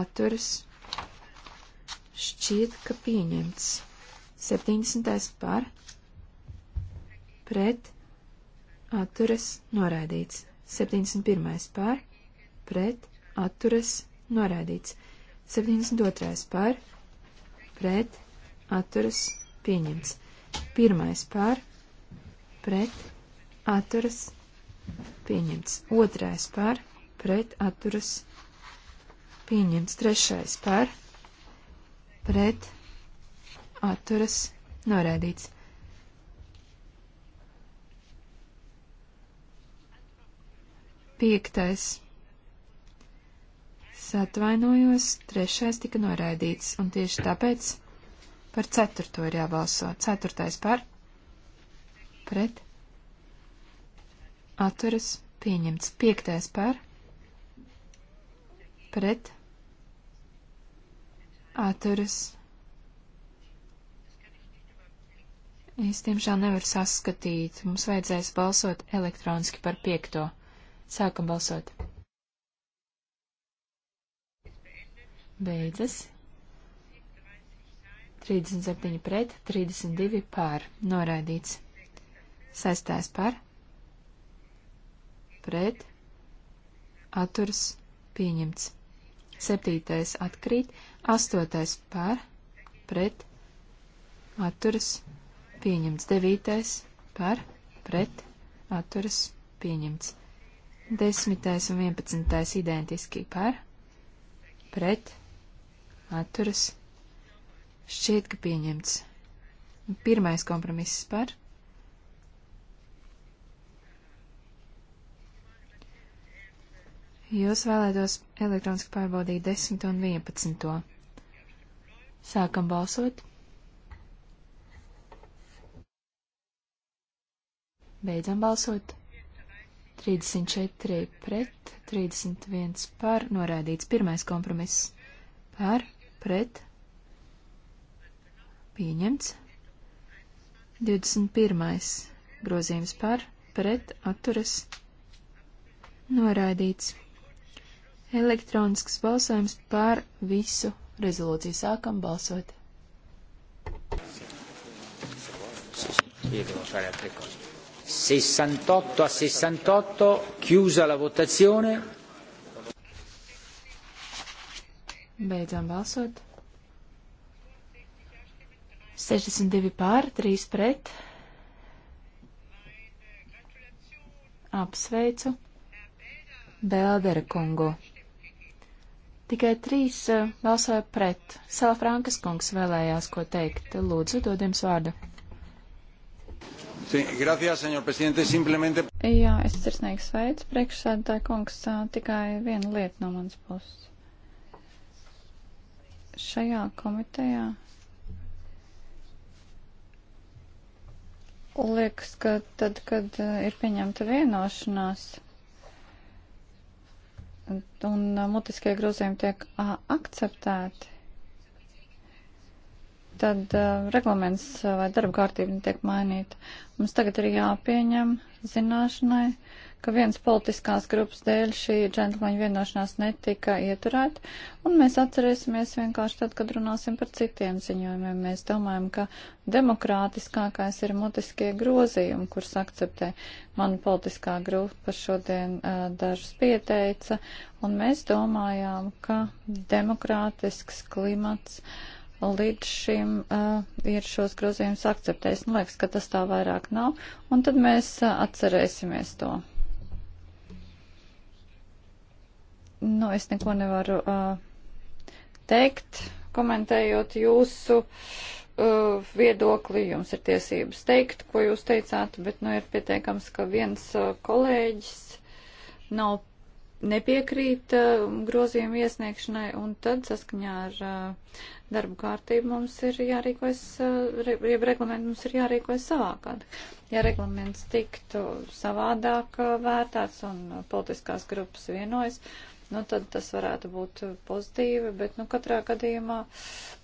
atturas, šķiet, ka pieņemts. 70 pār, pret, atturas noraidīts. 71. par, pret, atturas noraidīts. 72. par, pret, atturas pieņemts. 1. par, pret, atturas pieņemts. 2. par, pret, atturas pieņemts. 3. par, pret, atturas noraidīts. Piektais. Satvainojos, trešais tika noraidīts, un tieši tāpēc par ceturto ir jābalso. Ceturtais par, pret, atturas, pieņemts. Piektais par, pret, atturas. Es, diemžēl, nevaru saskatīt. Mums vajadzēs balsot elektroniski par piekto. Sākam balsot. Beidzas. 37 pret, 32 pār. Noraidīts. Sestais par. Pret. Atturs. Pieņemts. Septītais atkrīt. Astotais par. Pret. Atturs. Pieņemts. Devītais par. Pret. Atturs. Pieņemts. 10. un 11. identiski par, pret, atturas, šķiet, ka pieņemts. Pirmais kompromiss par. Jūs vēlētos elektroniski pārbaudīt 10 un 11. Sākam balsot. Beidzam balsot. 34 pret, 31 par, norādīts pirmais kompromiss par, pret, pieņemts. 21. grozījums par, pret, atturas, norādīts. Elektronisks balsojums par visu rezolūciju sākam balsot. Iedod, 68 a 68, chiusa la votazione. Beidzām balsot. 62 pār, 3 pret. Apsveicu Bēldera kungu. Tikai trīs eh, balsoja pret. Sala Frankas kungs vēlējās ko teikt. Lūdzu, dod jums vārdu. Sí, gracias, senor presidente. Simplemente. Jā, es sirsnīgi sveicu priekšsēdētāju kungs tikai vienu lietu no manas puses. Šajā komitejā liekas, ka tad, kad ir pieņemta vienošanās un mutiskie grozījumi tiek akceptēti, tad uh, reglaments uh, vai darba kārtība netiek mainīta. Mums tagad ir jāpieņem zināšanai, ka viens politiskās grupas dēļ šī džentlmeņa vienošanās netika ieturēta, un mēs atcerēsimies vienkārši tad, kad runāsim par citiem ziņojumiem. Mēs domājam, ka demokrātiskākais ir mutiskie grozījumi, kurus akceptē mana politiskā grupa šodien uh, dažus pieteica, un mēs domājām, ka demokrātisks klimats uh, līdz šim uh, ir šos grozījumus akceptējis. Man liekas, ka tas tā vairāk nav, un tad mēs uh, atcerēsimies to. Nu, es neko nevaru uh, teikt, komentējot jūsu uh, viedokli. Jums ir tiesības teikt, ko jūs teicāt, bet nu ir pietiekams, ka viens uh, kolēģis nav nepiekrīt uh, grozījumu iesniegšanai, un tad saskaņā ar uh, darbu kārtību mums ir jārīkojas, uh, re, reglamentu mums ir jārīkojas savākāk. Ja reglaments tiktu savādāk uh, vērtēts un uh, politiskās grupas vienojas, nu tad tas varētu būt pozitīvi, bet nu katrā gadījumā,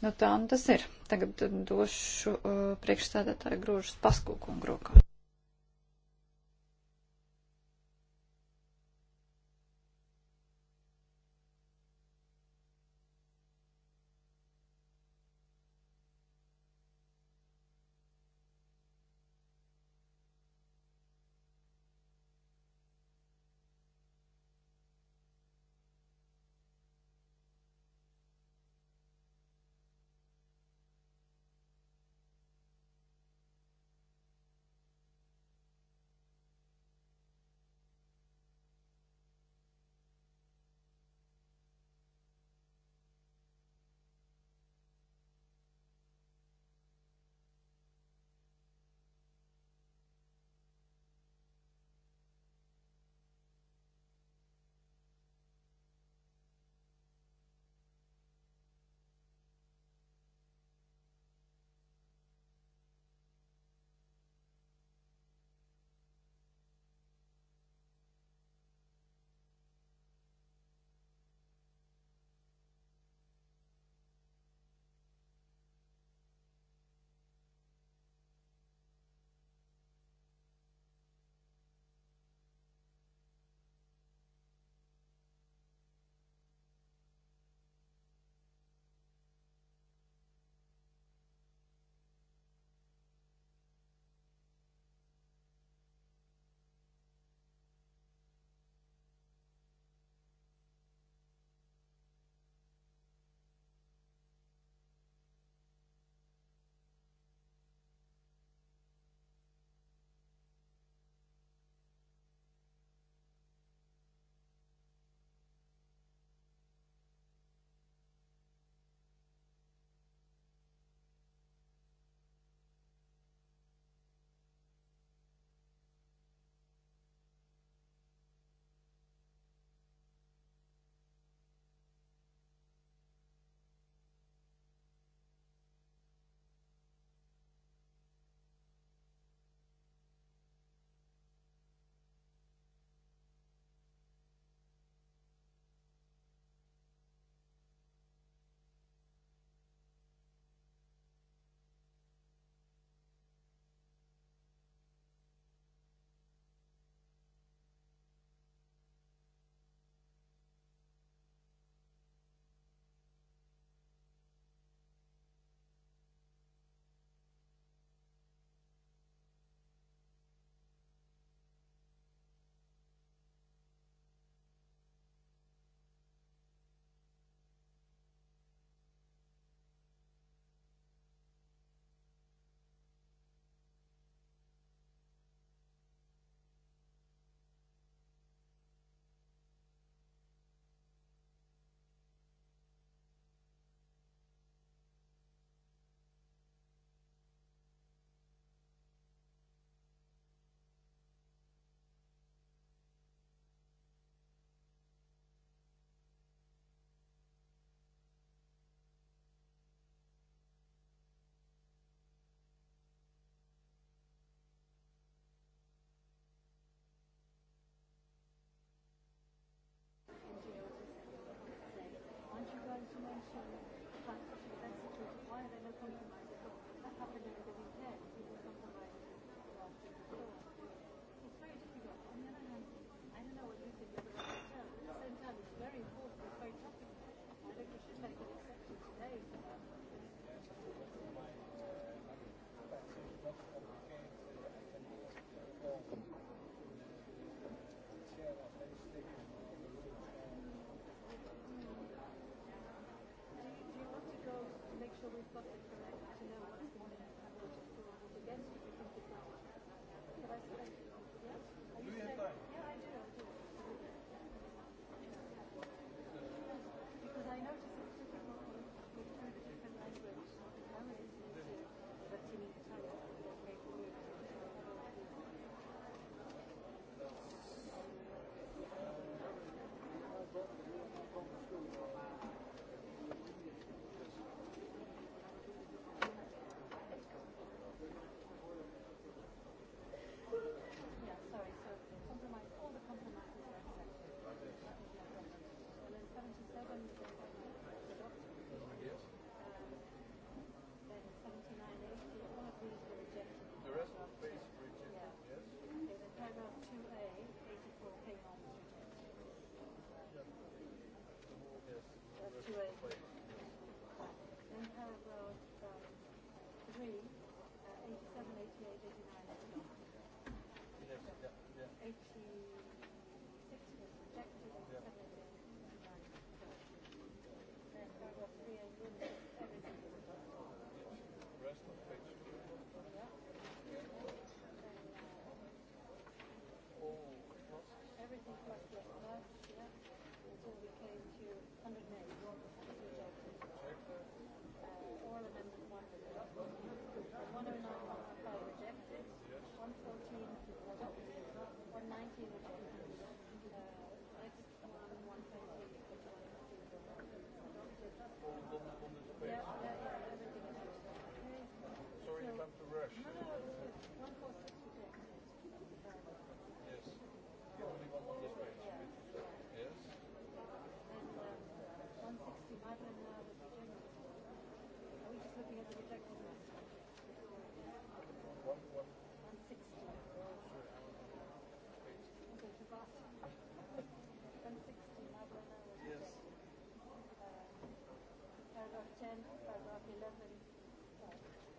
nu tā un tas ir. Tagad došu uh, priekšstādātāju grūžas paskūku un grūkā.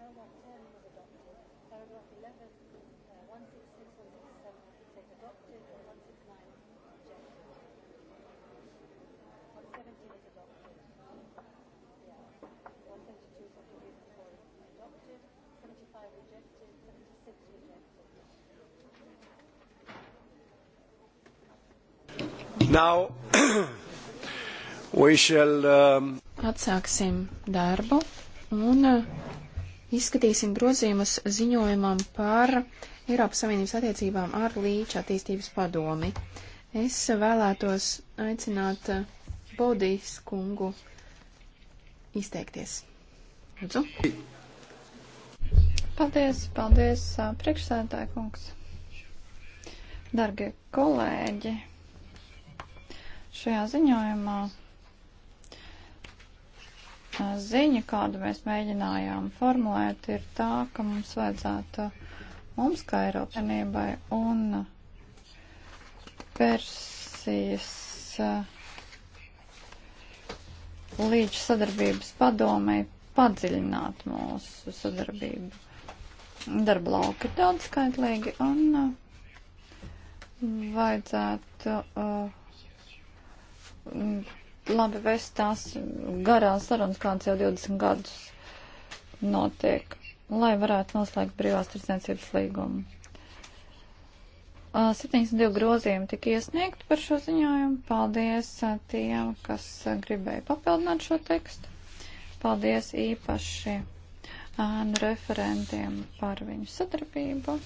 Paragraph 10 was adopted. Paragraph 11, uh, 166, 167 says adopted and 169 rejected. 117 is adopted. Yeah. 172, 154 is adopted. 75 rejected. 76 rejected. Now we shall um... atsāksim darbu un uh, Izskatīsim grozījumus ziņojumam par Eiropas Savienības attiecībām ar Līča attīstības padomi. Es vēlētos aicināt Bodīs kungu izteikties. Lūdzu. Paldies, paldies, priekšsēdētāja kungs. Dargie kolēģi, šajā ziņojumā ziņa, kādu mēs mēģinājām formulēt, ir tā, ka mums vajadzētu mums kā Eiropas Savienībai un Persijas uh, līdz sadarbības padomei padziļināt mūsu sadarbību. Darba lauki ir daudz skaitlīgi un uh, vajadzētu uh, labi vest tās garās sarunas, kādas jau 20 gadus notiek, lai varētu noslēgt brīvās tirdzniecības līgumu. 72 grozījumi tika iesniegti par šo ziņojumu. Paldies tiem, kas gribēja papildināt šo tekstu. Paldies īpaši ēnu referentiem par viņu sadarbību.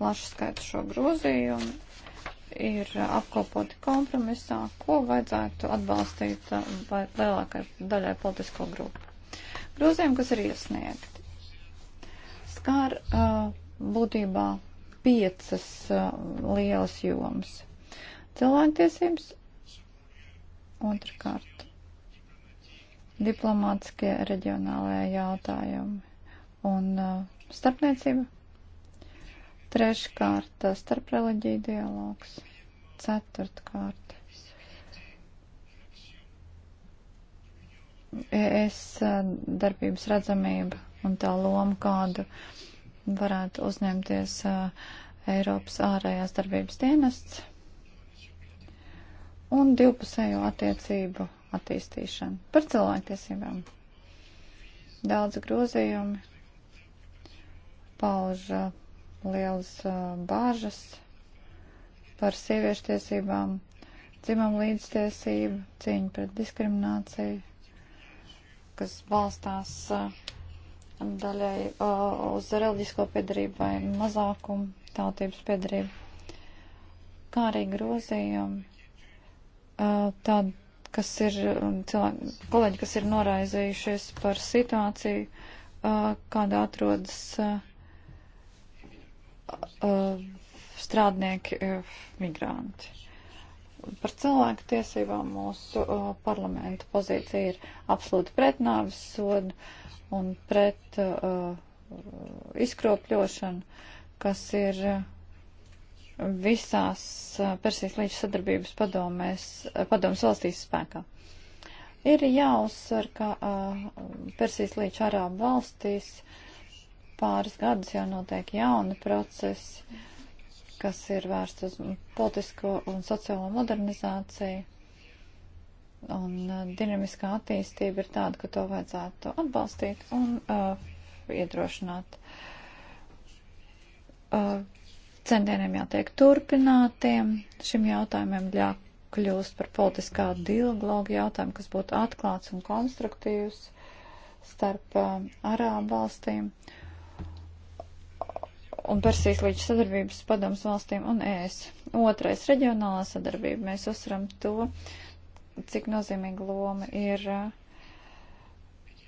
Plašu skaitu šo grozījumu ir apkopoti kompromisā, ko vajadzētu atbalstīt uh, lielākai daļai politisko grupu. Grozījumi, kas ir iesniegti, skar uh, būtībā piecas uh, lielas jomas. Cilvēktiesības, otrkārt, diplomātskie reģionālajie jautājumi un uh, starpniecība Treškārt, starpreļģija dialogs. Ceturtkārt. ES darbības redzamība un tā loma, kādu varētu uzņemties Eiropas ārējās darbības dienests un divpusējo attiecību attīstīšanu par cilvēktiesībām. Daudz grozījumi pauž lielas bāžas par sieviešu tiesībām, dzimumu līdztiesību, cīņu pret diskrimināciju, kas balstās daļai uz reliģisko piedarību vai mazākumu tautības piedarību, kā arī grozījumi, tad, kas ir cilvēki, kolēģi, kas ir noraizējušies par situāciju, kāda atrodas Uh, strādnieki, uh, migranti. Par cilvēku tiesībām mūsu uh, parlamenta pozīcija ir absolūti pret nāvis sodu un pret uh, izkropļošanu, kas ir visās Persijas līdz sadarbības padomēs, padomas valstīs spēkā. Ir jāuzsver, ka uh, Persijas līdz arābu valstīs uh, pāris gadus jau notiek jauni procesi, kas ir vērsts uz politisko un sociālo modernizāciju. Un uh, dinamiskā attīstība ir tāda, ka to vajadzētu atbalstīt un uh, iedrošināt. Uh, centieniem jātiek turpinātiem, šim jautājumam jākļūst par politiskā dialogu jautājumu, kas būtu atklāts un konstruktīvs starp uh, arābu valstīm. Uh, un Persijas līča sadarbības padomus valstīm un ES. Otrais - reģionālā sadarbība. Mēs uzsveram to, cik nozīmīga loma ir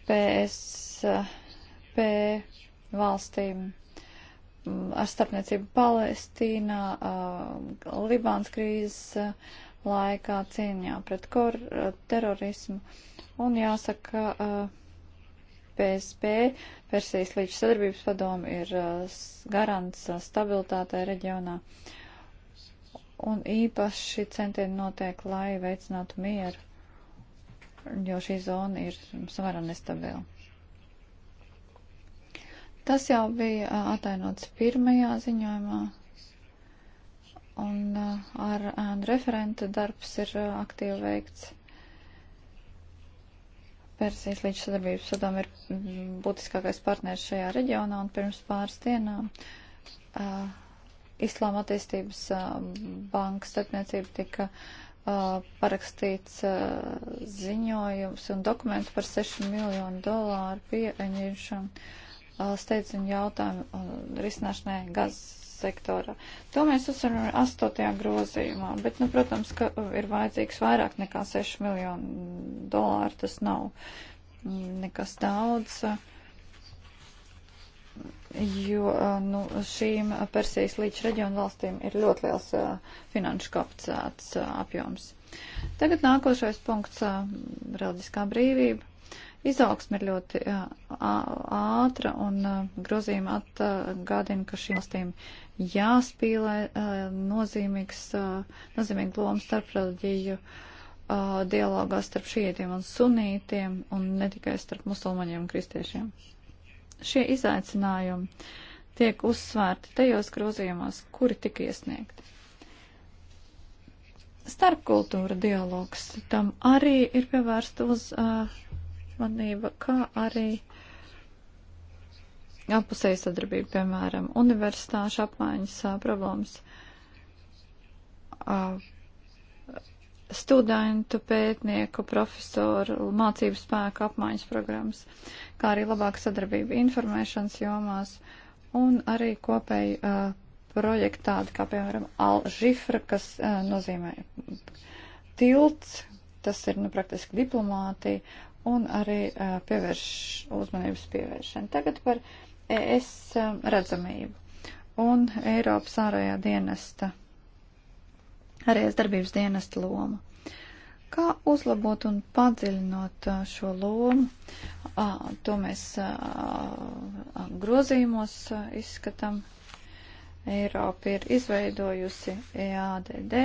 PSP eh, valstīm mm, ar starpniecību Palestīnā, eh, Libāns krīzes eh, laikā cīņā pret kor, terorismu. Un jāsaka, PSP, Persijas līča sadarbības padomu, ir uh, garants uh, stabilitātei reģionā. Un īpaši centieni notiek, lai veicinātu mieru, jo šī zona ir samērā nestabila. Tas jau bija uh, atainots pirmajā ziņojumā, un ar ēnu referenta darbs ir aktīvi veikts. Persijas līdz sadarbības sadām ir mm, būtiskākais partners šajā reģionā un pirms pāris dienām. Uh, Islāma attīstības uh, bankas starpniecība tika uh, parakstīts uh, ziņojums un dokuments par 6 miljonu dolāru pieeņģīšanu uh, steidzumu jautājumu uh, risināšanai gazas sektorā. To mēs uzsveram 8. grozījumā, bet, nu, protams, ka uh, ir vajadzīgs vairāk nekā 6 miljonu dolāru, tas nav mm, nekas daudz. Uh, jo uh, nu, šīm uh, Persijas līča reģionu valstīm ir ļoti liels uh, finanšu kapacitātes uh, apjoms. Tagad nākošais punkts uh, - reliģiskā brīvība. Izaugsme ir ļoti ātra un grozījuma atgādina, ka šīm valstīm jāspīlē eh, nozīmīgs, eh, nozīmīgi loma starp reliģiju eh, dialogā starp šietiem un sunītiem un ne tikai starp musulmaņiem un kristiešiem. Šie izaicinājumi tiek uzsvērti tajos grozījumos, kuri tika iesniegti. Starpkultūra dialogs tam arī ir pievērsta uzmanība, uh, kā arī uh, apusēja sadarbība, piemēram, universitāšu apmaiņas uh, problēmas, uh, studentu, pētnieku, profesoru, mācību spēku apmaiņas programmas, kā arī labāka sadarbība informēšanas jomās un arī kopēji uh, projekti tādi kā, piemēram, Alžifra, kas uh, nozīmē tilts, tas ir, nu, praktiski diplomātija, un arī uh, pievērš uzmanības pievēršana. Tagad par ES um, redzamību un Eiropas ārējā dienesta, arī es darbības dienesta lomu. Kā uzlabot un padziļinot uh, šo lomu? To mēs grozījumos izskatām. Eiropa ir izveidojusi EADD,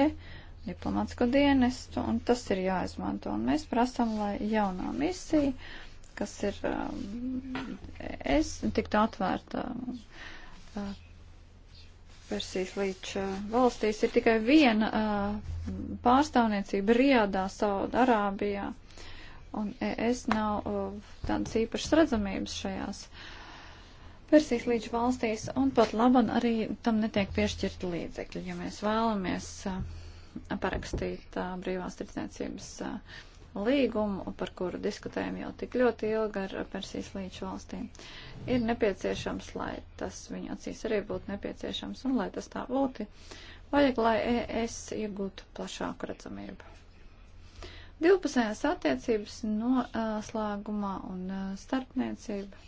diplomātsko dienestu, un tas ir jāizmanto. Un mēs prasam, lai jaunā misija kas ir um, es, tiktu atvērta um, uh, Persijas līča valstīs, ir tikai viena uh, pārstāvniecība Riadā, Saudarābijā, un es nav uh, tādas īpašas redzamības šajās. Persijas līdz valstīs, un pat laban arī tam netiek piešķirta līdzekļi, ja mēs vēlamies parakstīt brīvās tirdzniecības uh, līgumu, par kuru diskutējam jau tik ļoti ilgi ar Persijas līča valstīm, ir nepieciešams, lai tas viņu acīs arī būtu nepieciešams un lai tas tā būtu, vajag, lai ES iegūtu plašāku redzamību. Divpusējās attiecības noslēgumā un e, starpniecība.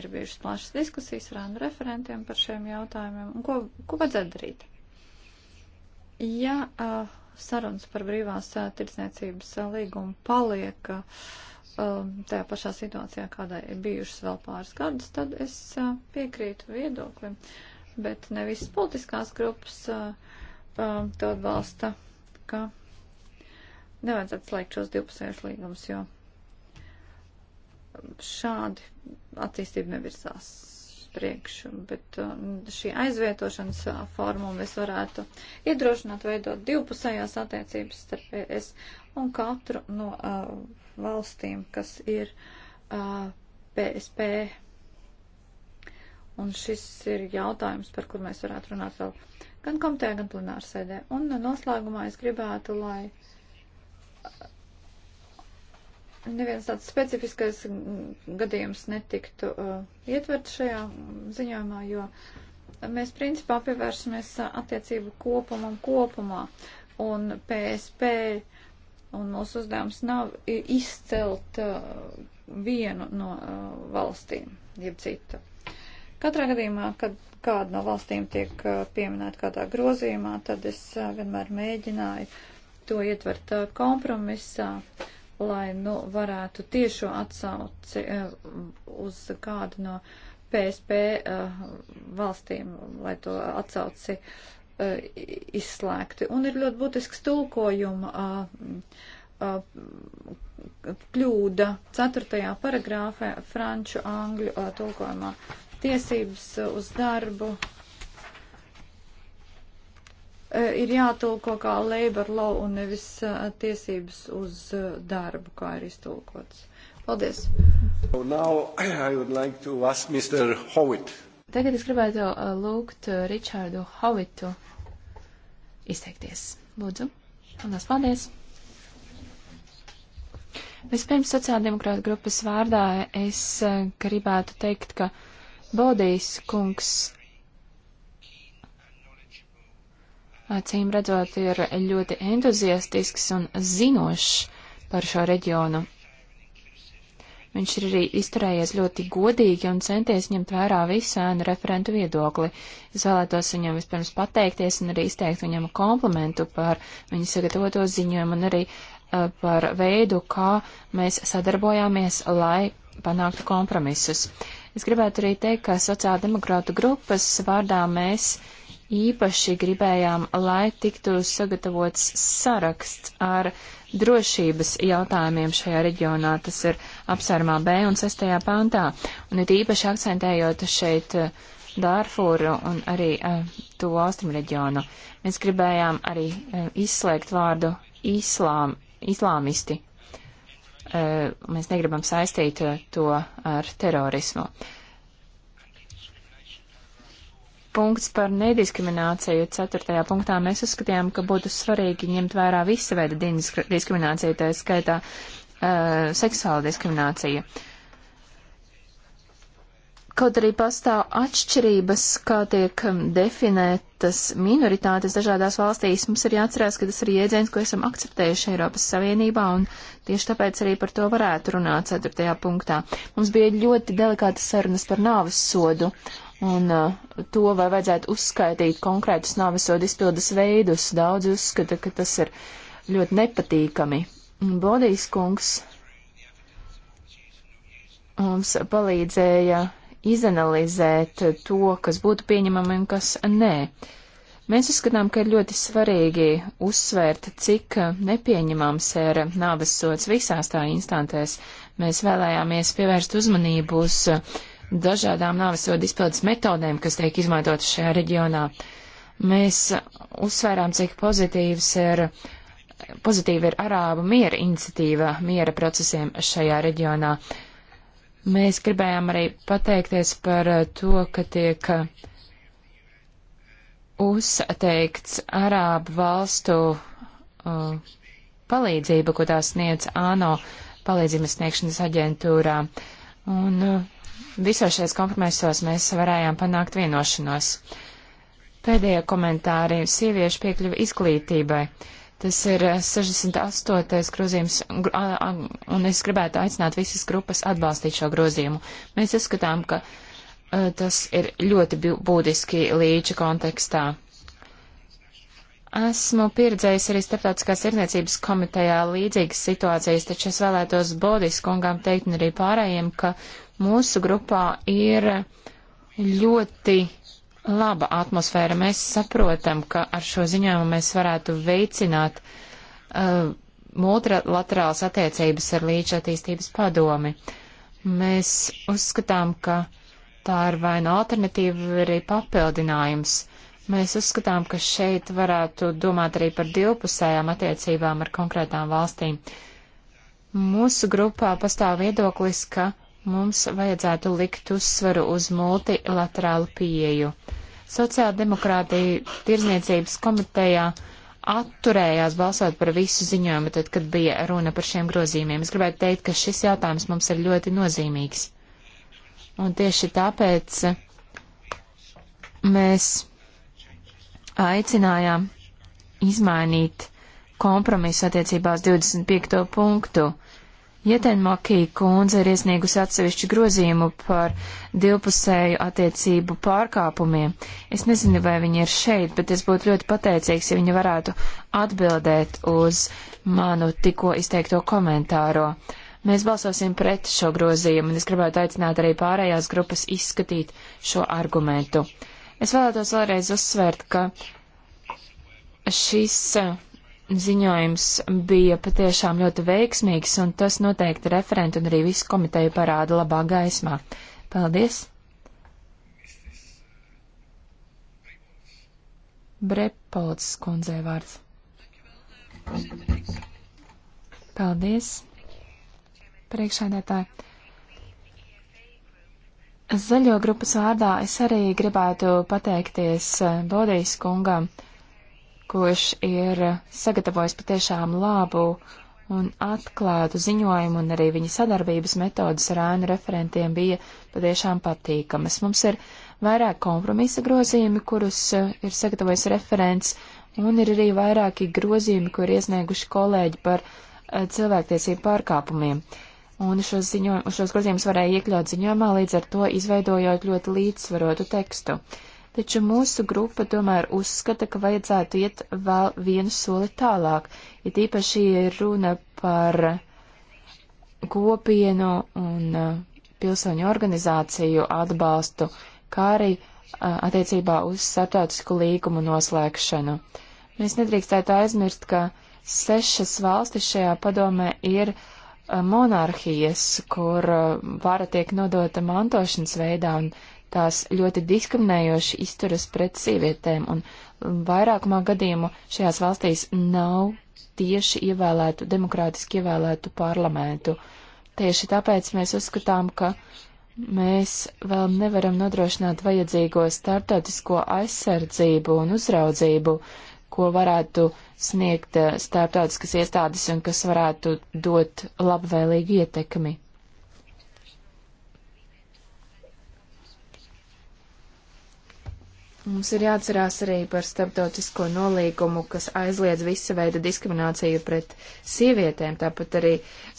Ir bijušas plašas diskusijas ar ANU referentiem par šiem jautājumiem. Un ko, ko vajadzētu darīt? Ja uh, sarunas par brīvās tirdzniecības līgumu paliek tajā pašā situācijā, kādā ir bijušas vēl pāris gadus, tad es piekrītu viedoklim, bet ne visas politiskās grupas to atbalsta, ka nevajadzētu slēgt šos divpusējos līgumus, jo šādi attīstība nevirzās priekšu, bet uh, šī aizvietošanas uh, formu mēs varētu iedrošināt veidot divpusējās attiecības starp ES un katru no uh, valstīm, kas ir uh, PSP. Un šis ir jautājums, par kur mēs varētu runāt vēl gan komitē, gan plenārsēdē. Un noslēgumā es gribētu, lai neviens tāds specifiskais gadījums netiktu uh, ietverts šajā ziņojumā, jo mēs principā pievērsamies uh, attiecību kopumam kopumā. Un PSP un mūsu uzdevums nav izcelt uh, vienu no uh, valstīm, jeb citu. Katrā gadījumā, kad kāda no valstīm tiek uh, pieminēta kādā grozījumā, tad es uh, vienmēr mēģināju to ietvert uh, kompromisā. Uh, lai nu, varētu tiešo atsauci eh, uz kādu no PSP eh, valstīm, lai to atsauci eh, izslēgti. Un ir ļoti būtisks tulkojuma kļūda 4. paragrāfē franču angļu tulkojumā. Tiesības uz darbu Eh, ir jātulko kā labor law un nevis eh, tiesības uz eh, darbu, kā ir iztulkots. Paldies. So like Tagad es gribētu lūgt Ričārdu Hovitu izteikties. Lūdzu. Un tas paldies. Vispirms sociāldemokrāta grupas vārdā es gribētu teikt, ka Bodīs kungs acīm redzot, ir ļoti entuziastisks un zinošs par šo reģionu. Viņš ir arī izturējies ļoti godīgi un centies ņemt vērā visu ēnu referentu viedokli. Es vēlētos viņam vispirms pateikties un arī izteikt viņam komplimentu par viņa sagatavoto ziņojumu un arī uh, par veidu, kā mēs sadarbojāmies, lai panāktu kompromisus. Es gribētu arī teikt, ka sociāldemokrātu grupas vārdā mēs īpaši gribējām, lai tiktu sagatavots saraksts ar drošības jautājumiem šajā reģionā. Tas ir apsvērumā B un 6. pāntā. Un ir īpaši akcentējot šeit eh, Dārfūru un arī uh, to austrumu reģionu. Mēs gribējām arī uh, izslēgt vārdu islām, islāmisti. Uh, mēs negribam saistīt uh, to ar terorismu. Uh, punkts par nediskrimināciju. Ceturtajā punktā mēs uzskatījām, ka būtu svarīgi ņemt vērā visa veida diskrimināciju, tā skaitā uh, seksuāla diskriminācija. Kaut arī pastāv atšķirības, kā tiek um, definētas minoritātes dažādās valstīs, mums ir jāatcerās, ka tas ir jēdziens, ko esam akceptējuši Eiropas Savienībā, un tieši tāpēc arī par to varētu runāt ceturtajā punktā. Mums bija ļoti delikātas sarunas par nāves sodu, un uh, to, vai vajadzētu uzskaitīt konkrētus nāvisodu izpildes veidus. Daudzi uzskata, ka tas ir ļoti nepatīkami. Bodīs kungs mums palīdzēja izanalizēt to, kas būtu pieņemami un kas nē. Mēs uzskatām, ka ir ļoti svarīgi uzsvērt, cik nepieņemams ir nāves sots visās tā instantēs. Mēs vēlējāmies pievērst uzmanību uz uh, dažādām nāvesodu izpildes metodēm, kas tiek izmantotas šajā reģionā. Mēs uzsvērām, cik pozitīvs ir, pozitīva ir Arābu miera iniciatīva miera procesiem šajā reģionā. Mēs gribējām arī pateikties par to, ka tiek uzteikts Arābu valstu uh, palīdzība, ko tā sniedz ANO palīdzības sniegšanas aģentūrā. Un uh, Visos šajos kompromisos mēs varējām panākt vienošanos. Pēdējie komentāri - sieviešu piekļuva izglītībai. Tas ir 68. grozījums, un es gribētu aicināt visas grupas atbalstīt šo grozījumu. Mēs uzskatām, ka tas ir ļoti būtiski līča kontekstā. Esmu pieredzējis arī starptautiskās tirdzniecības komitejā līdzīgas situācijas, taču es vēlētos Bodis kungām teikt un arī pārējiem, ka mūsu grupā ir ļoti laba atmosfēra. Mēs saprotam, ka ar šo ziņojumu mēs varētu veicināt uh, multilaterālas attiecības ar līdzattīstības padomi. Mēs uzskatām, ka tā ir vai nu alternatīva, vai arī papildinājums. Mēs uzskatām, ka šeit varētu domāt arī par divpusējām attiecībām ar konkrētām valstīm. Mūsu grupā pastāv viedoklis, ka mums vajadzētu likt uzsvaru uz multilaterālu pieeju. Sociāldemokrātija tirzniecības komitejā atturējās balsot par visu ziņojumu, tad, kad bija runa par šiem grozījumiem. Es gribētu teikt, ka šis jautājums mums ir ļoti nozīmīgs. Un tieši tāpēc mēs aicinājām izmainīt kompromisu attiecībā uz 25. punktu. Jetenmakī kundze ir iesniegusi atsevišķu grozījumu par divpusēju attiecību pārkāpumiem. Es nezinu, vai viņa ir šeit, bet es būtu ļoti pateicīgs, ja viņa varētu atbildēt uz manu tikko izteikto komentāro. Mēs balsosim pret šo grozījumu, un es gribētu aicināt arī pārējās grupas izskatīt šo argumentu. Es vēlētos vēlreiz uzsvērt, ka šis ziņojums bija patiešām ļoti veiksmīgs, un tas noteikti referentu un arī visu komiteju parāda labā gaismā. Paldies! Brepolds kundzē vārds. Paldies, priekšādātāji. Zaļo grupas vārdā es arī gribētu pateikties eh, Bodijas kungam kurš ir sagatavojis patiešām labu un atklātu ziņojumu, un arī viņa sadarbības metodas ar ēnu referentiem bija patiešām patīkamas. Mums ir vairāk kompromisa grozījumi, kurus uh, ir sagatavojis referents, un ir arī vairāki grozījumi, kur iesnieguši kolēģi par uh, cilvēktiesību pārkāpumiem. Un šos, ziņo, šos grozījumus varēja iekļaut ziņojumā, līdz ar to izveidojot ļoti līdzsvarotu tekstu. Uh, taču mūsu grupa tomēr uzskata, ka vajadzētu iet vēl vienu soli tālāk, ja tīpaši ir runa par kopienu un uh, pilsoņu organizāciju atbalstu, kā arī uh, attiecībā uz starptautisku līgumu noslēgšanu. Mēs nedrīkstētu aizmirst, ka sešas valstis šajā padomē ir uh, monarhijas, kur uh, vara tiek nodota mantošanas veidā un tās ļoti diskriminējoši izturas pret sievietēm, un vairākumā gadījumu šajās valstīs nav tieši ievēlētu, demokrātiski ievēlētu parlamentu. Tieši tāpēc mēs uzskatām, ka mēs vēl nevaram nodrošināt vajadzīgo startautisko aizsardzību un uzraudzību, ko varētu uh, sniegt eh, starptautiskas iestādes un kas varētu dot labvēlīgu ietekmi. Mums ir jāatcerās arī par starptautisko nolīgumu, kas aizliedz visa veida diskrimināciju pret sievietēm, tāpat arī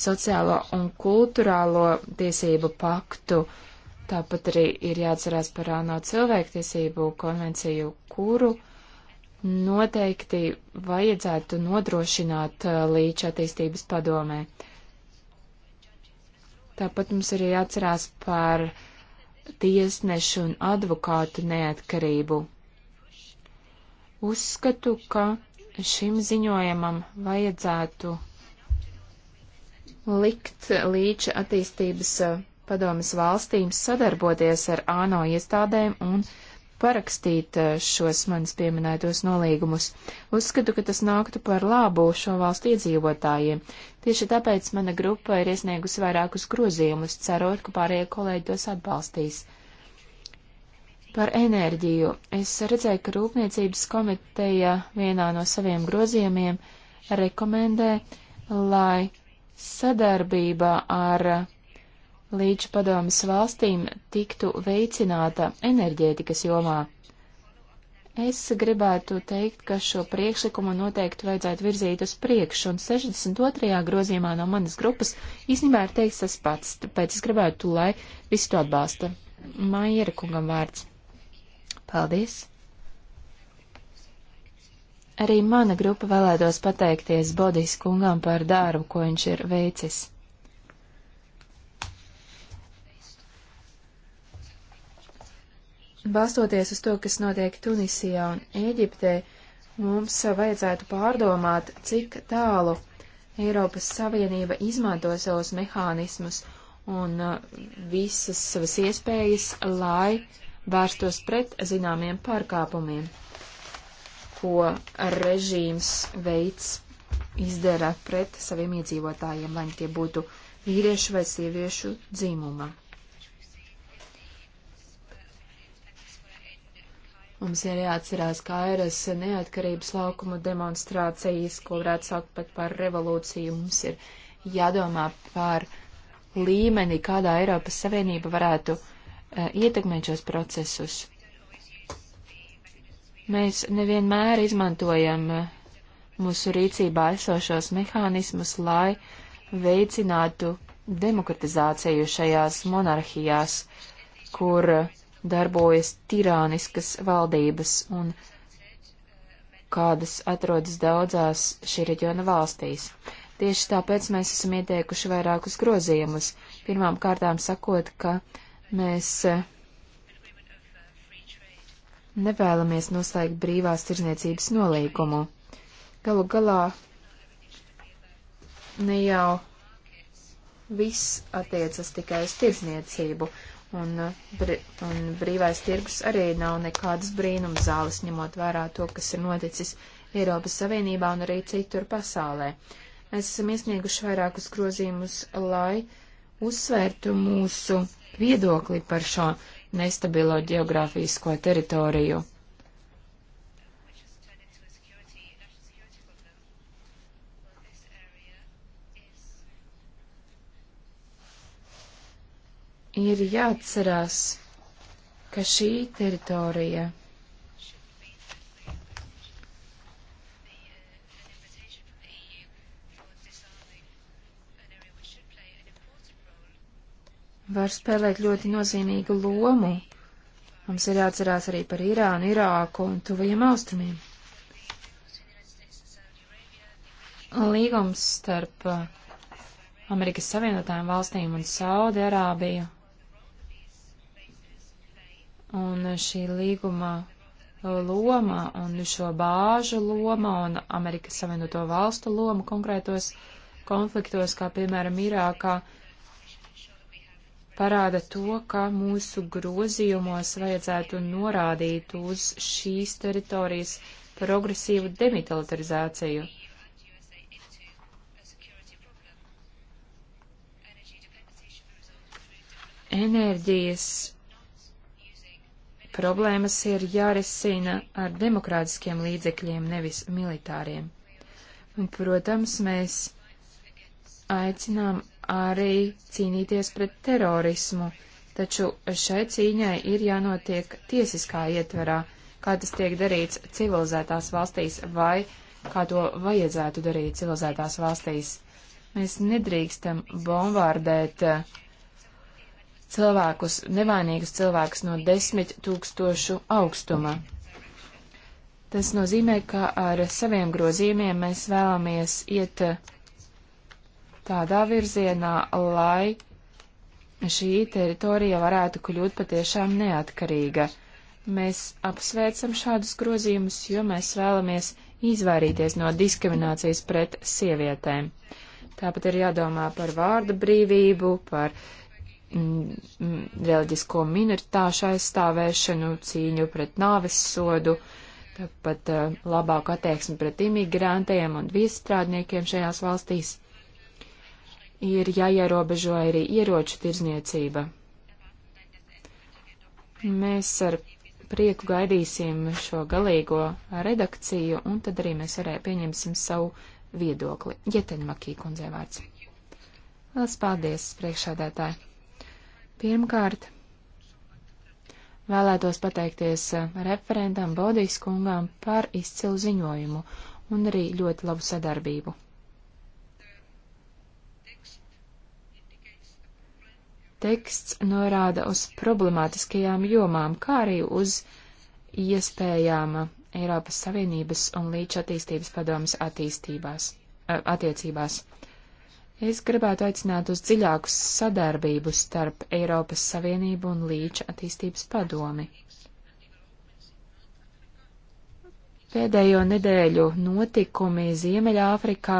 sociālo un kulturālo tiesību paktu. Tāpat arī ir jāatcerās par ANO cilvēktiesību konvenciju, kuru uh, noteikti vajadzētu nodrošināt uh, līdz attīstības padomē. Tāpat mums ir jāatcerās par tiesnešu un advokātu neatkarību. Uzskatu, ka šim ziņojumam vajadzētu likt līdz attīstības uh, padomas valstīm sadarboties ar ANO iestādēm un uh, parakstīt eh, šos manis pieminētos nolīgumus. Uzskatu, ka tas nāktu par labu šo valstu iedzīvotājiem. Tieši tāpēc mana grupa ir iesniegusi vairākus grozījumus, cerot, ka pārējie kolēģi tos atbalstīs. Par enerģiju. Es redzēju, ka Rūpniecības komiteja vienā no saviem grozījumiem rekomendē, lai sadarbība ar līdz padomas valstīm tiktu veicināta enerģētikas jomā. Es gribētu teikt, ka šo priekšlikumu noteikti vajadzētu virzīt uz priekšu, un 62. grozījumā no manas grupas īstenībā ir teiks tas pats, tāpēc es gribētu, lai visi to atbalsta. Maiera kungam vārds. Paldies! Arī mana grupa vēlētos pateikties Bodīs kungam par darbu, ko viņš ir veicis. Balstoties uz to, kas notiek Tunisijā un Ēģiptē, mums vajadzētu pārdomāt, cik tālu Eiropas Savienība izmanto savus mehānismus un uh, visas savas iespējas, lai vērstos pret zināmiem pārkāpumiem, ko režīms veids izdara pret saviem iedzīvotājiem, lai tie būtu vīriešu vai sieviešu dzīmumā. Mums ir jāatcerās Kairas neatkarības laukuma demonstrācijas, ko varētu saukt pat par revolūciju. Mums ir jādomā par līmeni, kādā Eiropas Savienība varētu uh, ietekmēt šos procesus. Mēs nevienmēr izmantojam uh, mūsu rīcībā esošos mehānismus, lai veicinātu demokratizāciju šajās monarhijās, kur uh, darbojas tirāniskas valdības un kādas atrodas daudzās šī reģiona valstīs. Tieši tāpēc mēs esam ieteikuši vairākus grozījumus. Pirmām kārtām sakot, ka mēs eh, nevēlamies noslēgt brīvās tirzniecības nolīgumu. Galu galā ne jau viss attiecas tikai uz tirzniecību, Un, uh, un brīvais tirgus arī nav nekādas brīnums zāles, ņemot vērā to, kas ir noticis Eiropas Savienībā un arī citur pasaulē. Mēs esam iesnieguši vairākus grozījumus, lai uzsvērtu mūsu viedokli par šo nestabilo geogrāfisko teritoriju. ir jāatcerās, ka šī teritorija var spēlēt ļoti nozīmīgu lomu. Mums ir jāatcerās arī par Irānu, Irāku un tuvajiem austrumiem. Līgums starp uh, Amerikas Savienotām valstīm un Saudi Arābiju Un šī līguma loma un šo bāžu loma un Amerikas Savienoto valstu loma konkrētos konfliktos, kā piemēram Irākā, parāda to, ka mūsu grozījumos vajadzētu norādīt uz šīs teritorijas progresīvu demilitarizāciju. Enerģijas Problēmas ir jārisina ar demokrātiskiem līdzekļiem, nevis militāriem. Un, protams, mēs aicinām arī cīnīties pret terorismu, taču šai cīņai ir jānotiek tiesiskā ietverā, kā tas tiek darīts civilizētās valstīs vai kā to vajadzētu darīt civilizētās valstīs. Mēs nedrīkstam bombardēt uh, cilvēkus, nevainīgus cilvēkus no desmit tūkstošu augstuma. Tas nozīmē, ka ar saviem grozījumiem mēs vēlamies iet eh, tādā virzienā, lai šī teritorija varētu kļūt patiešām neatkarīga. Mēs apsveicam šādus grozījumus, jo mēs vēlamies izvairīties no diskriminācijas pret sievietēm. Tāpat ir jādomā par vārda brīvību, par uh, Mm, mm, reliģisko minoritāšu aizstāvēšanu, cīņu pret nāves sodu, tāpat uh, labāku attieksmi pret imigrantiem un viestrādniekiem šajās valstīs. Ir jāierobežo arī ieroču tirzniecība. Mēs ar prieku gaidīsim šo galīgo redakciju, un tad arī mēs arī pieņemsim savu viedokli. Jeteņmakī kundzei vārds. Lielas paldies, priekšādētāji! Pirmkārt, vēlētos pateikties referentam Bodīs kungām par izcilu ziņojumu un arī ļoti labu sadarbību. Teksts norāda uz problemātiskajām jomām, kā arī uz iespējām Eiropas Savienības un līdz attīstības padomas attīstībās, eh, attiecībās. Es gribētu aicināt uz dziļāku sadarbību starp Eiropas Savienību un Līča attīstības padomi. Pēdējo nedēļu notikumi Ziemeļāfrikā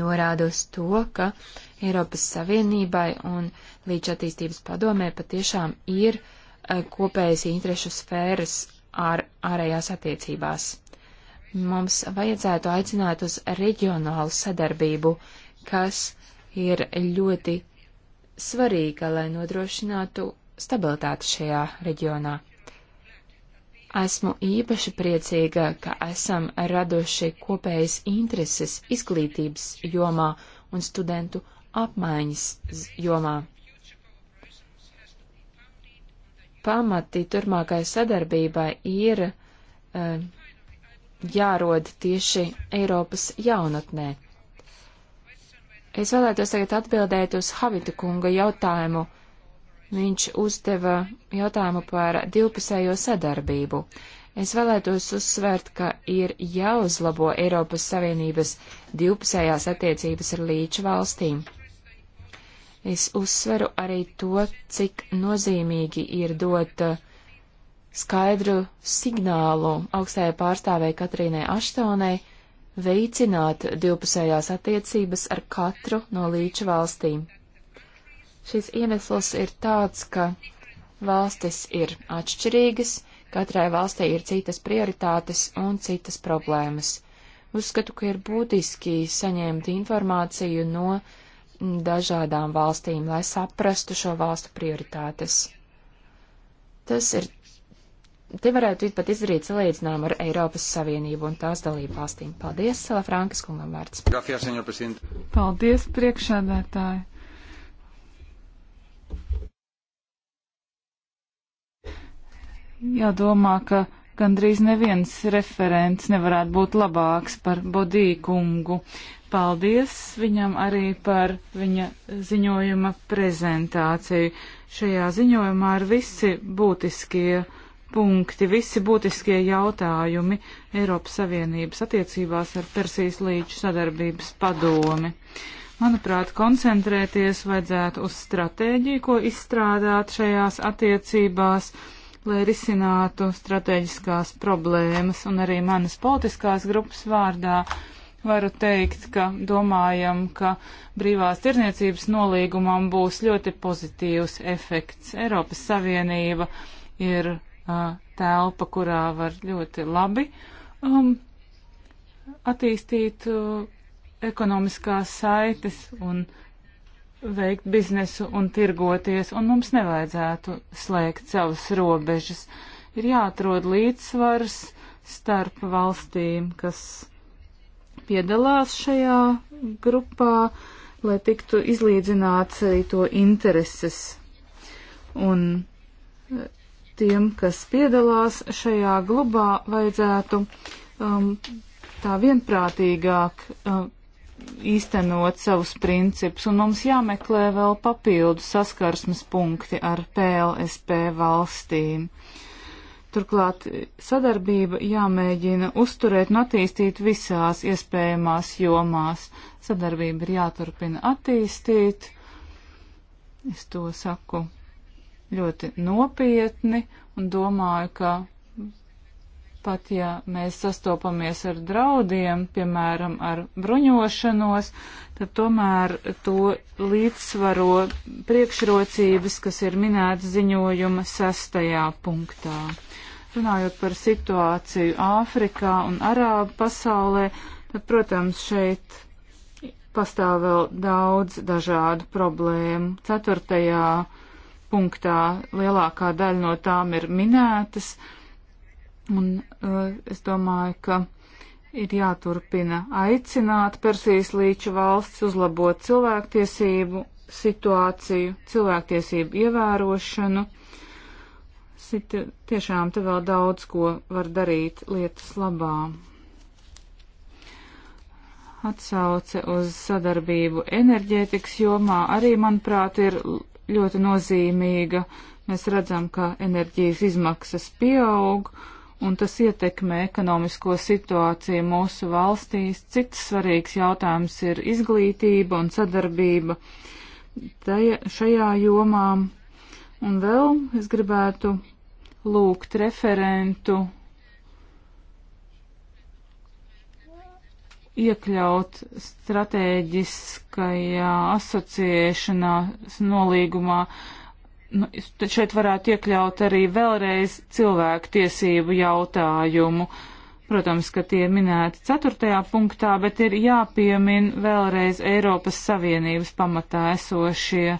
norāda uz to, ka Eiropas Savienībai un Līča attīstības padomē patiešām ir eh, kopējas interešu sfēras ār, ārējās attiecībās mums vajadzētu aicināt uz reģionālu sadarbību, kas ir ļoti svarīga, lai nodrošinātu stabilitāti šajā reģionā. Esmu īpaši priecīga, ka esam raduši kopējas intereses izglītības jomā un studentu apmaiņas jomā. Pamati turmākai sadarbībai ir uh, jārod tieši Eiropas jaunatnē. Es vēlētos tagad atbildēt uz Havita kunga jautājumu. Viņš uzdeva jautājumu par divpusējo sadarbību. Es vēlētos uzsvērt, ka ir jāuzlabo Eiropas Savienības divpusējās attiecības ar līču valstīm. Es uzsveru arī to, cik nozīmīgi ir dot uh, skaidru signālu augstajai pārstāvēji Katrīnai Aštonai veicināt divpusējās attiecības ar katru no līča valstīm. Šis iemesls ir tāds, ka valstis ir atšķirīgas, katrai valstī ir citas prioritātes un citas problēmas. Uzskatu, ka ir būtiski saņemt informāciju no dažādām valstīm, lai saprastu šo valstu prioritātes. Tas ir te varētu pat izdarīt salīdzinājumu ar Eiropas Savienību un tās dalību valstīm. Paldies, Sala Frankas kungam vārds. Gracias, Paldies, priekšādētāji. Jādomā, ka gandrīz neviens referents nevarētu būt labāks par Bodīkungu. Paldies viņam arī par viņa ziņojuma prezentāciju. Šajā ziņojumā ir visi būtiskie punkti, visi būtiskie jautājumi Eiropas Savienības attiecībās ar Persijas līča sadarbības padomi. Manuprāt, koncentrēties vajadzētu uz stratēģiju, ko izstrādāt šajās attiecībās, lai risinātu strateģiskās problēmas. Un arī manas politiskās grupas vārdā varu teikt, ka domājam, ka brīvās tirniecības nolīgumam būs ļoti pozitīvs efekts. Eiropas Savienība ir telpa, kurā var ļoti labi um, attīstīt uh, ekonomiskās saites un veikt biznesu un tirgoties, un mums nevajadzētu slēgt savas robežas. Ir jāatrod līdzsvars starp valstīm, kas piedalās šajā grupā, lai tiktu izlīdzināts arī to intereses. Un tiem, kas piedalās šajā globā, vajadzētu um, tā vienprātīgāk um, īstenot savus principus, un mums jāmeklē vēl papildu saskarsmes punkti ar PLSP valstīm. Turklāt sadarbība jāmēģina uzturēt un attīstīt visās iespējamās jomās. Sadarbība ir jāturpina attīstīt. Es to saku ļoti nopietni un domāju, ka pat ja mēs sastopamies ar draudiem, piemēram, ar bruņošanos, tad tomēr to līdzsvaro priekšrocības, kas ir minētas ziņojuma sastajā punktā. Runājot par situāciju Āfrikā un Arābu pasaulē, tad, protams, šeit pastāv vēl daudz dažādu problēmu. Ceturtajā punktā lielākā daļa no tām ir minētas, un uh, es domāju, ka ir jāturpina aicināt Persijas līča valsts uzlabot cilvēktiesību situāciju, cilvēktiesību ievērošanu. Sit, tiešām te vēl daudz ko var darīt lietas labā. Atsauce uz sadarbību enerģētikas jomā arī, manuprāt, ir ļoti nozīmīga. Mēs redzam, ka enerģijas izmaksas pieaug, un tas ietekmē ekonomisko situāciju mūsu valstīs. Cits svarīgs jautājums ir izglītība un sadarbība tajā, šajā jomā. Un vēl es gribētu lūgt referentu iekļaut stratēģiskajā asociēšanās nolīgumā. Nu, tad šeit varētu iekļaut arī vēlreiz cilvēku tiesību jautājumu. Protams, ka tie minēti ceturtajā punktā, bet ir jāpiemin vēlreiz Eiropas Savienības pamatā esošie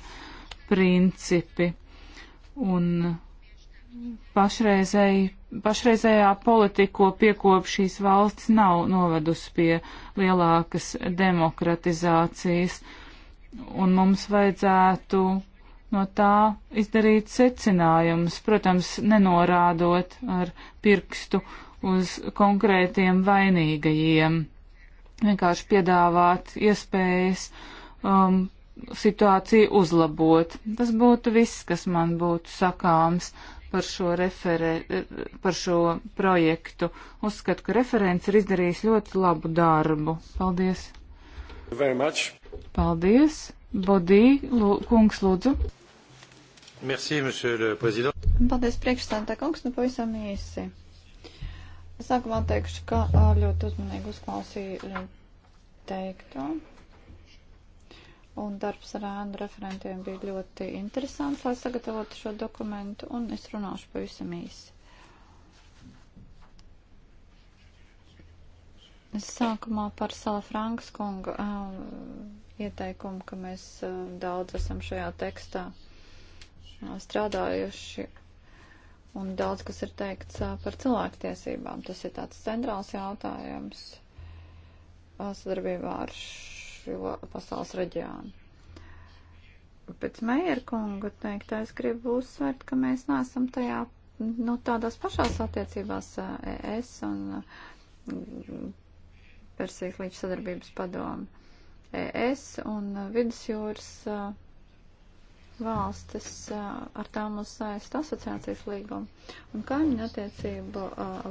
principi. Un pašreizēji pašreizējā politika, ko piekop šīs valsts, nav novedusi pie lielākas demokratizācijas, un mums vajadzētu no tā izdarīt secinājumus, protams, nenorādot ar pirkstu uz konkrētiem vainīgajiem, vienkārši piedāvāt iespējas um, situāciju uzlabot. Tas būtu viss, kas man būtu sakāms par šo, referē, par šo projektu. Uzskatu, ka referents ir izdarījis ļoti labu darbu. Paldies! Paldies! Bodī, lū, kungs, lūdzu! Merci, Paldies, priekšstādā kungs, nu pavisam īsi. Sākumā teikšu, ka ļoti uzmanīgi uzklausīju teikto un darbs ar ēnu referentiem bija ļoti interesants, lai sagatavotu šo dokumentu, un es runāšu pavisam īsi. Es sākumā par Sala Frankas kunga uh, ieteikumu, ka mēs uh, daudz esam šajā tekstā uh, strādājuši un daudz kas ir teikts uh, par cilvēktiesībām. Tas ir tāds centrāls jautājums uh, sadarbībā ar šo pasaules reģionu. Pēc Meijer kunga teiktais gribu uzsvērt, ka mēs neesam tajā, nu, tādās pašās attiecībās ES un Persijas līdz sadarbības padomu. ES un vidusjūras valstis ar tām mums saista asociācijas līgumu un kaimiņu attiecību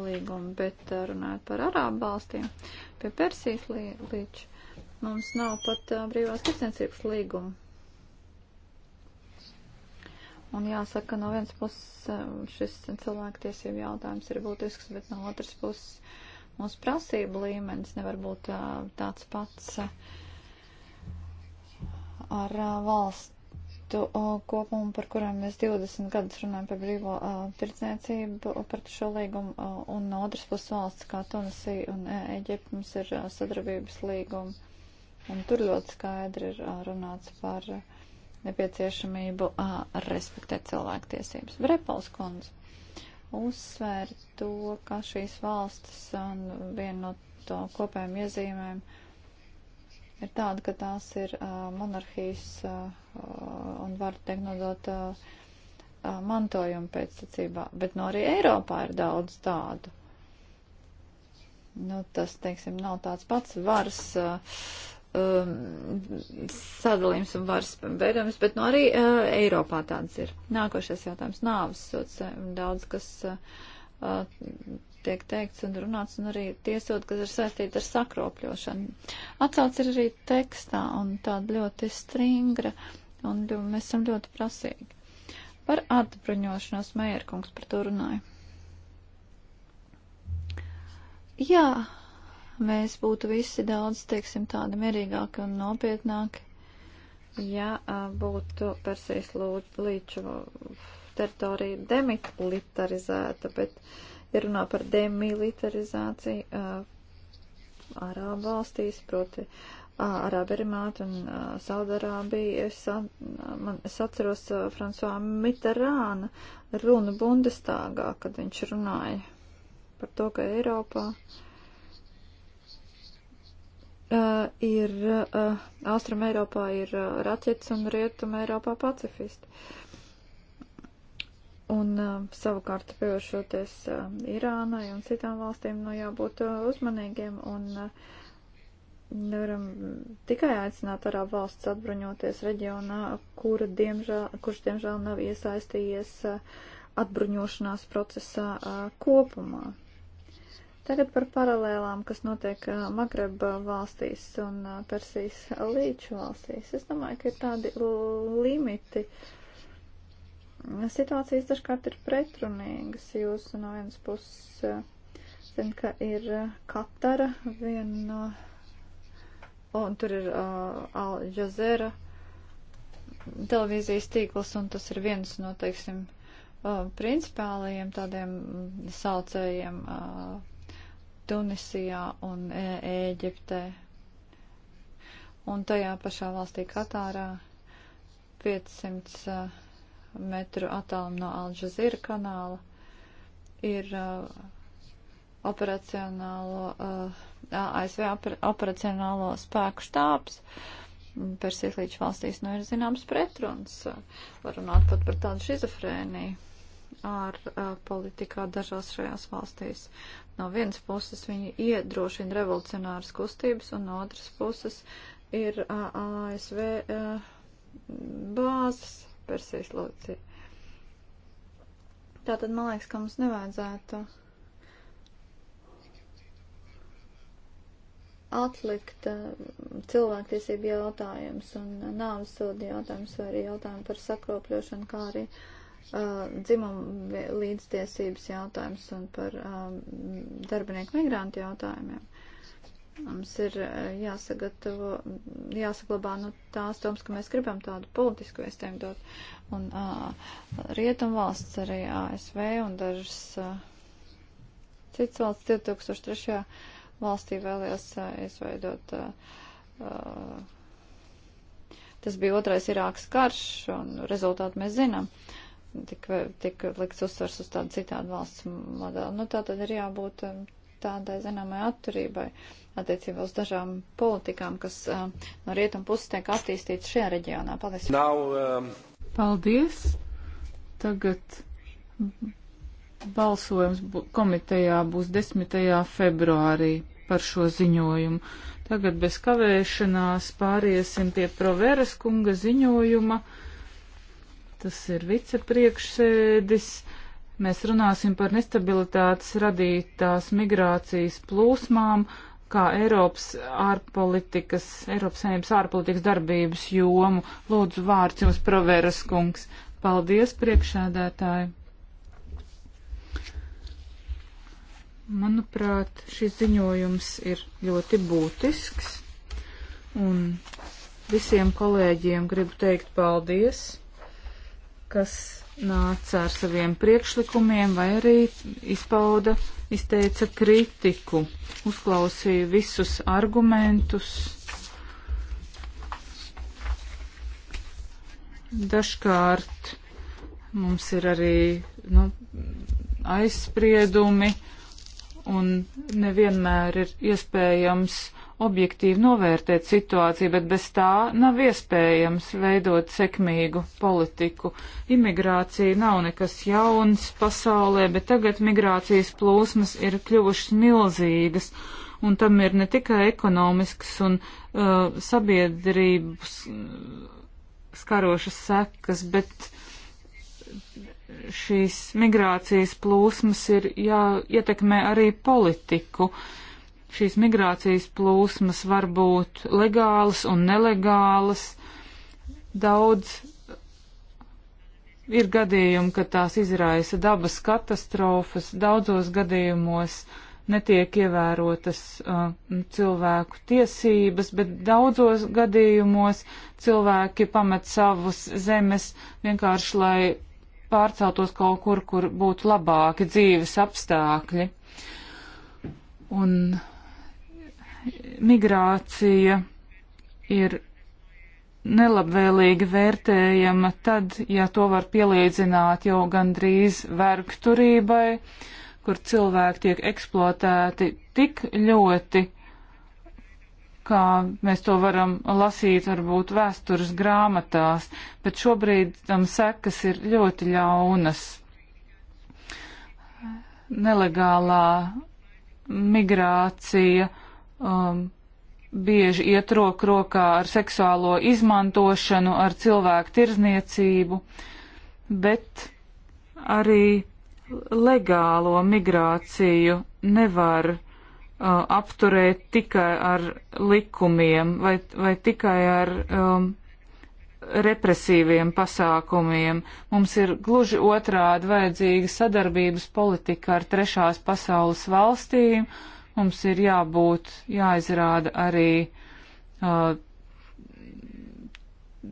līgumu, bet runājot par arābu valstīm, pie Persijas līdz Mums nav pat uh, brīvās tirdzniecības līguma. Un jāsaka, no vienas puses šis cilvēktiesību jautājums ir būtisks, bet no otras puses mūsu prasību līmenis nevar būt uh, tāds pats ar uh, valsts projektu kopumu, par kuriem mēs 20 gadus runājam par brīvo tirdzniecību, par šo līgumu, un no otras puses valsts kā Tunisija un Eģipte mums ir sadarbības līgumi. Un tur ļoti skaidri ir runāts par nepieciešamību respektēt cilvēktiesības. Brepals kundze uzsvēra to, ka šīs valstis un viena no to kopējiem iezīmēm ir tāda, ka tās ir monarhijas un var teikt nodot mantojumu pēctecībā, bet no nu, arī Eiropā ir daudz tādu nu, tas, teiksim, nav tāds pats varas uh, um, sadalījums un varas veidojums, bet nu no arī uh, Eiropā tāds ir. Nākošais jautājums - nāvas sots. Daudz, kas uh, tiek teikts un runāts, un arī tiesot, kas ir saistīta ar sakropļošanu. Atsauc ir arī tekstā un tāda ļoti stringra, un ļo, mēs esam ļoti prasīgi. Par atbruņošanos Mērkungs par to runāja. Jā, mēs būtu visi daudz, teiksim, tādi mierīgāki un nopietnāki, ja būtu Persijas līča teritorija demilitarizēta, bet ir runā par demilitarizāciju Arābu valstīs, proti Arāberimātu un Saudarābiju. Es, man, es atceros Fransua Mitterāna runu Bundestāgā, kad viņš runāja par to, ka Eiropā. Uh, uh, ir uh, Austrum Eiropā ir uh, raķetes un Rietum Eiropā pacifisti. Un uh, savukārt pievēršoties uh, Irānai un citām valstīm, nu jābūt uh, uzmanīgiem un uh, nevaram tikai aicināt arābu valsts atbruņoties reģionā, kura diemžēl, kurš diemžēl nav iesaistījies uh, atbruņošanās procesā uh, kopumā. Tagad par paralēlām, kas notiek eh, Magreba valstīs un eh, Persijas līču valstīs. Es domāju, ka ir tādi limiti. Situācijas dažkārt ir pretrunīgas. Jūs no vienas puses eh, zinat, ka ir Katara, viena no. Un tur ir uh, Al Jazeera televīzijas tīkls, un tas ir viens no, teiksim, uh, principālajiem tādiem saucējiem. Uh, Tunisijā un e, Ēģiptē. Un tajā pašā valstī Katārā 500 e, metru attālumā no Alžazīra kanāla ir uh, operacionālo, uh, ASV oper, operacionālo spēku štābs. Persijas līdz valstīs nu ir zināms pretruns. Var runāt pat par tādu šizofrēniju ar uh, politikā dažās šajās valstīs. No vienas puses viņi iedrošina revolucionāras kustības, un no otras puses ir ASV bāzes Persijas locī. Tātad man liekas, ka mums nevajadzētu atlikt cilvēktiesību jautājums un nāves sodi jautājums vai arī jautājumu par sakropļošanu, kā arī uh, Uh, dzimumu līdztiesības jautājums un par uh, darbinieku migrantu jautājumiem. Mums ir uh, jāsagatavo, jāsaglabā nu, tās domas, ka mēs gribam tādu politisku vēstījumu dot. Un uh, Rietumvalsts, arī ASV un dažas uh, citas valsts 2003. valstī vēlējās uh, izveidot. Uh, uh, tas bija otrais Irākas karš un rezultātu mēs zinām. Uh, tika, tika likts uzsvars uz tādu citādu valsts modeli. Nu, tā tad ir jābūt um, tādai zināmai atturībai attiecībā uz dažām politikām, kas uh, no rietumu puses tiek attīstītas šajā reģionā. Paldies! Now, um... Paldies! Tagad balsojums komitejā būs 10. februārī par šo ziņojumu. Tagad bez kavēšanās pāriesim pie Proveras kunga ziņojuma tas ir vicepriekšsēdis. Mēs runāsim par nestabilitātes radītās migrācijas plūsmām, kā Eiropas ārpolitikas, Eiropas saimnes ārpolitikas darbības jomu. Lūdzu, vārds jums, Proveras kungs. Paldies, priekšsēdētāji. Manuprāt, šis ziņojums ir ļoti būtisks, un visiem kolēģiem gribu teikt paldies kas nāca ar saviem priekšlikumiem vai arī izpauda, izteica kritiku, uzklausīja visus argumentus. Dažkārt mums ir arī nu, aizspriedumi un nevienmēr ir iespējams objektīvi novērtēt situāciju, bet bez tā nav iespējams veidot sekmīgu politiku. Imigrācija nav nekas jauns pasaulē, bet tagad migrācijas plūsmas ir kļuvušas milzīgas, un tam ir ne tikai ekonomisks un uh, sabiedrības mm, skarošas sekas, bet šīs migrācijas plūsmas ir jāietekmē arī politiku. Uh, šīs migrācijas plūsmas var būt legālas un nelegālas. Daudz ir gadījumi, kad tās izraisa dabas katastrofas, daudzos gadījumos netiek ievērotas uh, cilvēku tiesības, bet daudzos gadījumos cilvēki pamet savus zemes vienkārši, lai pārceltos kaut kur, kur būtu labāki dzīves apstākļi. Un migrācija ir nelabvēlīgi vērtējama tad, ja to var pielīdzināt jau gandrīz vergturībai, kur cilvēki tiek eksploatēti tik ļoti, kā mēs to varam lasīt varbūt vēstures grāmatās, bet šobrīd tam sekas ir ļoti ļaunas. Nelegālā migrācija um, bieži iet roku rokā ar seksuālo izmantošanu, ar cilvēku tirzniecību, bet arī legālo migrāciju nevar uh, apturēt tikai ar likumiem vai, vai tikai ar um, represīviem pasākumiem. Mums ir gluži otrādi vajadzīga sadarbības politika ar trešās pasaules valstīm, uh, Mums ir jābūt, jāizrāda arī uh,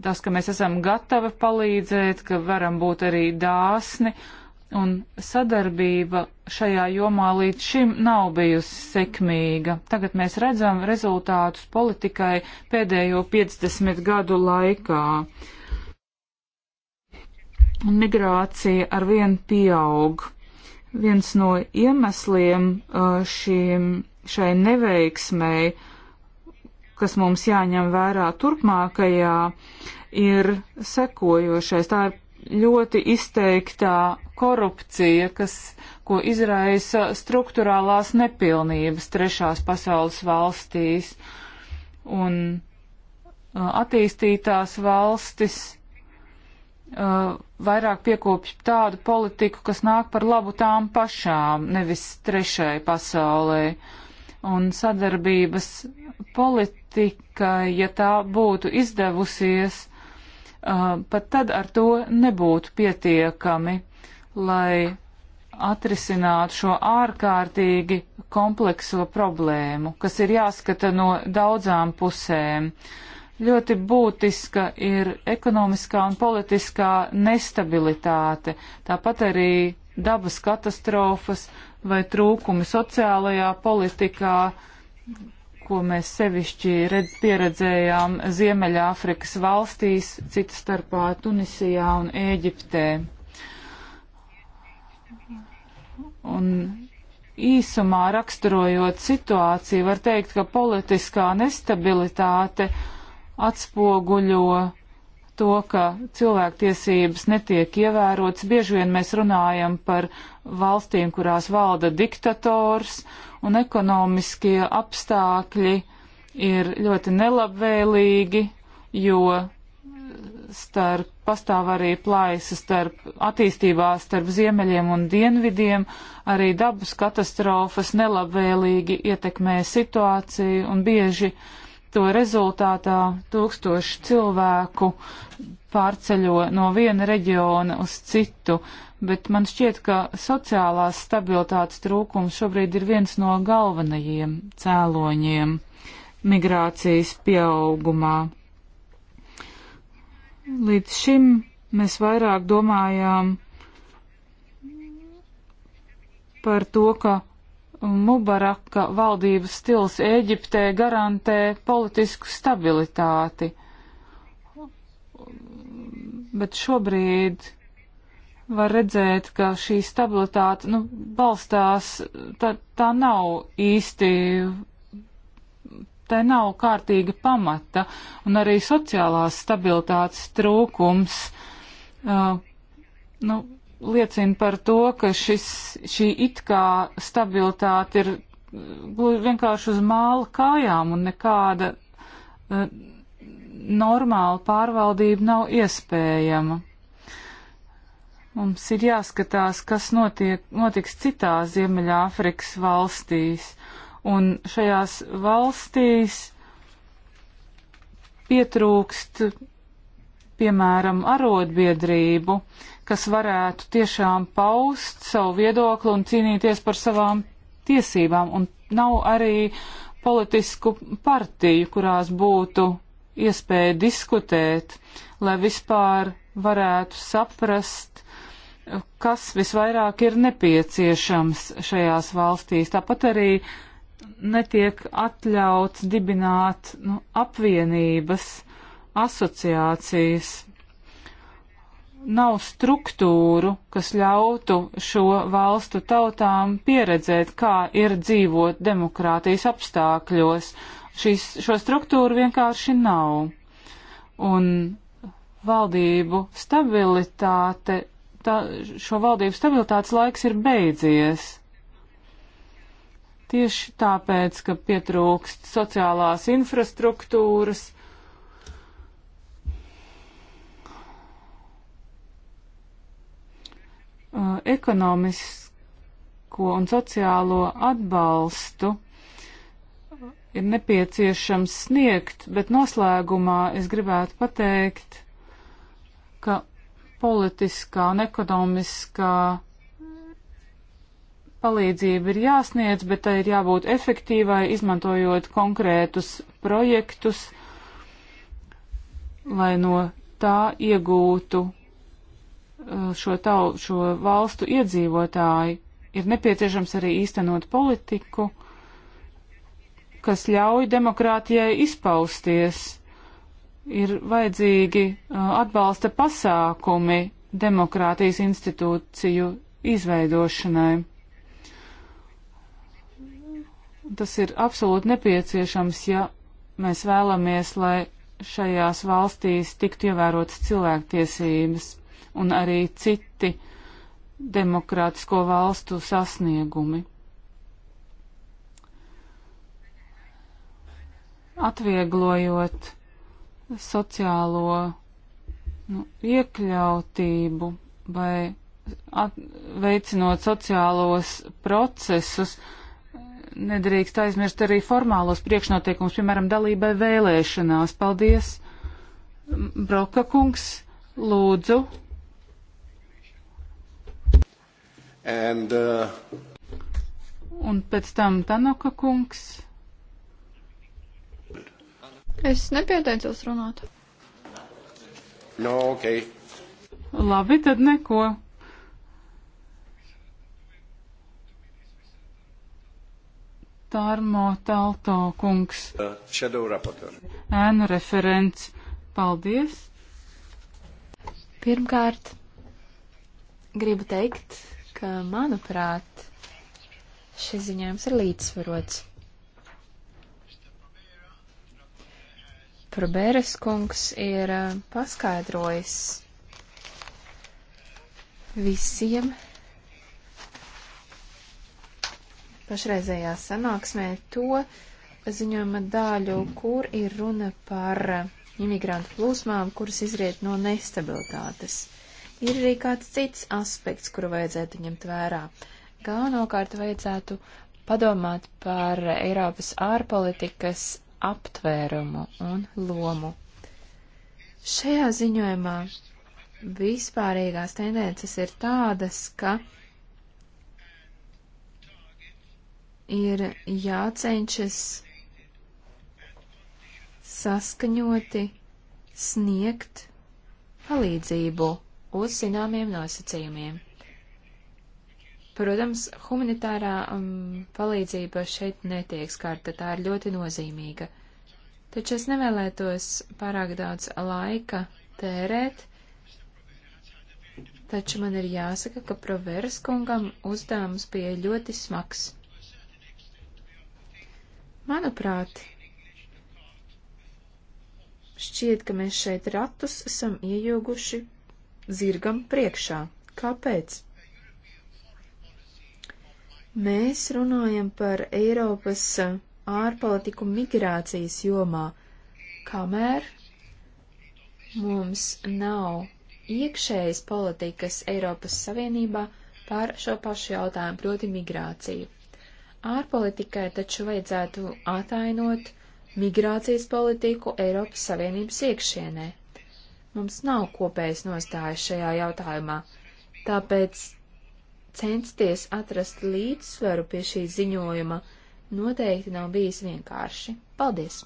tas, ka mēs esam gatavi palīdzēt, ka varam būt arī dāsni, un sadarbība šajā jomā līdz šim nav bijusi sekmīga. Tagad mēs redzam rezultātus politikai pēdējo 50 gadu laikā. Migrācija ar vien pieaug. Viens no iemesliem uh, šīm, šai neveiksmēji, kas mums jāņem vērā turpmākajā, ir sekojošais. Tā ir ļoti izteiktā korupcija, kas, ko izraisa struktūrālās nepilnības trešās pasaules valstīs. Un uh, attīstītās valstis uh, vairāk piekopj tādu politiku, kas nāk par labu tām pašām, nevis trešai pasaulē. Un sadarbības politika, ja tā būtu izdevusies, uh, pat tad ar to nebūtu pietiekami, lai atrisinātu šo ārkārtīgi komplekso problēmu, kas ir jāskata no daudzām pusēm. Uh, Ļoti būtiska ir ekonomiskā un politiskā nestabilitāte, tāpat arī dabas katastrofas vai trūkumi sociālajā politikā, ko mēs sevišķi redz, pieredzējām Ziemeļāfrikas valstīs, citas starpā Tunisijā un Ēģiptē. Un īsumā raksturojot situāciju, var teikt, ka politiskā nestabilitāte atspoguļo to, ka cilvēktiesības netiek ievērotas. Bieži vien mēs runājam par valstīm, kurās valda diktators, un ekonomiskie apstākļi ir ļoti nelabvēlīgi, jo starp, pastāv arī plaisa starp attīstībā starp ziemeļiem un dienvidiem, arī dabas katastrofas nelabvēlīgi ietekmē situāciju un bieži uh, To rezultātā tūkstoši cilvēku pārceļo no viena reģiona uz citu, bet man šķiet, ka sociālās stabilitātes trūkums šobrīd ir viens no galvenajiem cēloņiem migrācijas pieaugumā. Līdz šim mēs vairāk domājām par to, ka Mubaraka valdības stils Ēģiptē garantē politisku stabilitāti. Bet šobrīd var redzēt, ka šī stabilitāte nu, balstās, tā, tā nav īsti, tai nav kārtīga pamata, un arī sociālās stabilitātes trūkums. Uh, nu, liecina par to, ka šis, šī it kā stabilitāte ir mm, vienkārši uz māla kājām un nekāda uh, normāla pārvaldība nav iespējama. Mums ir jāskatās, kas notiek, notiks citās Ziemeļāfrikas valstīs. Un šajās valstīs pietrūkst, piemēram, arotbiedrību. Uh, kas varētu tiešām paust savu viedokli un cīnīties par savām tiesībām. Un nav arī politisku partiju, kurās būtu iespēja diskutēt, lai vispār varētu saprast, kas visvairāk ir nepieciešams šajās valstīs. Tāpat arī netiek atļauts dibināt nu, apvienības, asociācijas nav struktūru, kas ļautu šo valstu tautām pieredzēt, kā ir dzīvot demokrātijas apstākļos. Šis, šo struktūru vienkārši nav. Un valdību stabilitāte, tā, šo valdību stabilitātes laiks ir beidzies. Tieši tāpēc, ka pietrūkst sociālās infrastruktūras, uh, ekonomisko un sociālo atbalstu ir nepieciešams sniegt, bet noslēgumā es gribētu pateikt, ka politiskā un ekonomiskā palīdzība ir jāsniedz, bet tai ir jābūt efektīvai, izmantojot konkrētus projektus, lai no tā iegūtu Eh, šo, tau, šo valstu iedzīvotāji. Ir nepieciešams arī īstenot politiku, kas ļauj demokrātijai izpausties. Ir vajadzīgi eh, atbalsta pasākumi demokrātijas institūciju izveidošanai. Tas ir absolūti nepieciešams, ja mēs vēlamies, lai šajās valstīs tiktu ievērotas cilvēktiesības un arī citi demokrātisko valstu sasniegumi. Atvieglojot sociālo nu, iekļautību vai at, veicinot sociālos procesus, nedrīkst aizmirst arī formālos priekšnotiekumus, piemēram, dalībai vēlēšanās. Paldies, Broka kungs, lūdzu. And, uh, Un pēc tam Tanoka kungs. Es nepieteicos runāt. No, ok. Labi, tad neko. Tārmo Talto kungs. Uh, shadow rapporteur. Ēnu referents. Paldies. Pirmkārt, gribu teikt, ka, manuprāt, šis ziņojums ir līdzsvarots. Probēras kungs ir paskaidrojis visiem pašreizējā sanāksmē to ziņojuma daļu, kur ir runa par imigrantu plūsmām, kuras izriet no nestabilitātes. Ir arī kāds cits aspekts, kuru vajadzētu ņemt vērā. Galvenokārt vajadzētu padomāt par Eiropas ārpolitikas aptvērumu un lomu. Šajā ziņojumā vispārīgās tendences ir tādas, ka ir jācenšas saskaņoti sniegt palīdzību uz zināmiem nosacījumiem. Protams, humanitārā um, palīdzība šeit netiek skarta, tā ir ļoti nozīmīga. Taču es nevēlētos pārāk daudz laika tērēt, taču man ir jāsaka, ka proveras kungam uzdevums bija ļoti smags. Manuprāt, šķiet, ka mēs šeit ratus esam iejūguši zirgam priekšā. Kāpēc? Mēs runājam par Eiropas ārpolitiku migrācijas jomā, kamēr mums nav iekšējas politikas Eiropas Savienībā par šo pašu jautājumu, proti migrāciju. Ārpolitikai taču vajadzētu atainot migrācijas politiku Eiropas Savienības iekšienē. Mums nav kopējas nostājas šajā jautājumā, tāpēc censties atrast līdzsvaru pie šī ziņojuma noteikti nav bijis vienkārši. Paldies!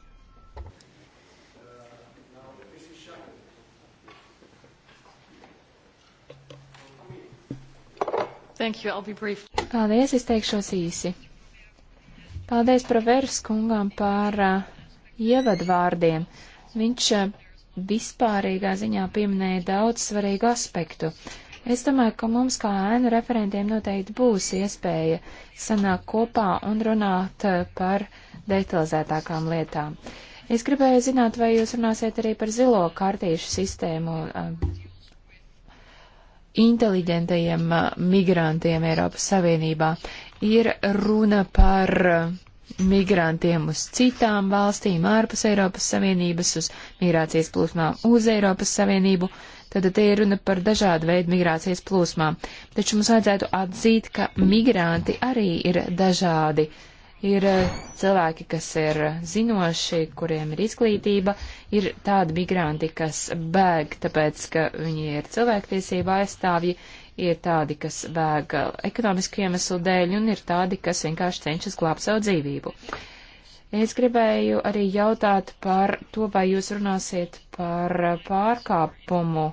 Thank you, I'll be brief. Paldies, izteikšos īsi. Paldies Proveras kungam par uh, ievadvārdiem. Viņš uh, vispārīgā ziņā pieminēja daudz svarīgu aspektu. Es domāju, ka mums kā ēnu referentiem noteikti būs iespēja sanākt kopā un runāt eh, par detalizētākām lietām. Es gribēju zināt, vai jūs runāsiet arī par zilo kartīšu sistēmu eh, inteliģentajiem eh, migrantiem Eiropas Savienībā. Ir runa par uh, migrantiem uz citām valstīm ārpus Eiropas Savienības, uz migrācijas plūsmām uz Eiropas Savienību. Tad te ir runa par dažādu veidu migrācijas plūsmām. Taču mums vajadzētu atzīt, ka migranti arī ir dažādi. Ir eh, cilvēki, kas ir zinoši, kuriem ir izglītība, ir tādi migranti, kas bēg, tāpēc, ka viņi ir cilvēktiesība aizstāvji, Ir tādi, kas bēg ekonomisku iemeslu dēļ, un ir tādi, kas vienkārši cenšas glābt savu dzīvību. Es gribēju arī jautāt par to, vai jūs runāsiet par pārkāpumu,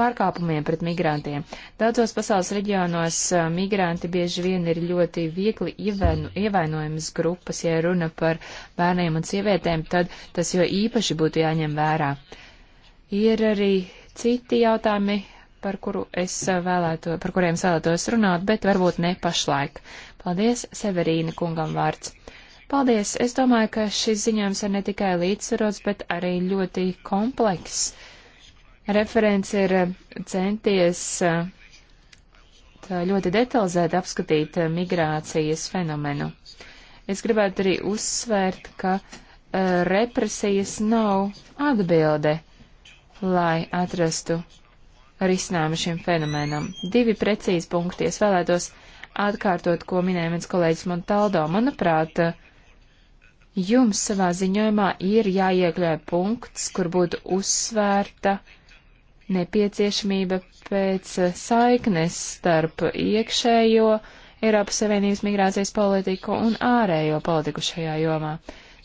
pārkāpumiem pret migrantiem. Daudzos pasaules reģionos eh, migranti bieži vien ir ļoti viegli ievaino, ievainojamas grupas. Ja runa par bērniem un sievietēm, tad tas jo īpaši būtu jāņem vērā. Ir arī citi jautājumi, par, kuru es eh, vēlēto, par kuriem es vēlētos runāt, bet varbūt ne pašlaik. Paldies Severīna kungam vārds. Paldies! Es domāju, ka šis ziņojums ir ne tikai līdzsvarots, bet arī ļoti komplekss. Referents ir eh, centies eh, ļoti detalizēti apskatīt migrācijas fenomenu. Es gribētu arī uzsvērt, ka represijas nav atbilde, lai atrastu risinājumu šim fenomenam. Divi precīzi punkti. Es vēlētos atkārtot, ko minēja mans kolēģis Montaldo. Manuprāt, jums savā ziņojumā ir jāiekļauj punkts, kur būtu uzsvērta nepieciešamība pēc saiknes starp iekšējo Eiropas Savienības migrācijas politiku un ārējo politiku šajā jomā.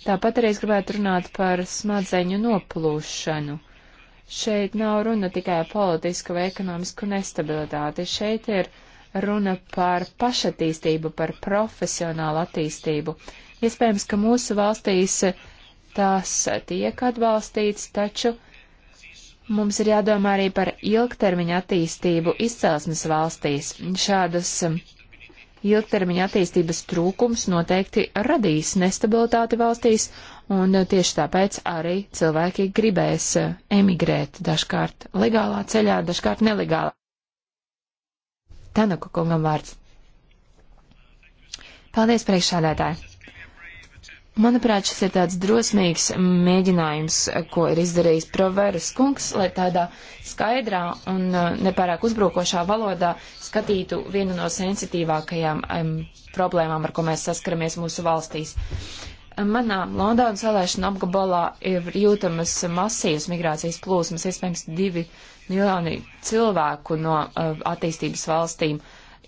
Tāpat arī es gribētu runāt par smadzeņu noplūšanu. Šeit nav runa tikai politiska vai ekonomiska nestabilitāte. Šeit ir runa par pašattīstību, par profesionālu attīstību. Iespējams, ka mūsu valstīs tās tiek atbalstīts, taču mums ir jādomā arī par ilgtermiņa attīstību izcelsmes valstīs. Šādas um, ilgtermiņa attīstības trūkums noteikti radīs nestabilitāti valstīs un eh, tieši tāpēc arī cilvēki gribēs eh, emigrēt dažkārt legālā ceļā, dažkārt nelegālā. Tanaka kungam vārds. Paldies, priekšsādētāji! Manuprāt, šis ir tāds drosmīgs mēģinājums, ko ir izdarījis Proveras kungs, lai tādā skaidrā un eh, nepārāk uzbrukošā valodā skatītu vienu no sensitīvākajām um, problēmām, ar ko mēs saskaramies mūsu valstīs. Manā Londonas vēlēšana apgabalā ir jūtamas masīvas migrācijas plūsmas, iespējams, divi miljoni cilvēku no uh, attīstības valstīm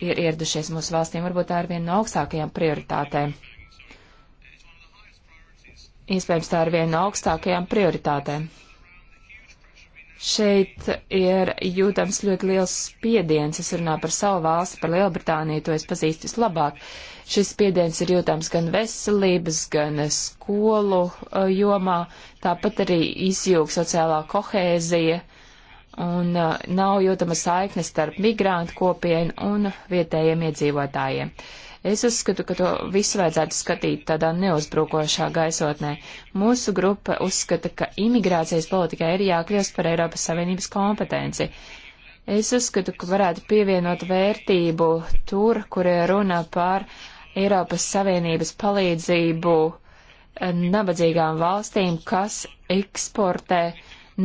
ir ieradušies mūsu valstīm. Varbūt tā ir viena no augstākajām prioritātēm. Iespējams, tā ir viena no augstākajām prioritātēm. Šeit ir jūtams ļoti liels spiediens. Es runāju par savu valsti, par Lielbritāniju, to es pazīstu vislabāk. Šis spiediens ir jūtams gan veselības, gan skolu uh, jomā, tāpat arī izjūg sociālā kohēzija un uh, nav jūtama saikne starp migrantu kopienu un vietējiem iedzīvotājiem. Uh, Es uzskatu, ka to visu vajadzētu skatīt tādā neuzbrukošā gaisotnē. Mūsu grupa uzskata, ka imigrācijas politikai ir jākļūst par Eiropas Savienības kompetenci. Es uzskatu, ka varētu pievienot vērtību tur, kur ir runa par Eiropas Savienības palīdzību eh, nabadzīgām valstīm, kas eksportē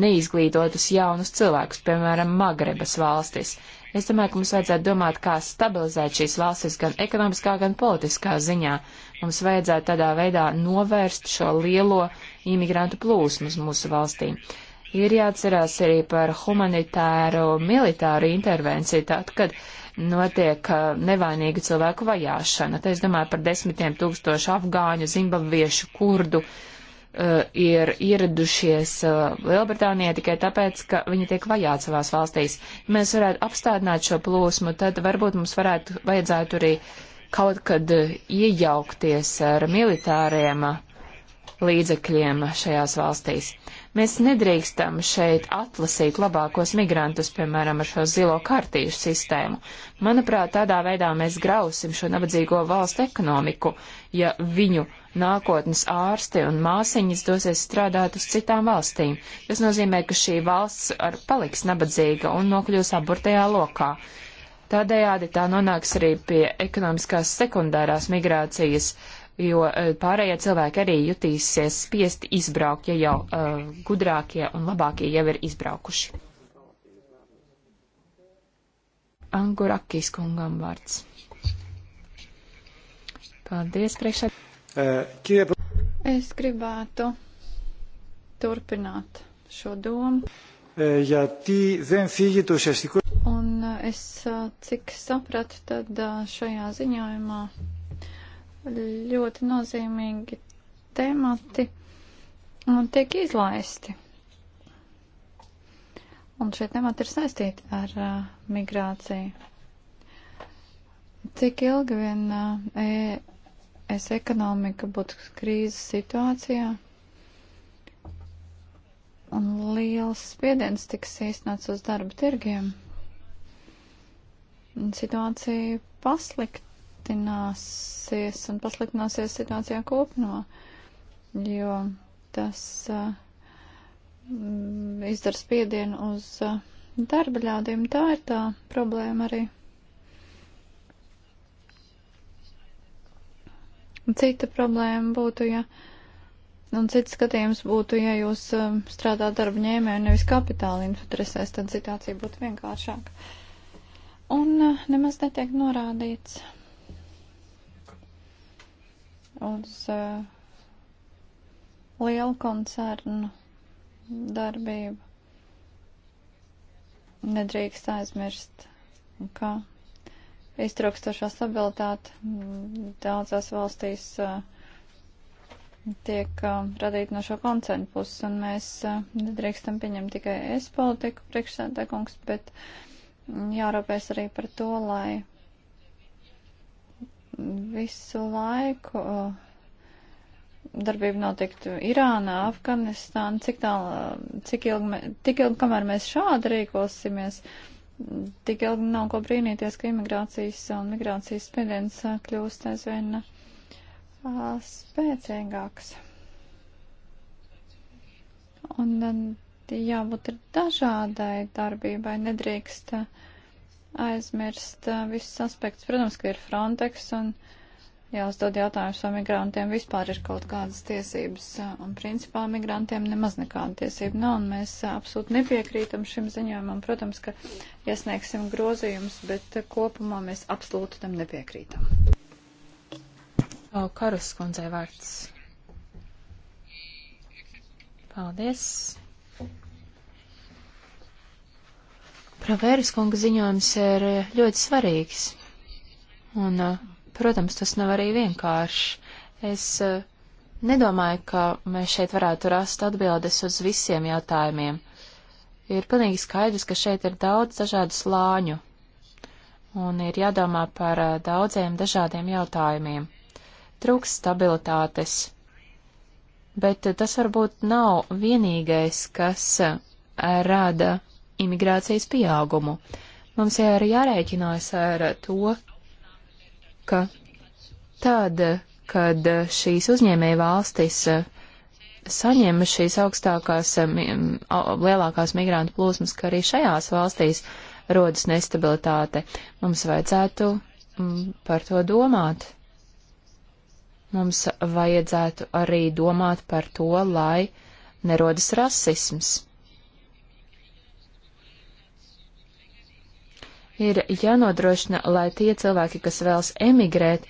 neizglītotus jaunus cilvēkus, piemēram, Magrebas valstis. Es domāju, ka mums vajadzētu domāt, kā stabilizēt šīs valstis gan ekonomiskā, gan politiskā ziņā. Mums vajadzētu tādā veidā novērst šo lielo imigrantu plūsmu uz mūsu valstīm. Ir jāatcerās arī par humanitāru militāru intervenciju, tad, kad notiek uh, nevainīgu cilvēku vajāšana. Te es domāju par desmitiem tūkstošu afgāņu, zimbabviešu, kurdu, uh, Eh, ir ieradušies eh, Lielbritānijā tikai tāpēc, ka viņi tiek vajāti savās valstīs. Ja mēs varētu apstādināt šo plūsmu, tad varbūt mums varētu, vajadzētu arī kaut kad eh, iejaukties ar militāriem līdzekļiem šajās valstīs. Mēs nedrīkstam šeit atlasīt labākos migrantus, piemēram, ar šo zilo kartīšu sistēmu. Manuprāt, tādā veidā mēs grausim šo nabadzīgo valstu ekonomiku, ja viņu nākotnes ārsti un māsiņas dosies strādāt uz citām valstīm. Tas nozīmē, ka šī valsts ar paliks nabadzīga un nokļūs aburtajā lokā. Tādējādi tā nonāks arī pie ekonomiskās sekundārās migrācijas jo eh, pārējie cilvēki arī jutīsies spiesti izbraukt, ja jau uh, gudrākie un labākie jau ir izbraukuši. Angurakīs kungam vārds. Paldies, priekšsēd. Eh, es gribētu turpināt šo domu. Ja tī zem fīgi tu šeštikūri. Un es, cik sapratu, tad šajā ziņojumā ļoti nozīmīgi temati un tiek izlaisti. Un šie temati ir saistīti ar uh, migrāciju. Cik ilgi vien uh, es ekonomika būtu krīzes situācijā? Un liels spiediens tiks īstenots uz darba tirgiem. Un situācija paslikt pasliktināsies un pasliktināsies situācijā kopumā, jo tas uh, izdara spiedienu uz uh, darba ļaudīm. Tā ir tā problēma arī. Cita problēma būtu, ja, un cits skatījums būtu, ja jūs um, strādāt darba ņēmēju nevis kapitāla interesēs, tad situācija būtu vienkāršāka. Un uh, nemaz netiek norādīts, uz uh, lielu koncernu darbību. Nedrīkst aizmirst, ka iztrukstošā stabilitāte daudzās valstīs uh, tiek uh, radīta no šo koncernu puses, un mēs uh, nedrīkstam pieņemt tikai es politiku priekšsēdētājkungs, bet mm, jārūpēs arī par to, lai visu laiku darbība notiktu Irānā, Afganistāna, cik tālu, cik ilgi, tik ilgi, kamēr mēs šādi rīkosimies, tik ilgi nav ko brīnīties, ka imigrācijas un migrācijas spiediens kļūst aizvien spēcīgāks. Un jābūt ir dažādai darbībai, nedrīkst uh, aizmirst visus aspektus. Protams, ka ir Frontex un jāuzdod jautājums, vai migrantiem vispār ir kaut kādas tiesības. Un principā migrantiem nemaz nekāda tiesība nav, un mēs absolūti nepiekrītam šim ziņojumam. Protams, ka iesniegsim grozījumus, bet kopumā mēs absolūti tam nepiekrītam. Karas kundzei vārds. Paldies. Pravērs kunga ziņojums ir eh, ļoti svarīgs. Un, eh, protams, tas nav arī vienkārši. Es eh, nedomāju, ka mēs šeit varētu rast atbildes uz visiem jautājumiem. Ir pilnīgi skaidrs, ka šeit ir daudz dažādu slāņu, un ir jādomā par daudziem dažādiem jautājumiem. Trūks stabilitātes, bet tas varbūt nav vienīgais, kas rada imigrācijas pieaugumu. Mums jau arī jārēķinās ar to, ka tad, kad šīs uzņēmēja valstis eh, saņem šīs augstākās, eh, lielākās migrantu plūsmas, ka arī šajās valstīs rodas nestabilitāte. Mums vajadzētu par to domāt. Mums vajadzētu arī domāt par to, lai nerodas rasisms. ir jānodrošina, lai tie cilvēki, kas vēlas emigrēt,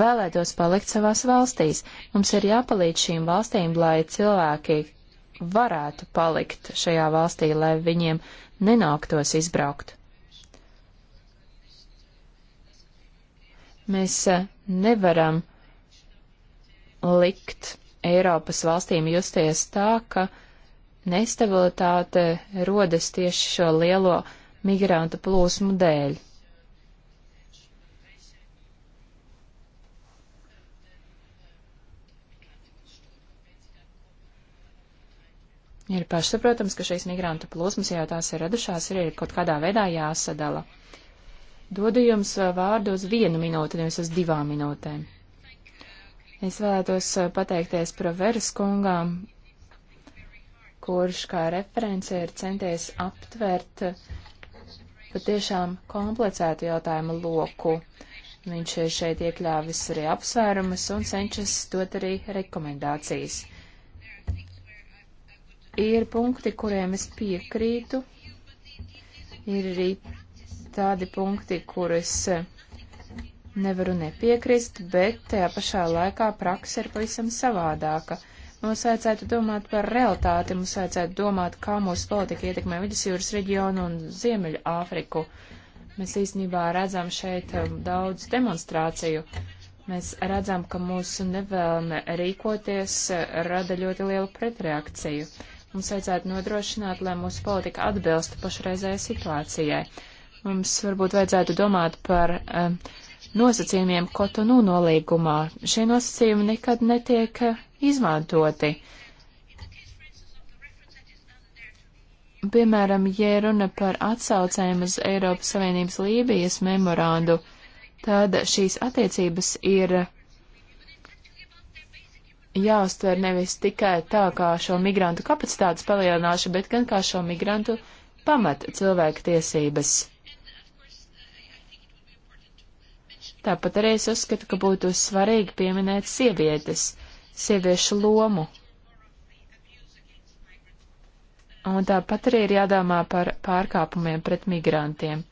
vēlētos palikt savās valstīs. Mums ir jāpalīdz šīm valstīm, lai cilvēki varētu palikt šajā valstī, lai viņiem nenāktos izbraukt. Mēs eh, nevaram likt Eiropas valstīm justies tā, ka nestabilitāte rodas tieši šo lielo migrantu plūsmu dēļ. Ir pašsaprotams, ka šīs migrantu plūsmas, ja jau tās ir radušās, ir kaut kādā veidā jāsadala. Dodu jums uh, vārdu uz vienu minūti, nevis uz divām minūtēm. Es vēlētos uh, pateikties Proveras kungām, kurš kā reference ir centies aptvert uh, patiešām komplicētu jautājumu loku. Viņš ir šeit iekļāvis arī apsvērumus un cenšas dot arī rekomendācijas. Ir punkti, kuriem es piekrītu. Ir arī tādi punkti, kurus nevaru nepiekrist, bet tajā pašā laikā praksa ir pavisam savādāka. Mums vajadzētu domāt par realitāti, mums vajadzētu domāt, kā mūsu politika ietekmē Vidusjūras reģionu un Ziemeļu Āfriku. Mēs īstenībā redzam šeit um, daudz demonstrāciju. Mēs redzam, ka mūsu nevēlme rīkoties uh, rada ļoti lielu pretreakciju. Mums vajadzētu nodrošināt, lai mūsu politika atbilstu pašreizējai situācijai. Mums varbūt vajadzētu domāt par um, nosacījumiem Kotonu nolīgumā. Šie nosacījumi nekad netiek uh, izmantoti. Piemēram, ja runa par atsaucēm uz Eiropas Savienības Lībijas memorandu, tad šīs attiecības ir jāuztver nevis tikai tā kā šo migrantu kapacitātes palielināšana, bet gan kā šo migrantu pamat cilvēku tiesības. Tāpat arī es uzskatu, ka būtu svarīgi pieminēt sievietes sieviešu lomu. Un tāpat arī ir jādomā par pārkāpumiem pret migrantiem.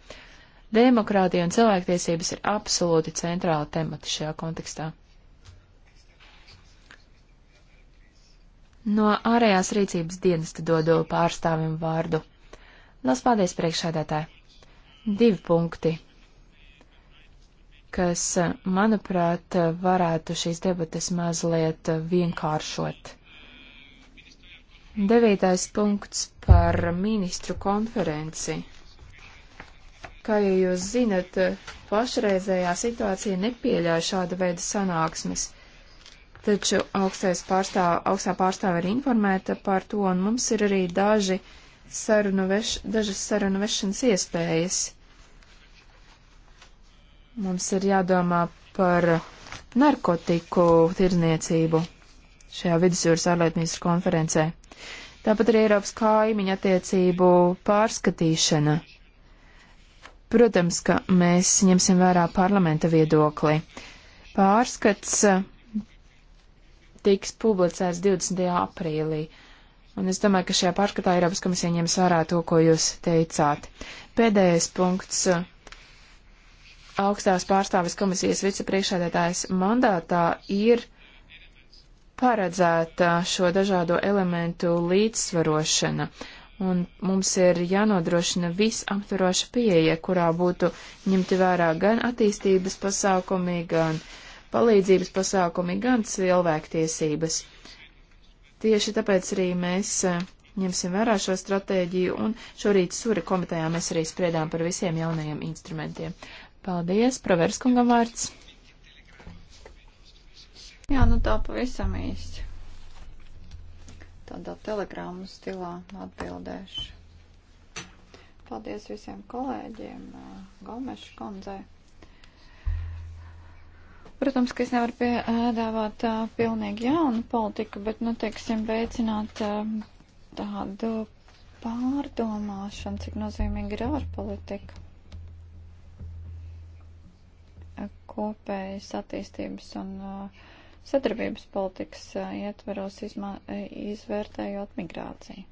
Demokrātija un cilvēktiesības ir absolūti centrāla temata šajā kontekstā. No ārējās rīcības dienesta dodu pārstāvim vārdu. Lās paldies priekšādātāji. Divi punkti, kas, manuprāt, varētu šīs debates mazliet vienkāršot. Devītais punkts par ministru konferenci. Kā jau jūs zinat, pašreizējā situācija nepieļauj šāda veida sanāksmes, taču pārstāv, augstā pārstāve ir informēta par to, un mums ir arī daži sarunu veš, dažas sarunu vešanas iespējas. Mums ir jādomā par narkotiku tirzniecību šajā vidusjūras ārlietministru konferencē. Tāpat arī Eiropas kaimiņa attiecību pārskatīšana. Protams, ka mēs ņemsim vērā parlamenta viedokli. Pārskats eh, tiks publicēts 20. aprīlī. Un es domāju, ka šajā pārskatā Eiropas komisija ņems vērā to, ko jūs teicāt. Pēdējais punkts eh, augstās pārstāvis komisijas vicepriekšēdētājs mandātā ir paredzēta uh, šo dažādo elementu līdzsvarošana. Un mums ir jānodrošina visaptvaroša pieeja, kurā būtu ņemti vērā gan attīstības pasākumi, gan palīdzības pasākumi, gan cilvēktiesības. Tieši tāpēc arī mēs uh, ņemsim vērā šo stratēģiju, un šorīt Sura komitejā mēs arī spriedām par visiem jaunajiem instrumentiem. Paldies, Proverskungam vārds. Jā, nu tā pavisam īsti. Tādā telegrāmu stilā atbildēšu. Paldies visiem kolēģiem, Gomeša kundzei. Protams, ka es nevaru piedāvāt uh, pilnīgi jaunu politiku, bet, nu, teiksim, veicināt uh, tādu pārdomāšanu, cik nozīmīgi ir ārpolitika. kopējas attīstības un uh, sadarbības politikas uh, ietveros izmā, uh, izvērtējot migrāciju.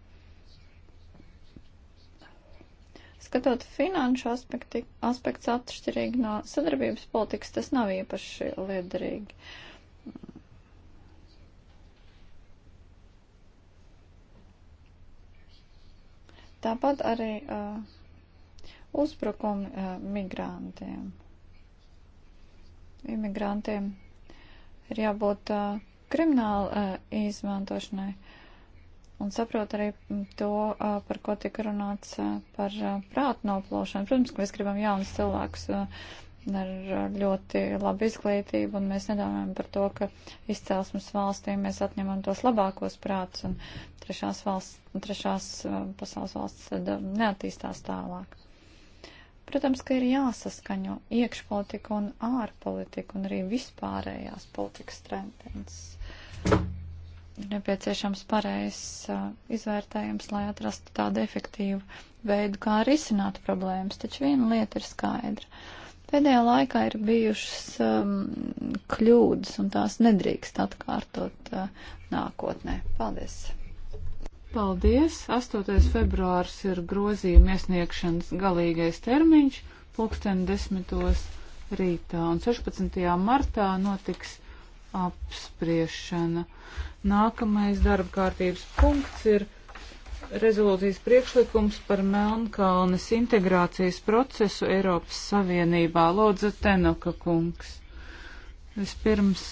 Skatot finanšu aspekti, aspekts atšķirīgi no sadarbības politikas, tas nav īpaši liederīgi. Tāpat arī uh, uzbrukumi uh, migrantiem imigrantiem ir jābūt uh, krimināla uh, izmantošanai. Un saprot arī to, uh, par ko tika runāts uh, par uh, prātu noplūšanu. Protams, ka mēs gribam jaunus cilvēkus uh, ar ļoti labu izglītību, un mēs nedomājam par to, ka izcelsmes valstīm mēs atņemam tos labākos prātus, un trešās, valsts, trešās pasaules valsts neattīstās tālāk. Protams, ka ir jāsaskaņo iekšpolitika un ārpolitika un arī vispārējās politikas tendences. Ir nepieciešams pareizs uh, izvērtējums, lai atrastu tādu efektīvu veidu, kā risināt problēmas, taču viena lieta ir skaidra. Pēdējā laikā ir bijušas um, kļūdas, un tās nedrīkst atkārtot uh, nākotnē. Paldies! Paldies! 8. februārs ir grozījuma iesniegšanas galīgais termiņš, pulksten 10. rītā, un 16. martā notiks apspriešana. Nākamais darba kārtības punkts ir rezolūcijas priekšlikums par Melnkalnes integrācijas procesu Eiropas Savienībā. Lodza Tenoka kungs. Vispirms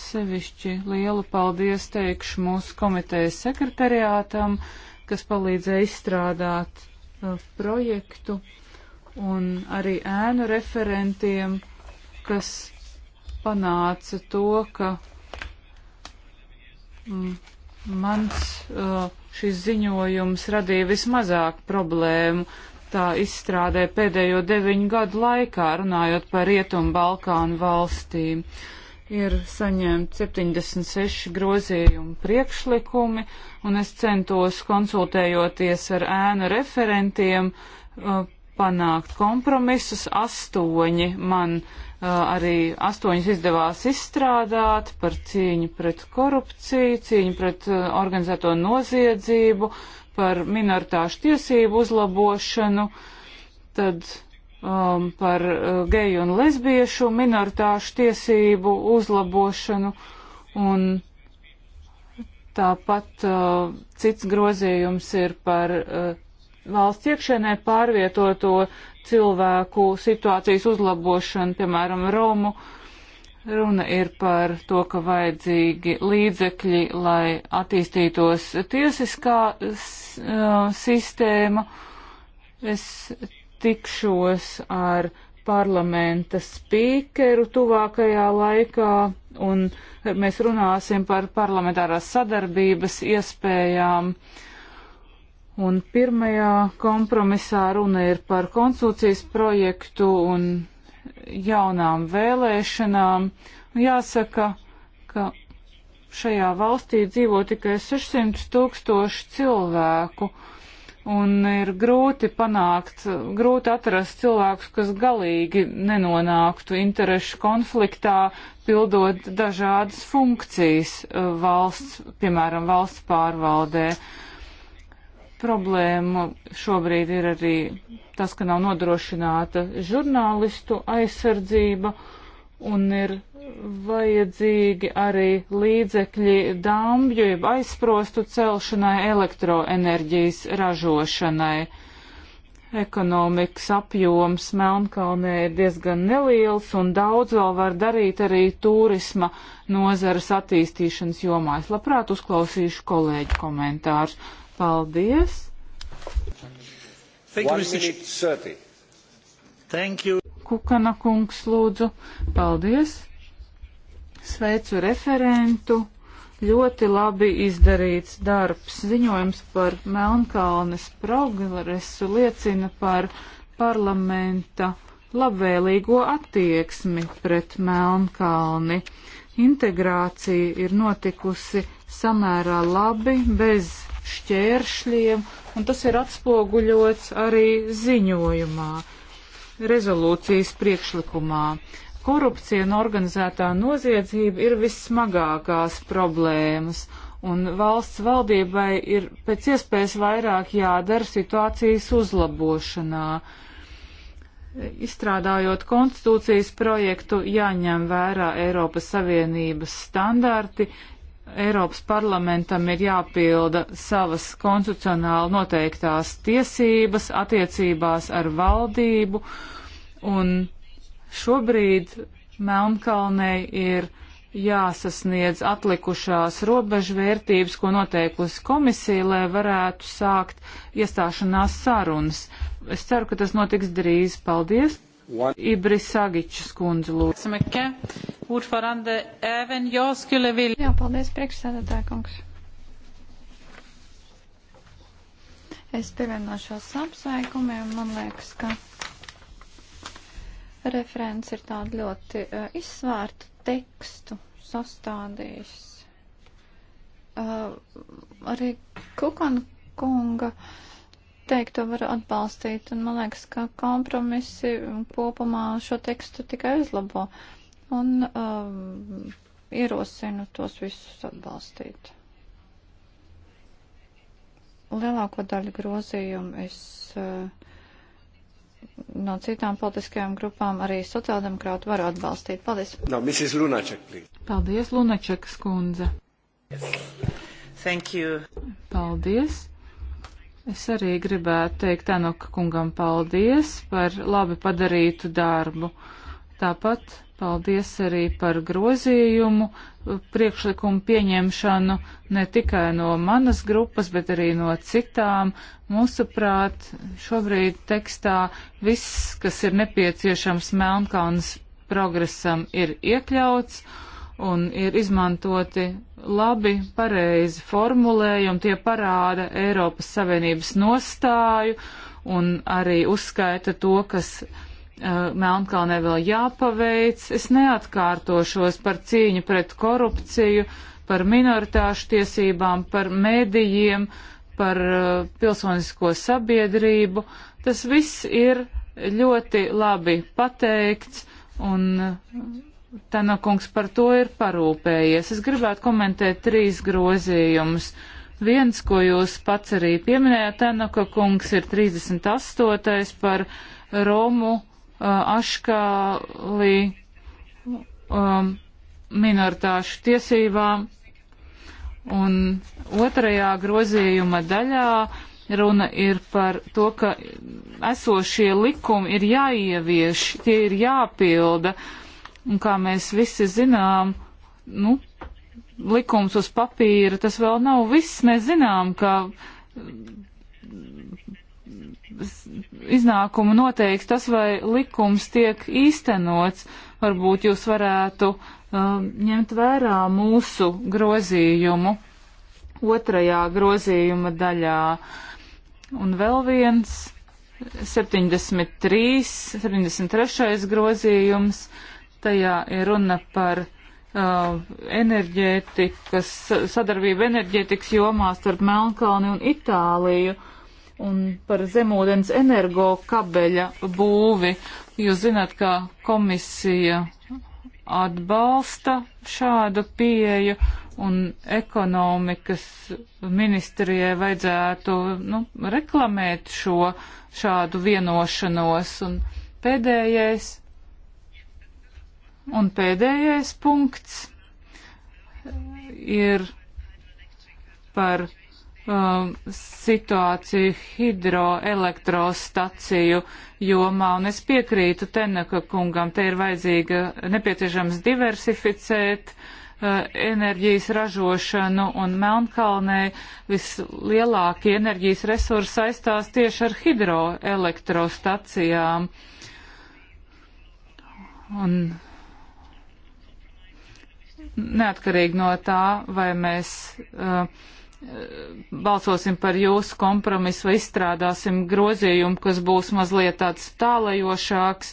sevišķi lielu paldies teikšu mūsu komitejas sekretariātam, kas palīdzēja izstrādāt uh, projektu, un arī ēnu referentiem, kas panāca to, ka mm, mans uh, šis ziņojums radīja vismazāk problēmu tā izstrādē pēdējo deviņu gadu laikā, runājot par Rietumu Balkānu valstīm. Uh, ir saņemti 76 grozījumu priekšlikumi, un es centos konsultējoties ar ēnu referentiem uh, panākt kompromisus. Astoņi man uh, arī astoņus izdevās izstrādāt par cīņu pret korupciju, cīņu pret uh, organizēto noziedzību, par minoritāšu tiesību uzlabošanu. Tad um, par uh, geju un lesbiešu minoritāšu tiesību uzlabošanu un tāpat uh, cits grozījums ir par uh, valsts iekšēnē pārvietoto cilvēku situācijas uzlabošanu, piemēram, Romu. Runa ir par to, ka vajadzīgi līdzekļi, lai attīstītos tiesiskā uh, sistēma. Es tikšos ar parlamenta spīkeru tuvākajā laikā, un mēs runāsim par parlamentārās sadarbības iespējām. Un pirmajā kompromisā runa ir par konstitūcijas projektu un jaunām vēlēšanām. Jāsaka, ka šajā valstī dzīvo tikai 600 tūkstoši cilvēku, un ir grūti panākt, grūti atrast cilvēkus, kas galīgi nenonāktu interešu konfliktā, pildot dažādas funkcijas eh, valsts, piemēram, valsts pārvaldē. Problēma šobrīd ir arī tas, ka nav nodrošināta žurnālistu aizsardzība un ir vajadzīgi arī līdzekļi dāmbju, jeb aizsprostu celšanai, elektroenerģijas ražošanai. Ekonomikas apjoms Melnkalnē ir diezgan neliels un daudz vēl var darīt arī turisma nozares attīstīšanas jomā. Es labprāt uzklausīšu kolēģu komentārus. Paldies! Thank you, Mr. Thank you. Kukana kungs lūdzu. Paldies! Sveicu referentu. Ļoti labi izdarīts darbs. Ziņojums par Melnkalnes progresu liecina par parlamenta labvēlīgo attieksmi pret Melnkalni. Integrācija ir notikusi samērā labi, bez šķēršļiem, un tas ir atspoguļots arī ziņojumā, rezolūcijas priekšlikumā. Korupcija un organizētā noziedzība ir vissmagākās problēmas, un valsts valdībai ir pēc iespējas vairāk jādara situācijas uzlabošanā. Izstrādājot konstitūcijas projektu, jāņem vērā Eiropas Savienības standarti, Eiropas parlamentam ir jāpilda savas konstitucionāli noteiktās tiesības attiecībās ar valdību, un Šobrīd Melnkalnei ir jāsasniedz atlikušās robežvērtības, ko noteikusi komisija, lai varētu sākt iestāšanās sarunas. Es ceru, ka tas notiks drīz. Paldies! Ibris Sagičs kundze lūdzu. Jā, paldies, priekšsēdētāja kungs. Es pievienošos apsveikumiem. Man liekas, ka Referents ir tādu ļoti uh, eh, izsvērtu tekstu sastādījis. Uh, arī Kukana kunga teikto var atbalstīt, un man liekas, ka kompromisi kopumā šo tekstu tikai uzlabo. Un um, uh, ierosinu tos visus atbalstīt. Lielāko daļu grozījumu es uh, no citām politiskajām grupām arī sociāldemokrāti var atbalstīt. Paldies. No, Mrs. Lunaček, please. Paldies, Lunačekas kundze. Yes. Thank you. Paldies. Es arī gribētu teikt Anoka kungam paldies par labi padarītu darbu. Tāpat Paldies arī par grozījumu priekšlikumu pieņemšanu ne tikai no manas grupas, bet arī no citām. Mūsuprāt, šobrīd tekstā viss, kas ir nepieciešams Melnkalnas progresam, ir iekļauts un ir izmantoti labi, pareizi formulējumi, tie parāda Eiropas Savienības nostāju un arī uzskaita to, kas Eh, Melnkalnē vēl jāpaveic. Es neatkārtošos par cīņu pret korupciju, par minoritāšu tiesībām, par medijiem, par eh, pilsonisko sabiedrību. Tas viss ir ļoti labi pateikts un eh, Tanakungs par to ir parūpējies. Es gribētu komentēt trīs grozījumus. Viens, ko jūs pats arī pieminējāt, Tanaka kungs, ir 38. par Romu Uh, Aškālī um, minoritāšu tiesībām. Un otrajā grozījuma daļā runa ir par to, ka esošie likumi ir jāievieš, tie ir jāpilda. Un kā mēs visi zinām, nu, likums uz papīra tas vēl nav viss. Mēs zinām, ka iznākumu noteiks tas, vai likums tiek īstenots. Varbūt jūs varētu um, ņemt vērā mūsu grozījumu otrajā grozījuma daļā. Un vēl viens 73, 73. grozījums, tajā ir runa par Uh, enerģētikas, sadarbība enerģētikas jomā starp Melnkalni un Itāliju un par zemūdens energo kabeļa būvi. Jūs zināt, ka komisija atbalsta šādu pieeju un ekonomikas ministrijai vajadzētu nu, reklamēt šo šādu vienošanos. Un pēdējais, un pēdējais punkts ir par um, situāciju hidroelektrostaciju jomā, un es piekrītu Tenaka kungam, te ir vajadzīga nepieciešams diversificēt uh, enerģijas ražošanu, un Melnkalnē vislielākie enerģijas resursi saistās tieši ar hidroelektrostacijām. Un neatkarīgi no tā, vai mēs uh, balsosim par jūsu kompromisu vai izstrādāsim grozījumu, kas būs mazliet tāds tālajošāks.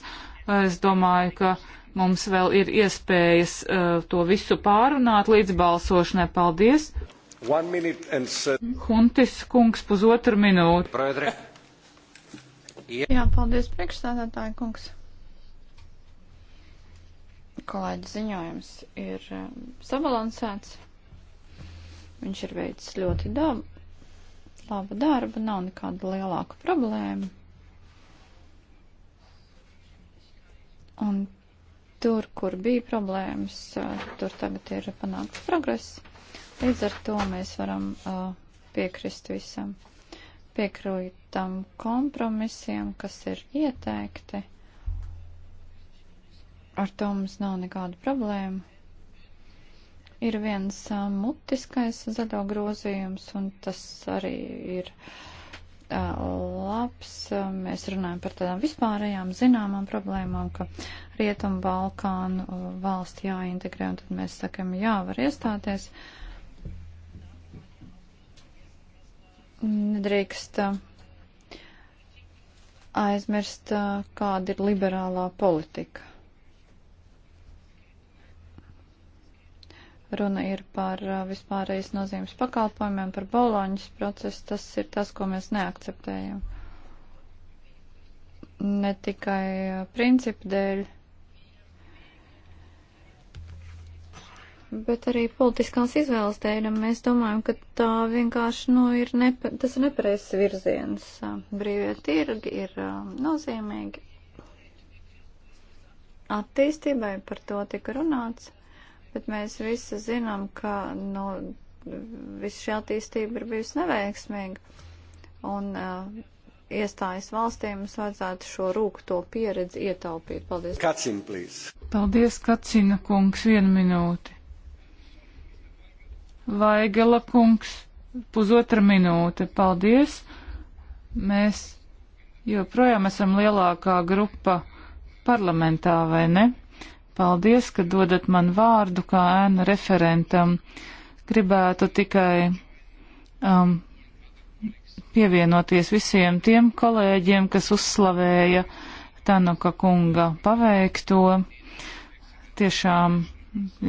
Es domāju, ka mums vēl ir iespējas uh, to visu pārunāt līdz balsošanai. Paldies! And... Huntis kungs, pusotru minūti. Jā, paldies priekšstādātāji kungs. Kolēģi ziņojums ir um, sabalansēts. Viņš ir veicis ļoti dabu, labu darbu, nav nekāda lielāka problēma. Un tur, kur bija problēmas, eh, tur tagad ir panākts progress. Līdz ar to mēs varam uh, piekrist visam. Piekrītam kompromisiem, kas ir ieteikti. Ar to mums nav nekāda problēma. Ir viens uh, mutiskais zaļo grozījums, un tas arī ir uh, labs. Mēs runājam par tādām vispārējām zināmām problēmām, ka Rietumu Balkānu valsti jāintegrē, un tad mēs sakam, jā, var iestāties. Nedrīkst aizmirst, kāda ir liberālā politika Runa ir par uh, vispārreiz nozīmes pakalpojumiem, par boloņas procesu. Tas ir tas, ko mēs neakceptējam. Ne tikai uh, principu dēļ, bet arī politiskās izvēles dēļ. Mēs domājam, ka tā vienkārši nu, ir nepa, tas ir nepareizs virziens. Uh, brīvie tirgi ir nozīmīgi attīstībai, par to tika runāts bet mēs visi zinām, ka nu, viss šī attīstība ir bijusi neveiksmīga. Un uh, iestājas valstī mums vajadzētu šo rūkto pieredzi ietaupīt. Paldies. Kacin, please. Paldies, Kacina kungs, vienu minūti. Vaigela kungs, pusotra minūte. Paldies. Mēs joprojām esam lielākā grupa parlamentā, vai ne? Paldies, ka dodat man vārdu kā ēnu referentam. Gribētu tikai um, pievienoties visiem tiem kolēģiem, kas uzslavēja Tanuka kunga paveikto. Tiešām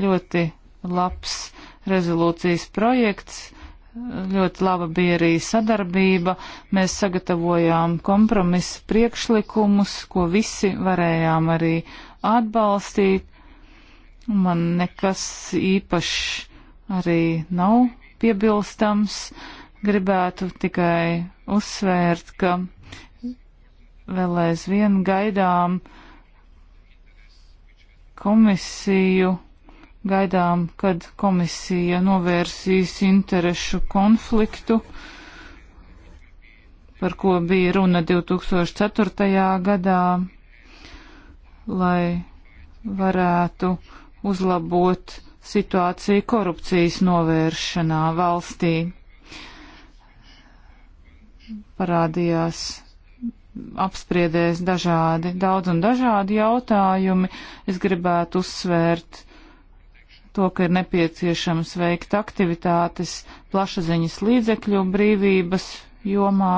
ļoti labs rezolūcijas projekts ļoti laba bija arī sadarbība. Mēs sagatavojām kompromisu priekšlikumus, ko visi varējām arī atbalstīt. Man nekas īpašs arī nav piebilstams. Gribētu tikai uzsvērt, ka vēl aizvien gaidām komisiju, gaidām, kad komisija novērsīs interešu konfliktu, par ko bija runa 2004. gadā lai varētu uzlabot situāciju korupcijas novēršanā valstī. Parādījās apspriedēs dažādi, daudz un dažādi jautājumi. Es gribētu uzsvērt to, ka ir nepieciešams veikt aktivitātes plašaziņas līdzekļu brīvības jomā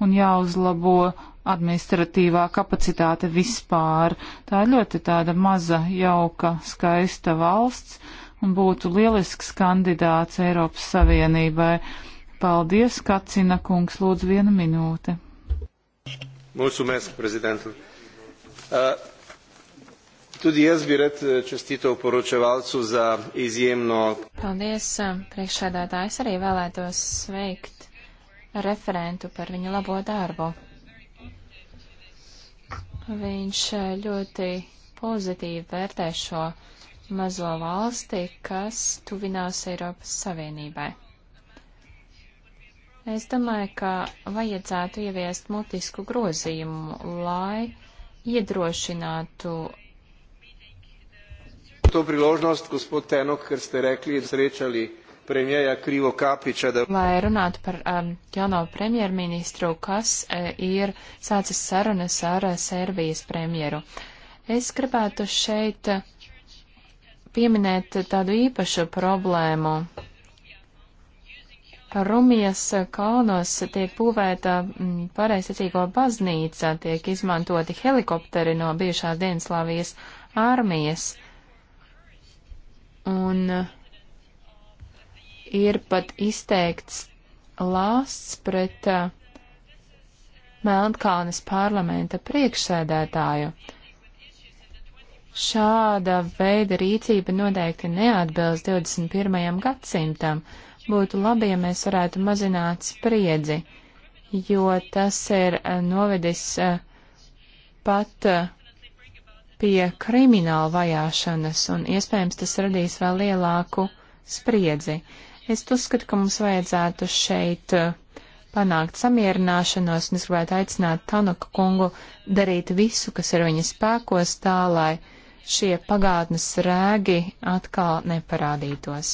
un jāuzlabo administratīvā kapacitāte vispār. Tā ir ļoti tāda maza, jauka, skaista valsts un būtu lielisks kandidāts Eiropas Savienībai. Paldies, Kacina kungs, lūdzu viena minūte. Mulțumesc, prezidentul. Uh, tudi jaz bi rad uh, čestitev poročevalcu za izjemno. Paldies, uh, priekšsēdētājs arī vēlētos sveikt referentu par viņu labo darbu. Viņš eh, ļoti pozitīvi vērtē šo mazo valsti, kas tuvinās Eiropas Savienībai. Es domāju, ka vajadzētu ieviest mutisku grozījumu, lai iedrošinātu. To priložnost, gospod Tenok, ker ste rekli, srečali premjēja Krīvo Kāpiča. Lai runātu par um, jauno premjerministru, kas uh, ir sācis sarunas ar uh, e, Serbijas premjeru. Es gribētu šeit pieminēt tādu īpašu problēmu. Rumijas kalnos tiek būvēta mm, pareizticīgo baznīca, tiek izmantoti helikopteri no bijušās Dienaslāvijas armijas. Un uh, ir pat izteikts lāsts pret uh, Melnkalnes parlamenta priekšsēdētāju. Šāda veida rīcība noteikti neatbilst 21. gadsimtam. Būtu labi, ja mēs varētu mazināt spriedzi, jo tas ir uh, novedis uh, pat uh, pie krimināla vajāšanas, un iespējams tas radīs vēl lielāku spriedzi. Es uzskatu, ka mums vajadzētu šeit uh, panākt samierināšanos, un es gribētu aicināt Tanuka kungu darīt visu, kas ir viņa spēkos, tā lai šie pagātnes rēgi atkal neparādītos.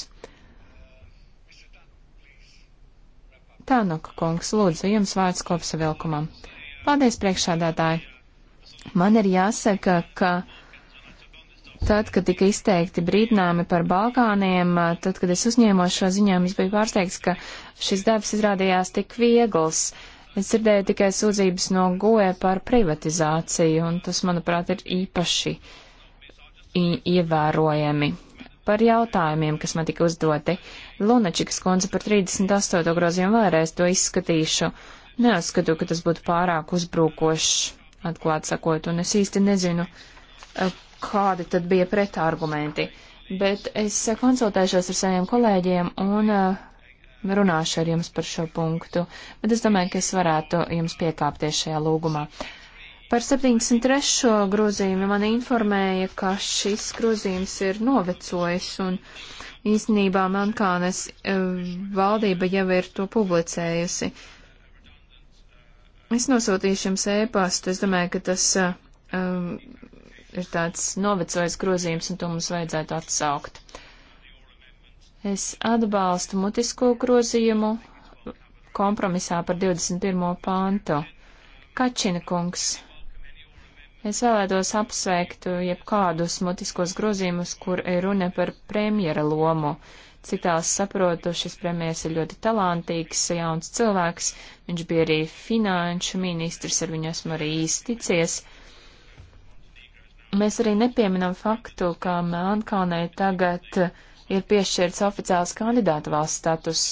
Tanuka kungs, lūdzu, jums vārds kopsavilkumam. Paldies, priekšādātāji! Man ir jāsaka, ka Tad, kad tika izteikti brīdinājumi par Balkāniem, tad, kad es uzņēmos šo ziņojumu, es biju pārsteigts, ka šis darbs izrādījās tik viegls. Es dzirdēju tikai sūdzības no goja par privatizāciju, un tas, manuprāt, ir īpaši ievērojami. Par jautājumiem, kas man tika uzdoti, Lunačikas kundze par 38. grozījumu vēlreiz to izskatīšu. Neuzskatu, ka tas būtu pārāk uzbrukošs, atklāt sakot, un es īsti nezinu, kādi tad bija pretargumenti. Bet es konsultēšos ar saviem kolēģiem un eh, runāšu ar jums par šo punktu. Bet es domāju, ka es varētu jums piekāpties šajā lūgumā. Par 73. grozījumu man informēja, ka šis grozījums ir novecojis un īsnībā Mankānes eh, valdība jau ir to publicējusi. Es nosūtīšu jums ēpastu, es domāju, ka tas um, ir tāds novecojis grozījums, un to mums vajadzētu atsaukt. Es atbalstu mutisko grozījumu kompromisā par 21. pāntu. Kačina kungs. Es vēlētos apsveikt jebkādus mutiskos grozījumus, kur ir runa par premjera lomu. Cik tās saprotu, šis premjers ir ļoti talantīgs, jauns cilvēks, viņš bija arī finanšu ministrs, ar viņu esmu arī īsticies. Mēs arī nepieminam faktu, ka Melnkalnē tagad ir piešķirts oficiāls kandidāta valsts status.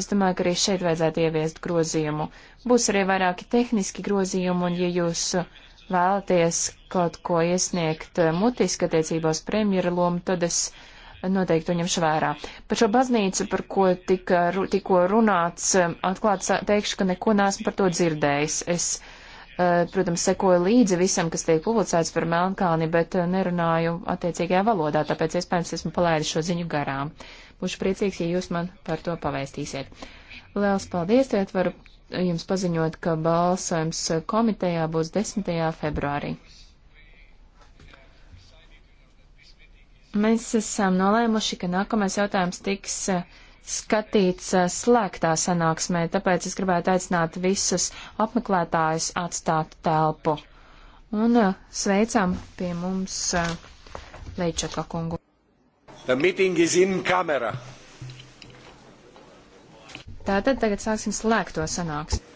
Es domāju, ka arī šeit vajadzētu ieviest grozījumu. Būs arī vairāki tehniski grozījumi, un ja jūs vēlaties kaut ko iesniegt mutiski attiecībās premjera lomu, tad es noteikti to ņemšu vērā. Par šo baznīcu, par ko tika, tikko runāts, atklāt teikšu, ka neko neesmu par to dzirdējis. Es Eh, protams, sekoju līdzi visam, kas tiek publicēts par Melnkalni, bet eh, nerunāju attiecīgajā valodā, tāpēc iespējams esmu palaidis šo ziņu garām. Būšu priecīgs, ja jūs man par to pavēstīsiet. Liels paldies, tiet varu jums paziņot, ka balsojums komitejā būs 10. februārī. Mēs esam nolēmuši, ka nākamais jautājums tiks uh, skatīts eh, slēgtā sanāksmē, tāpēc es gribētu aicināt visus apmeklētājus atstāt telpu. Un eh, sveicam pie mums eh, Leičaka kungu. The meeting is in camera. Tātad tagad sāksim slēgto sanāksmi.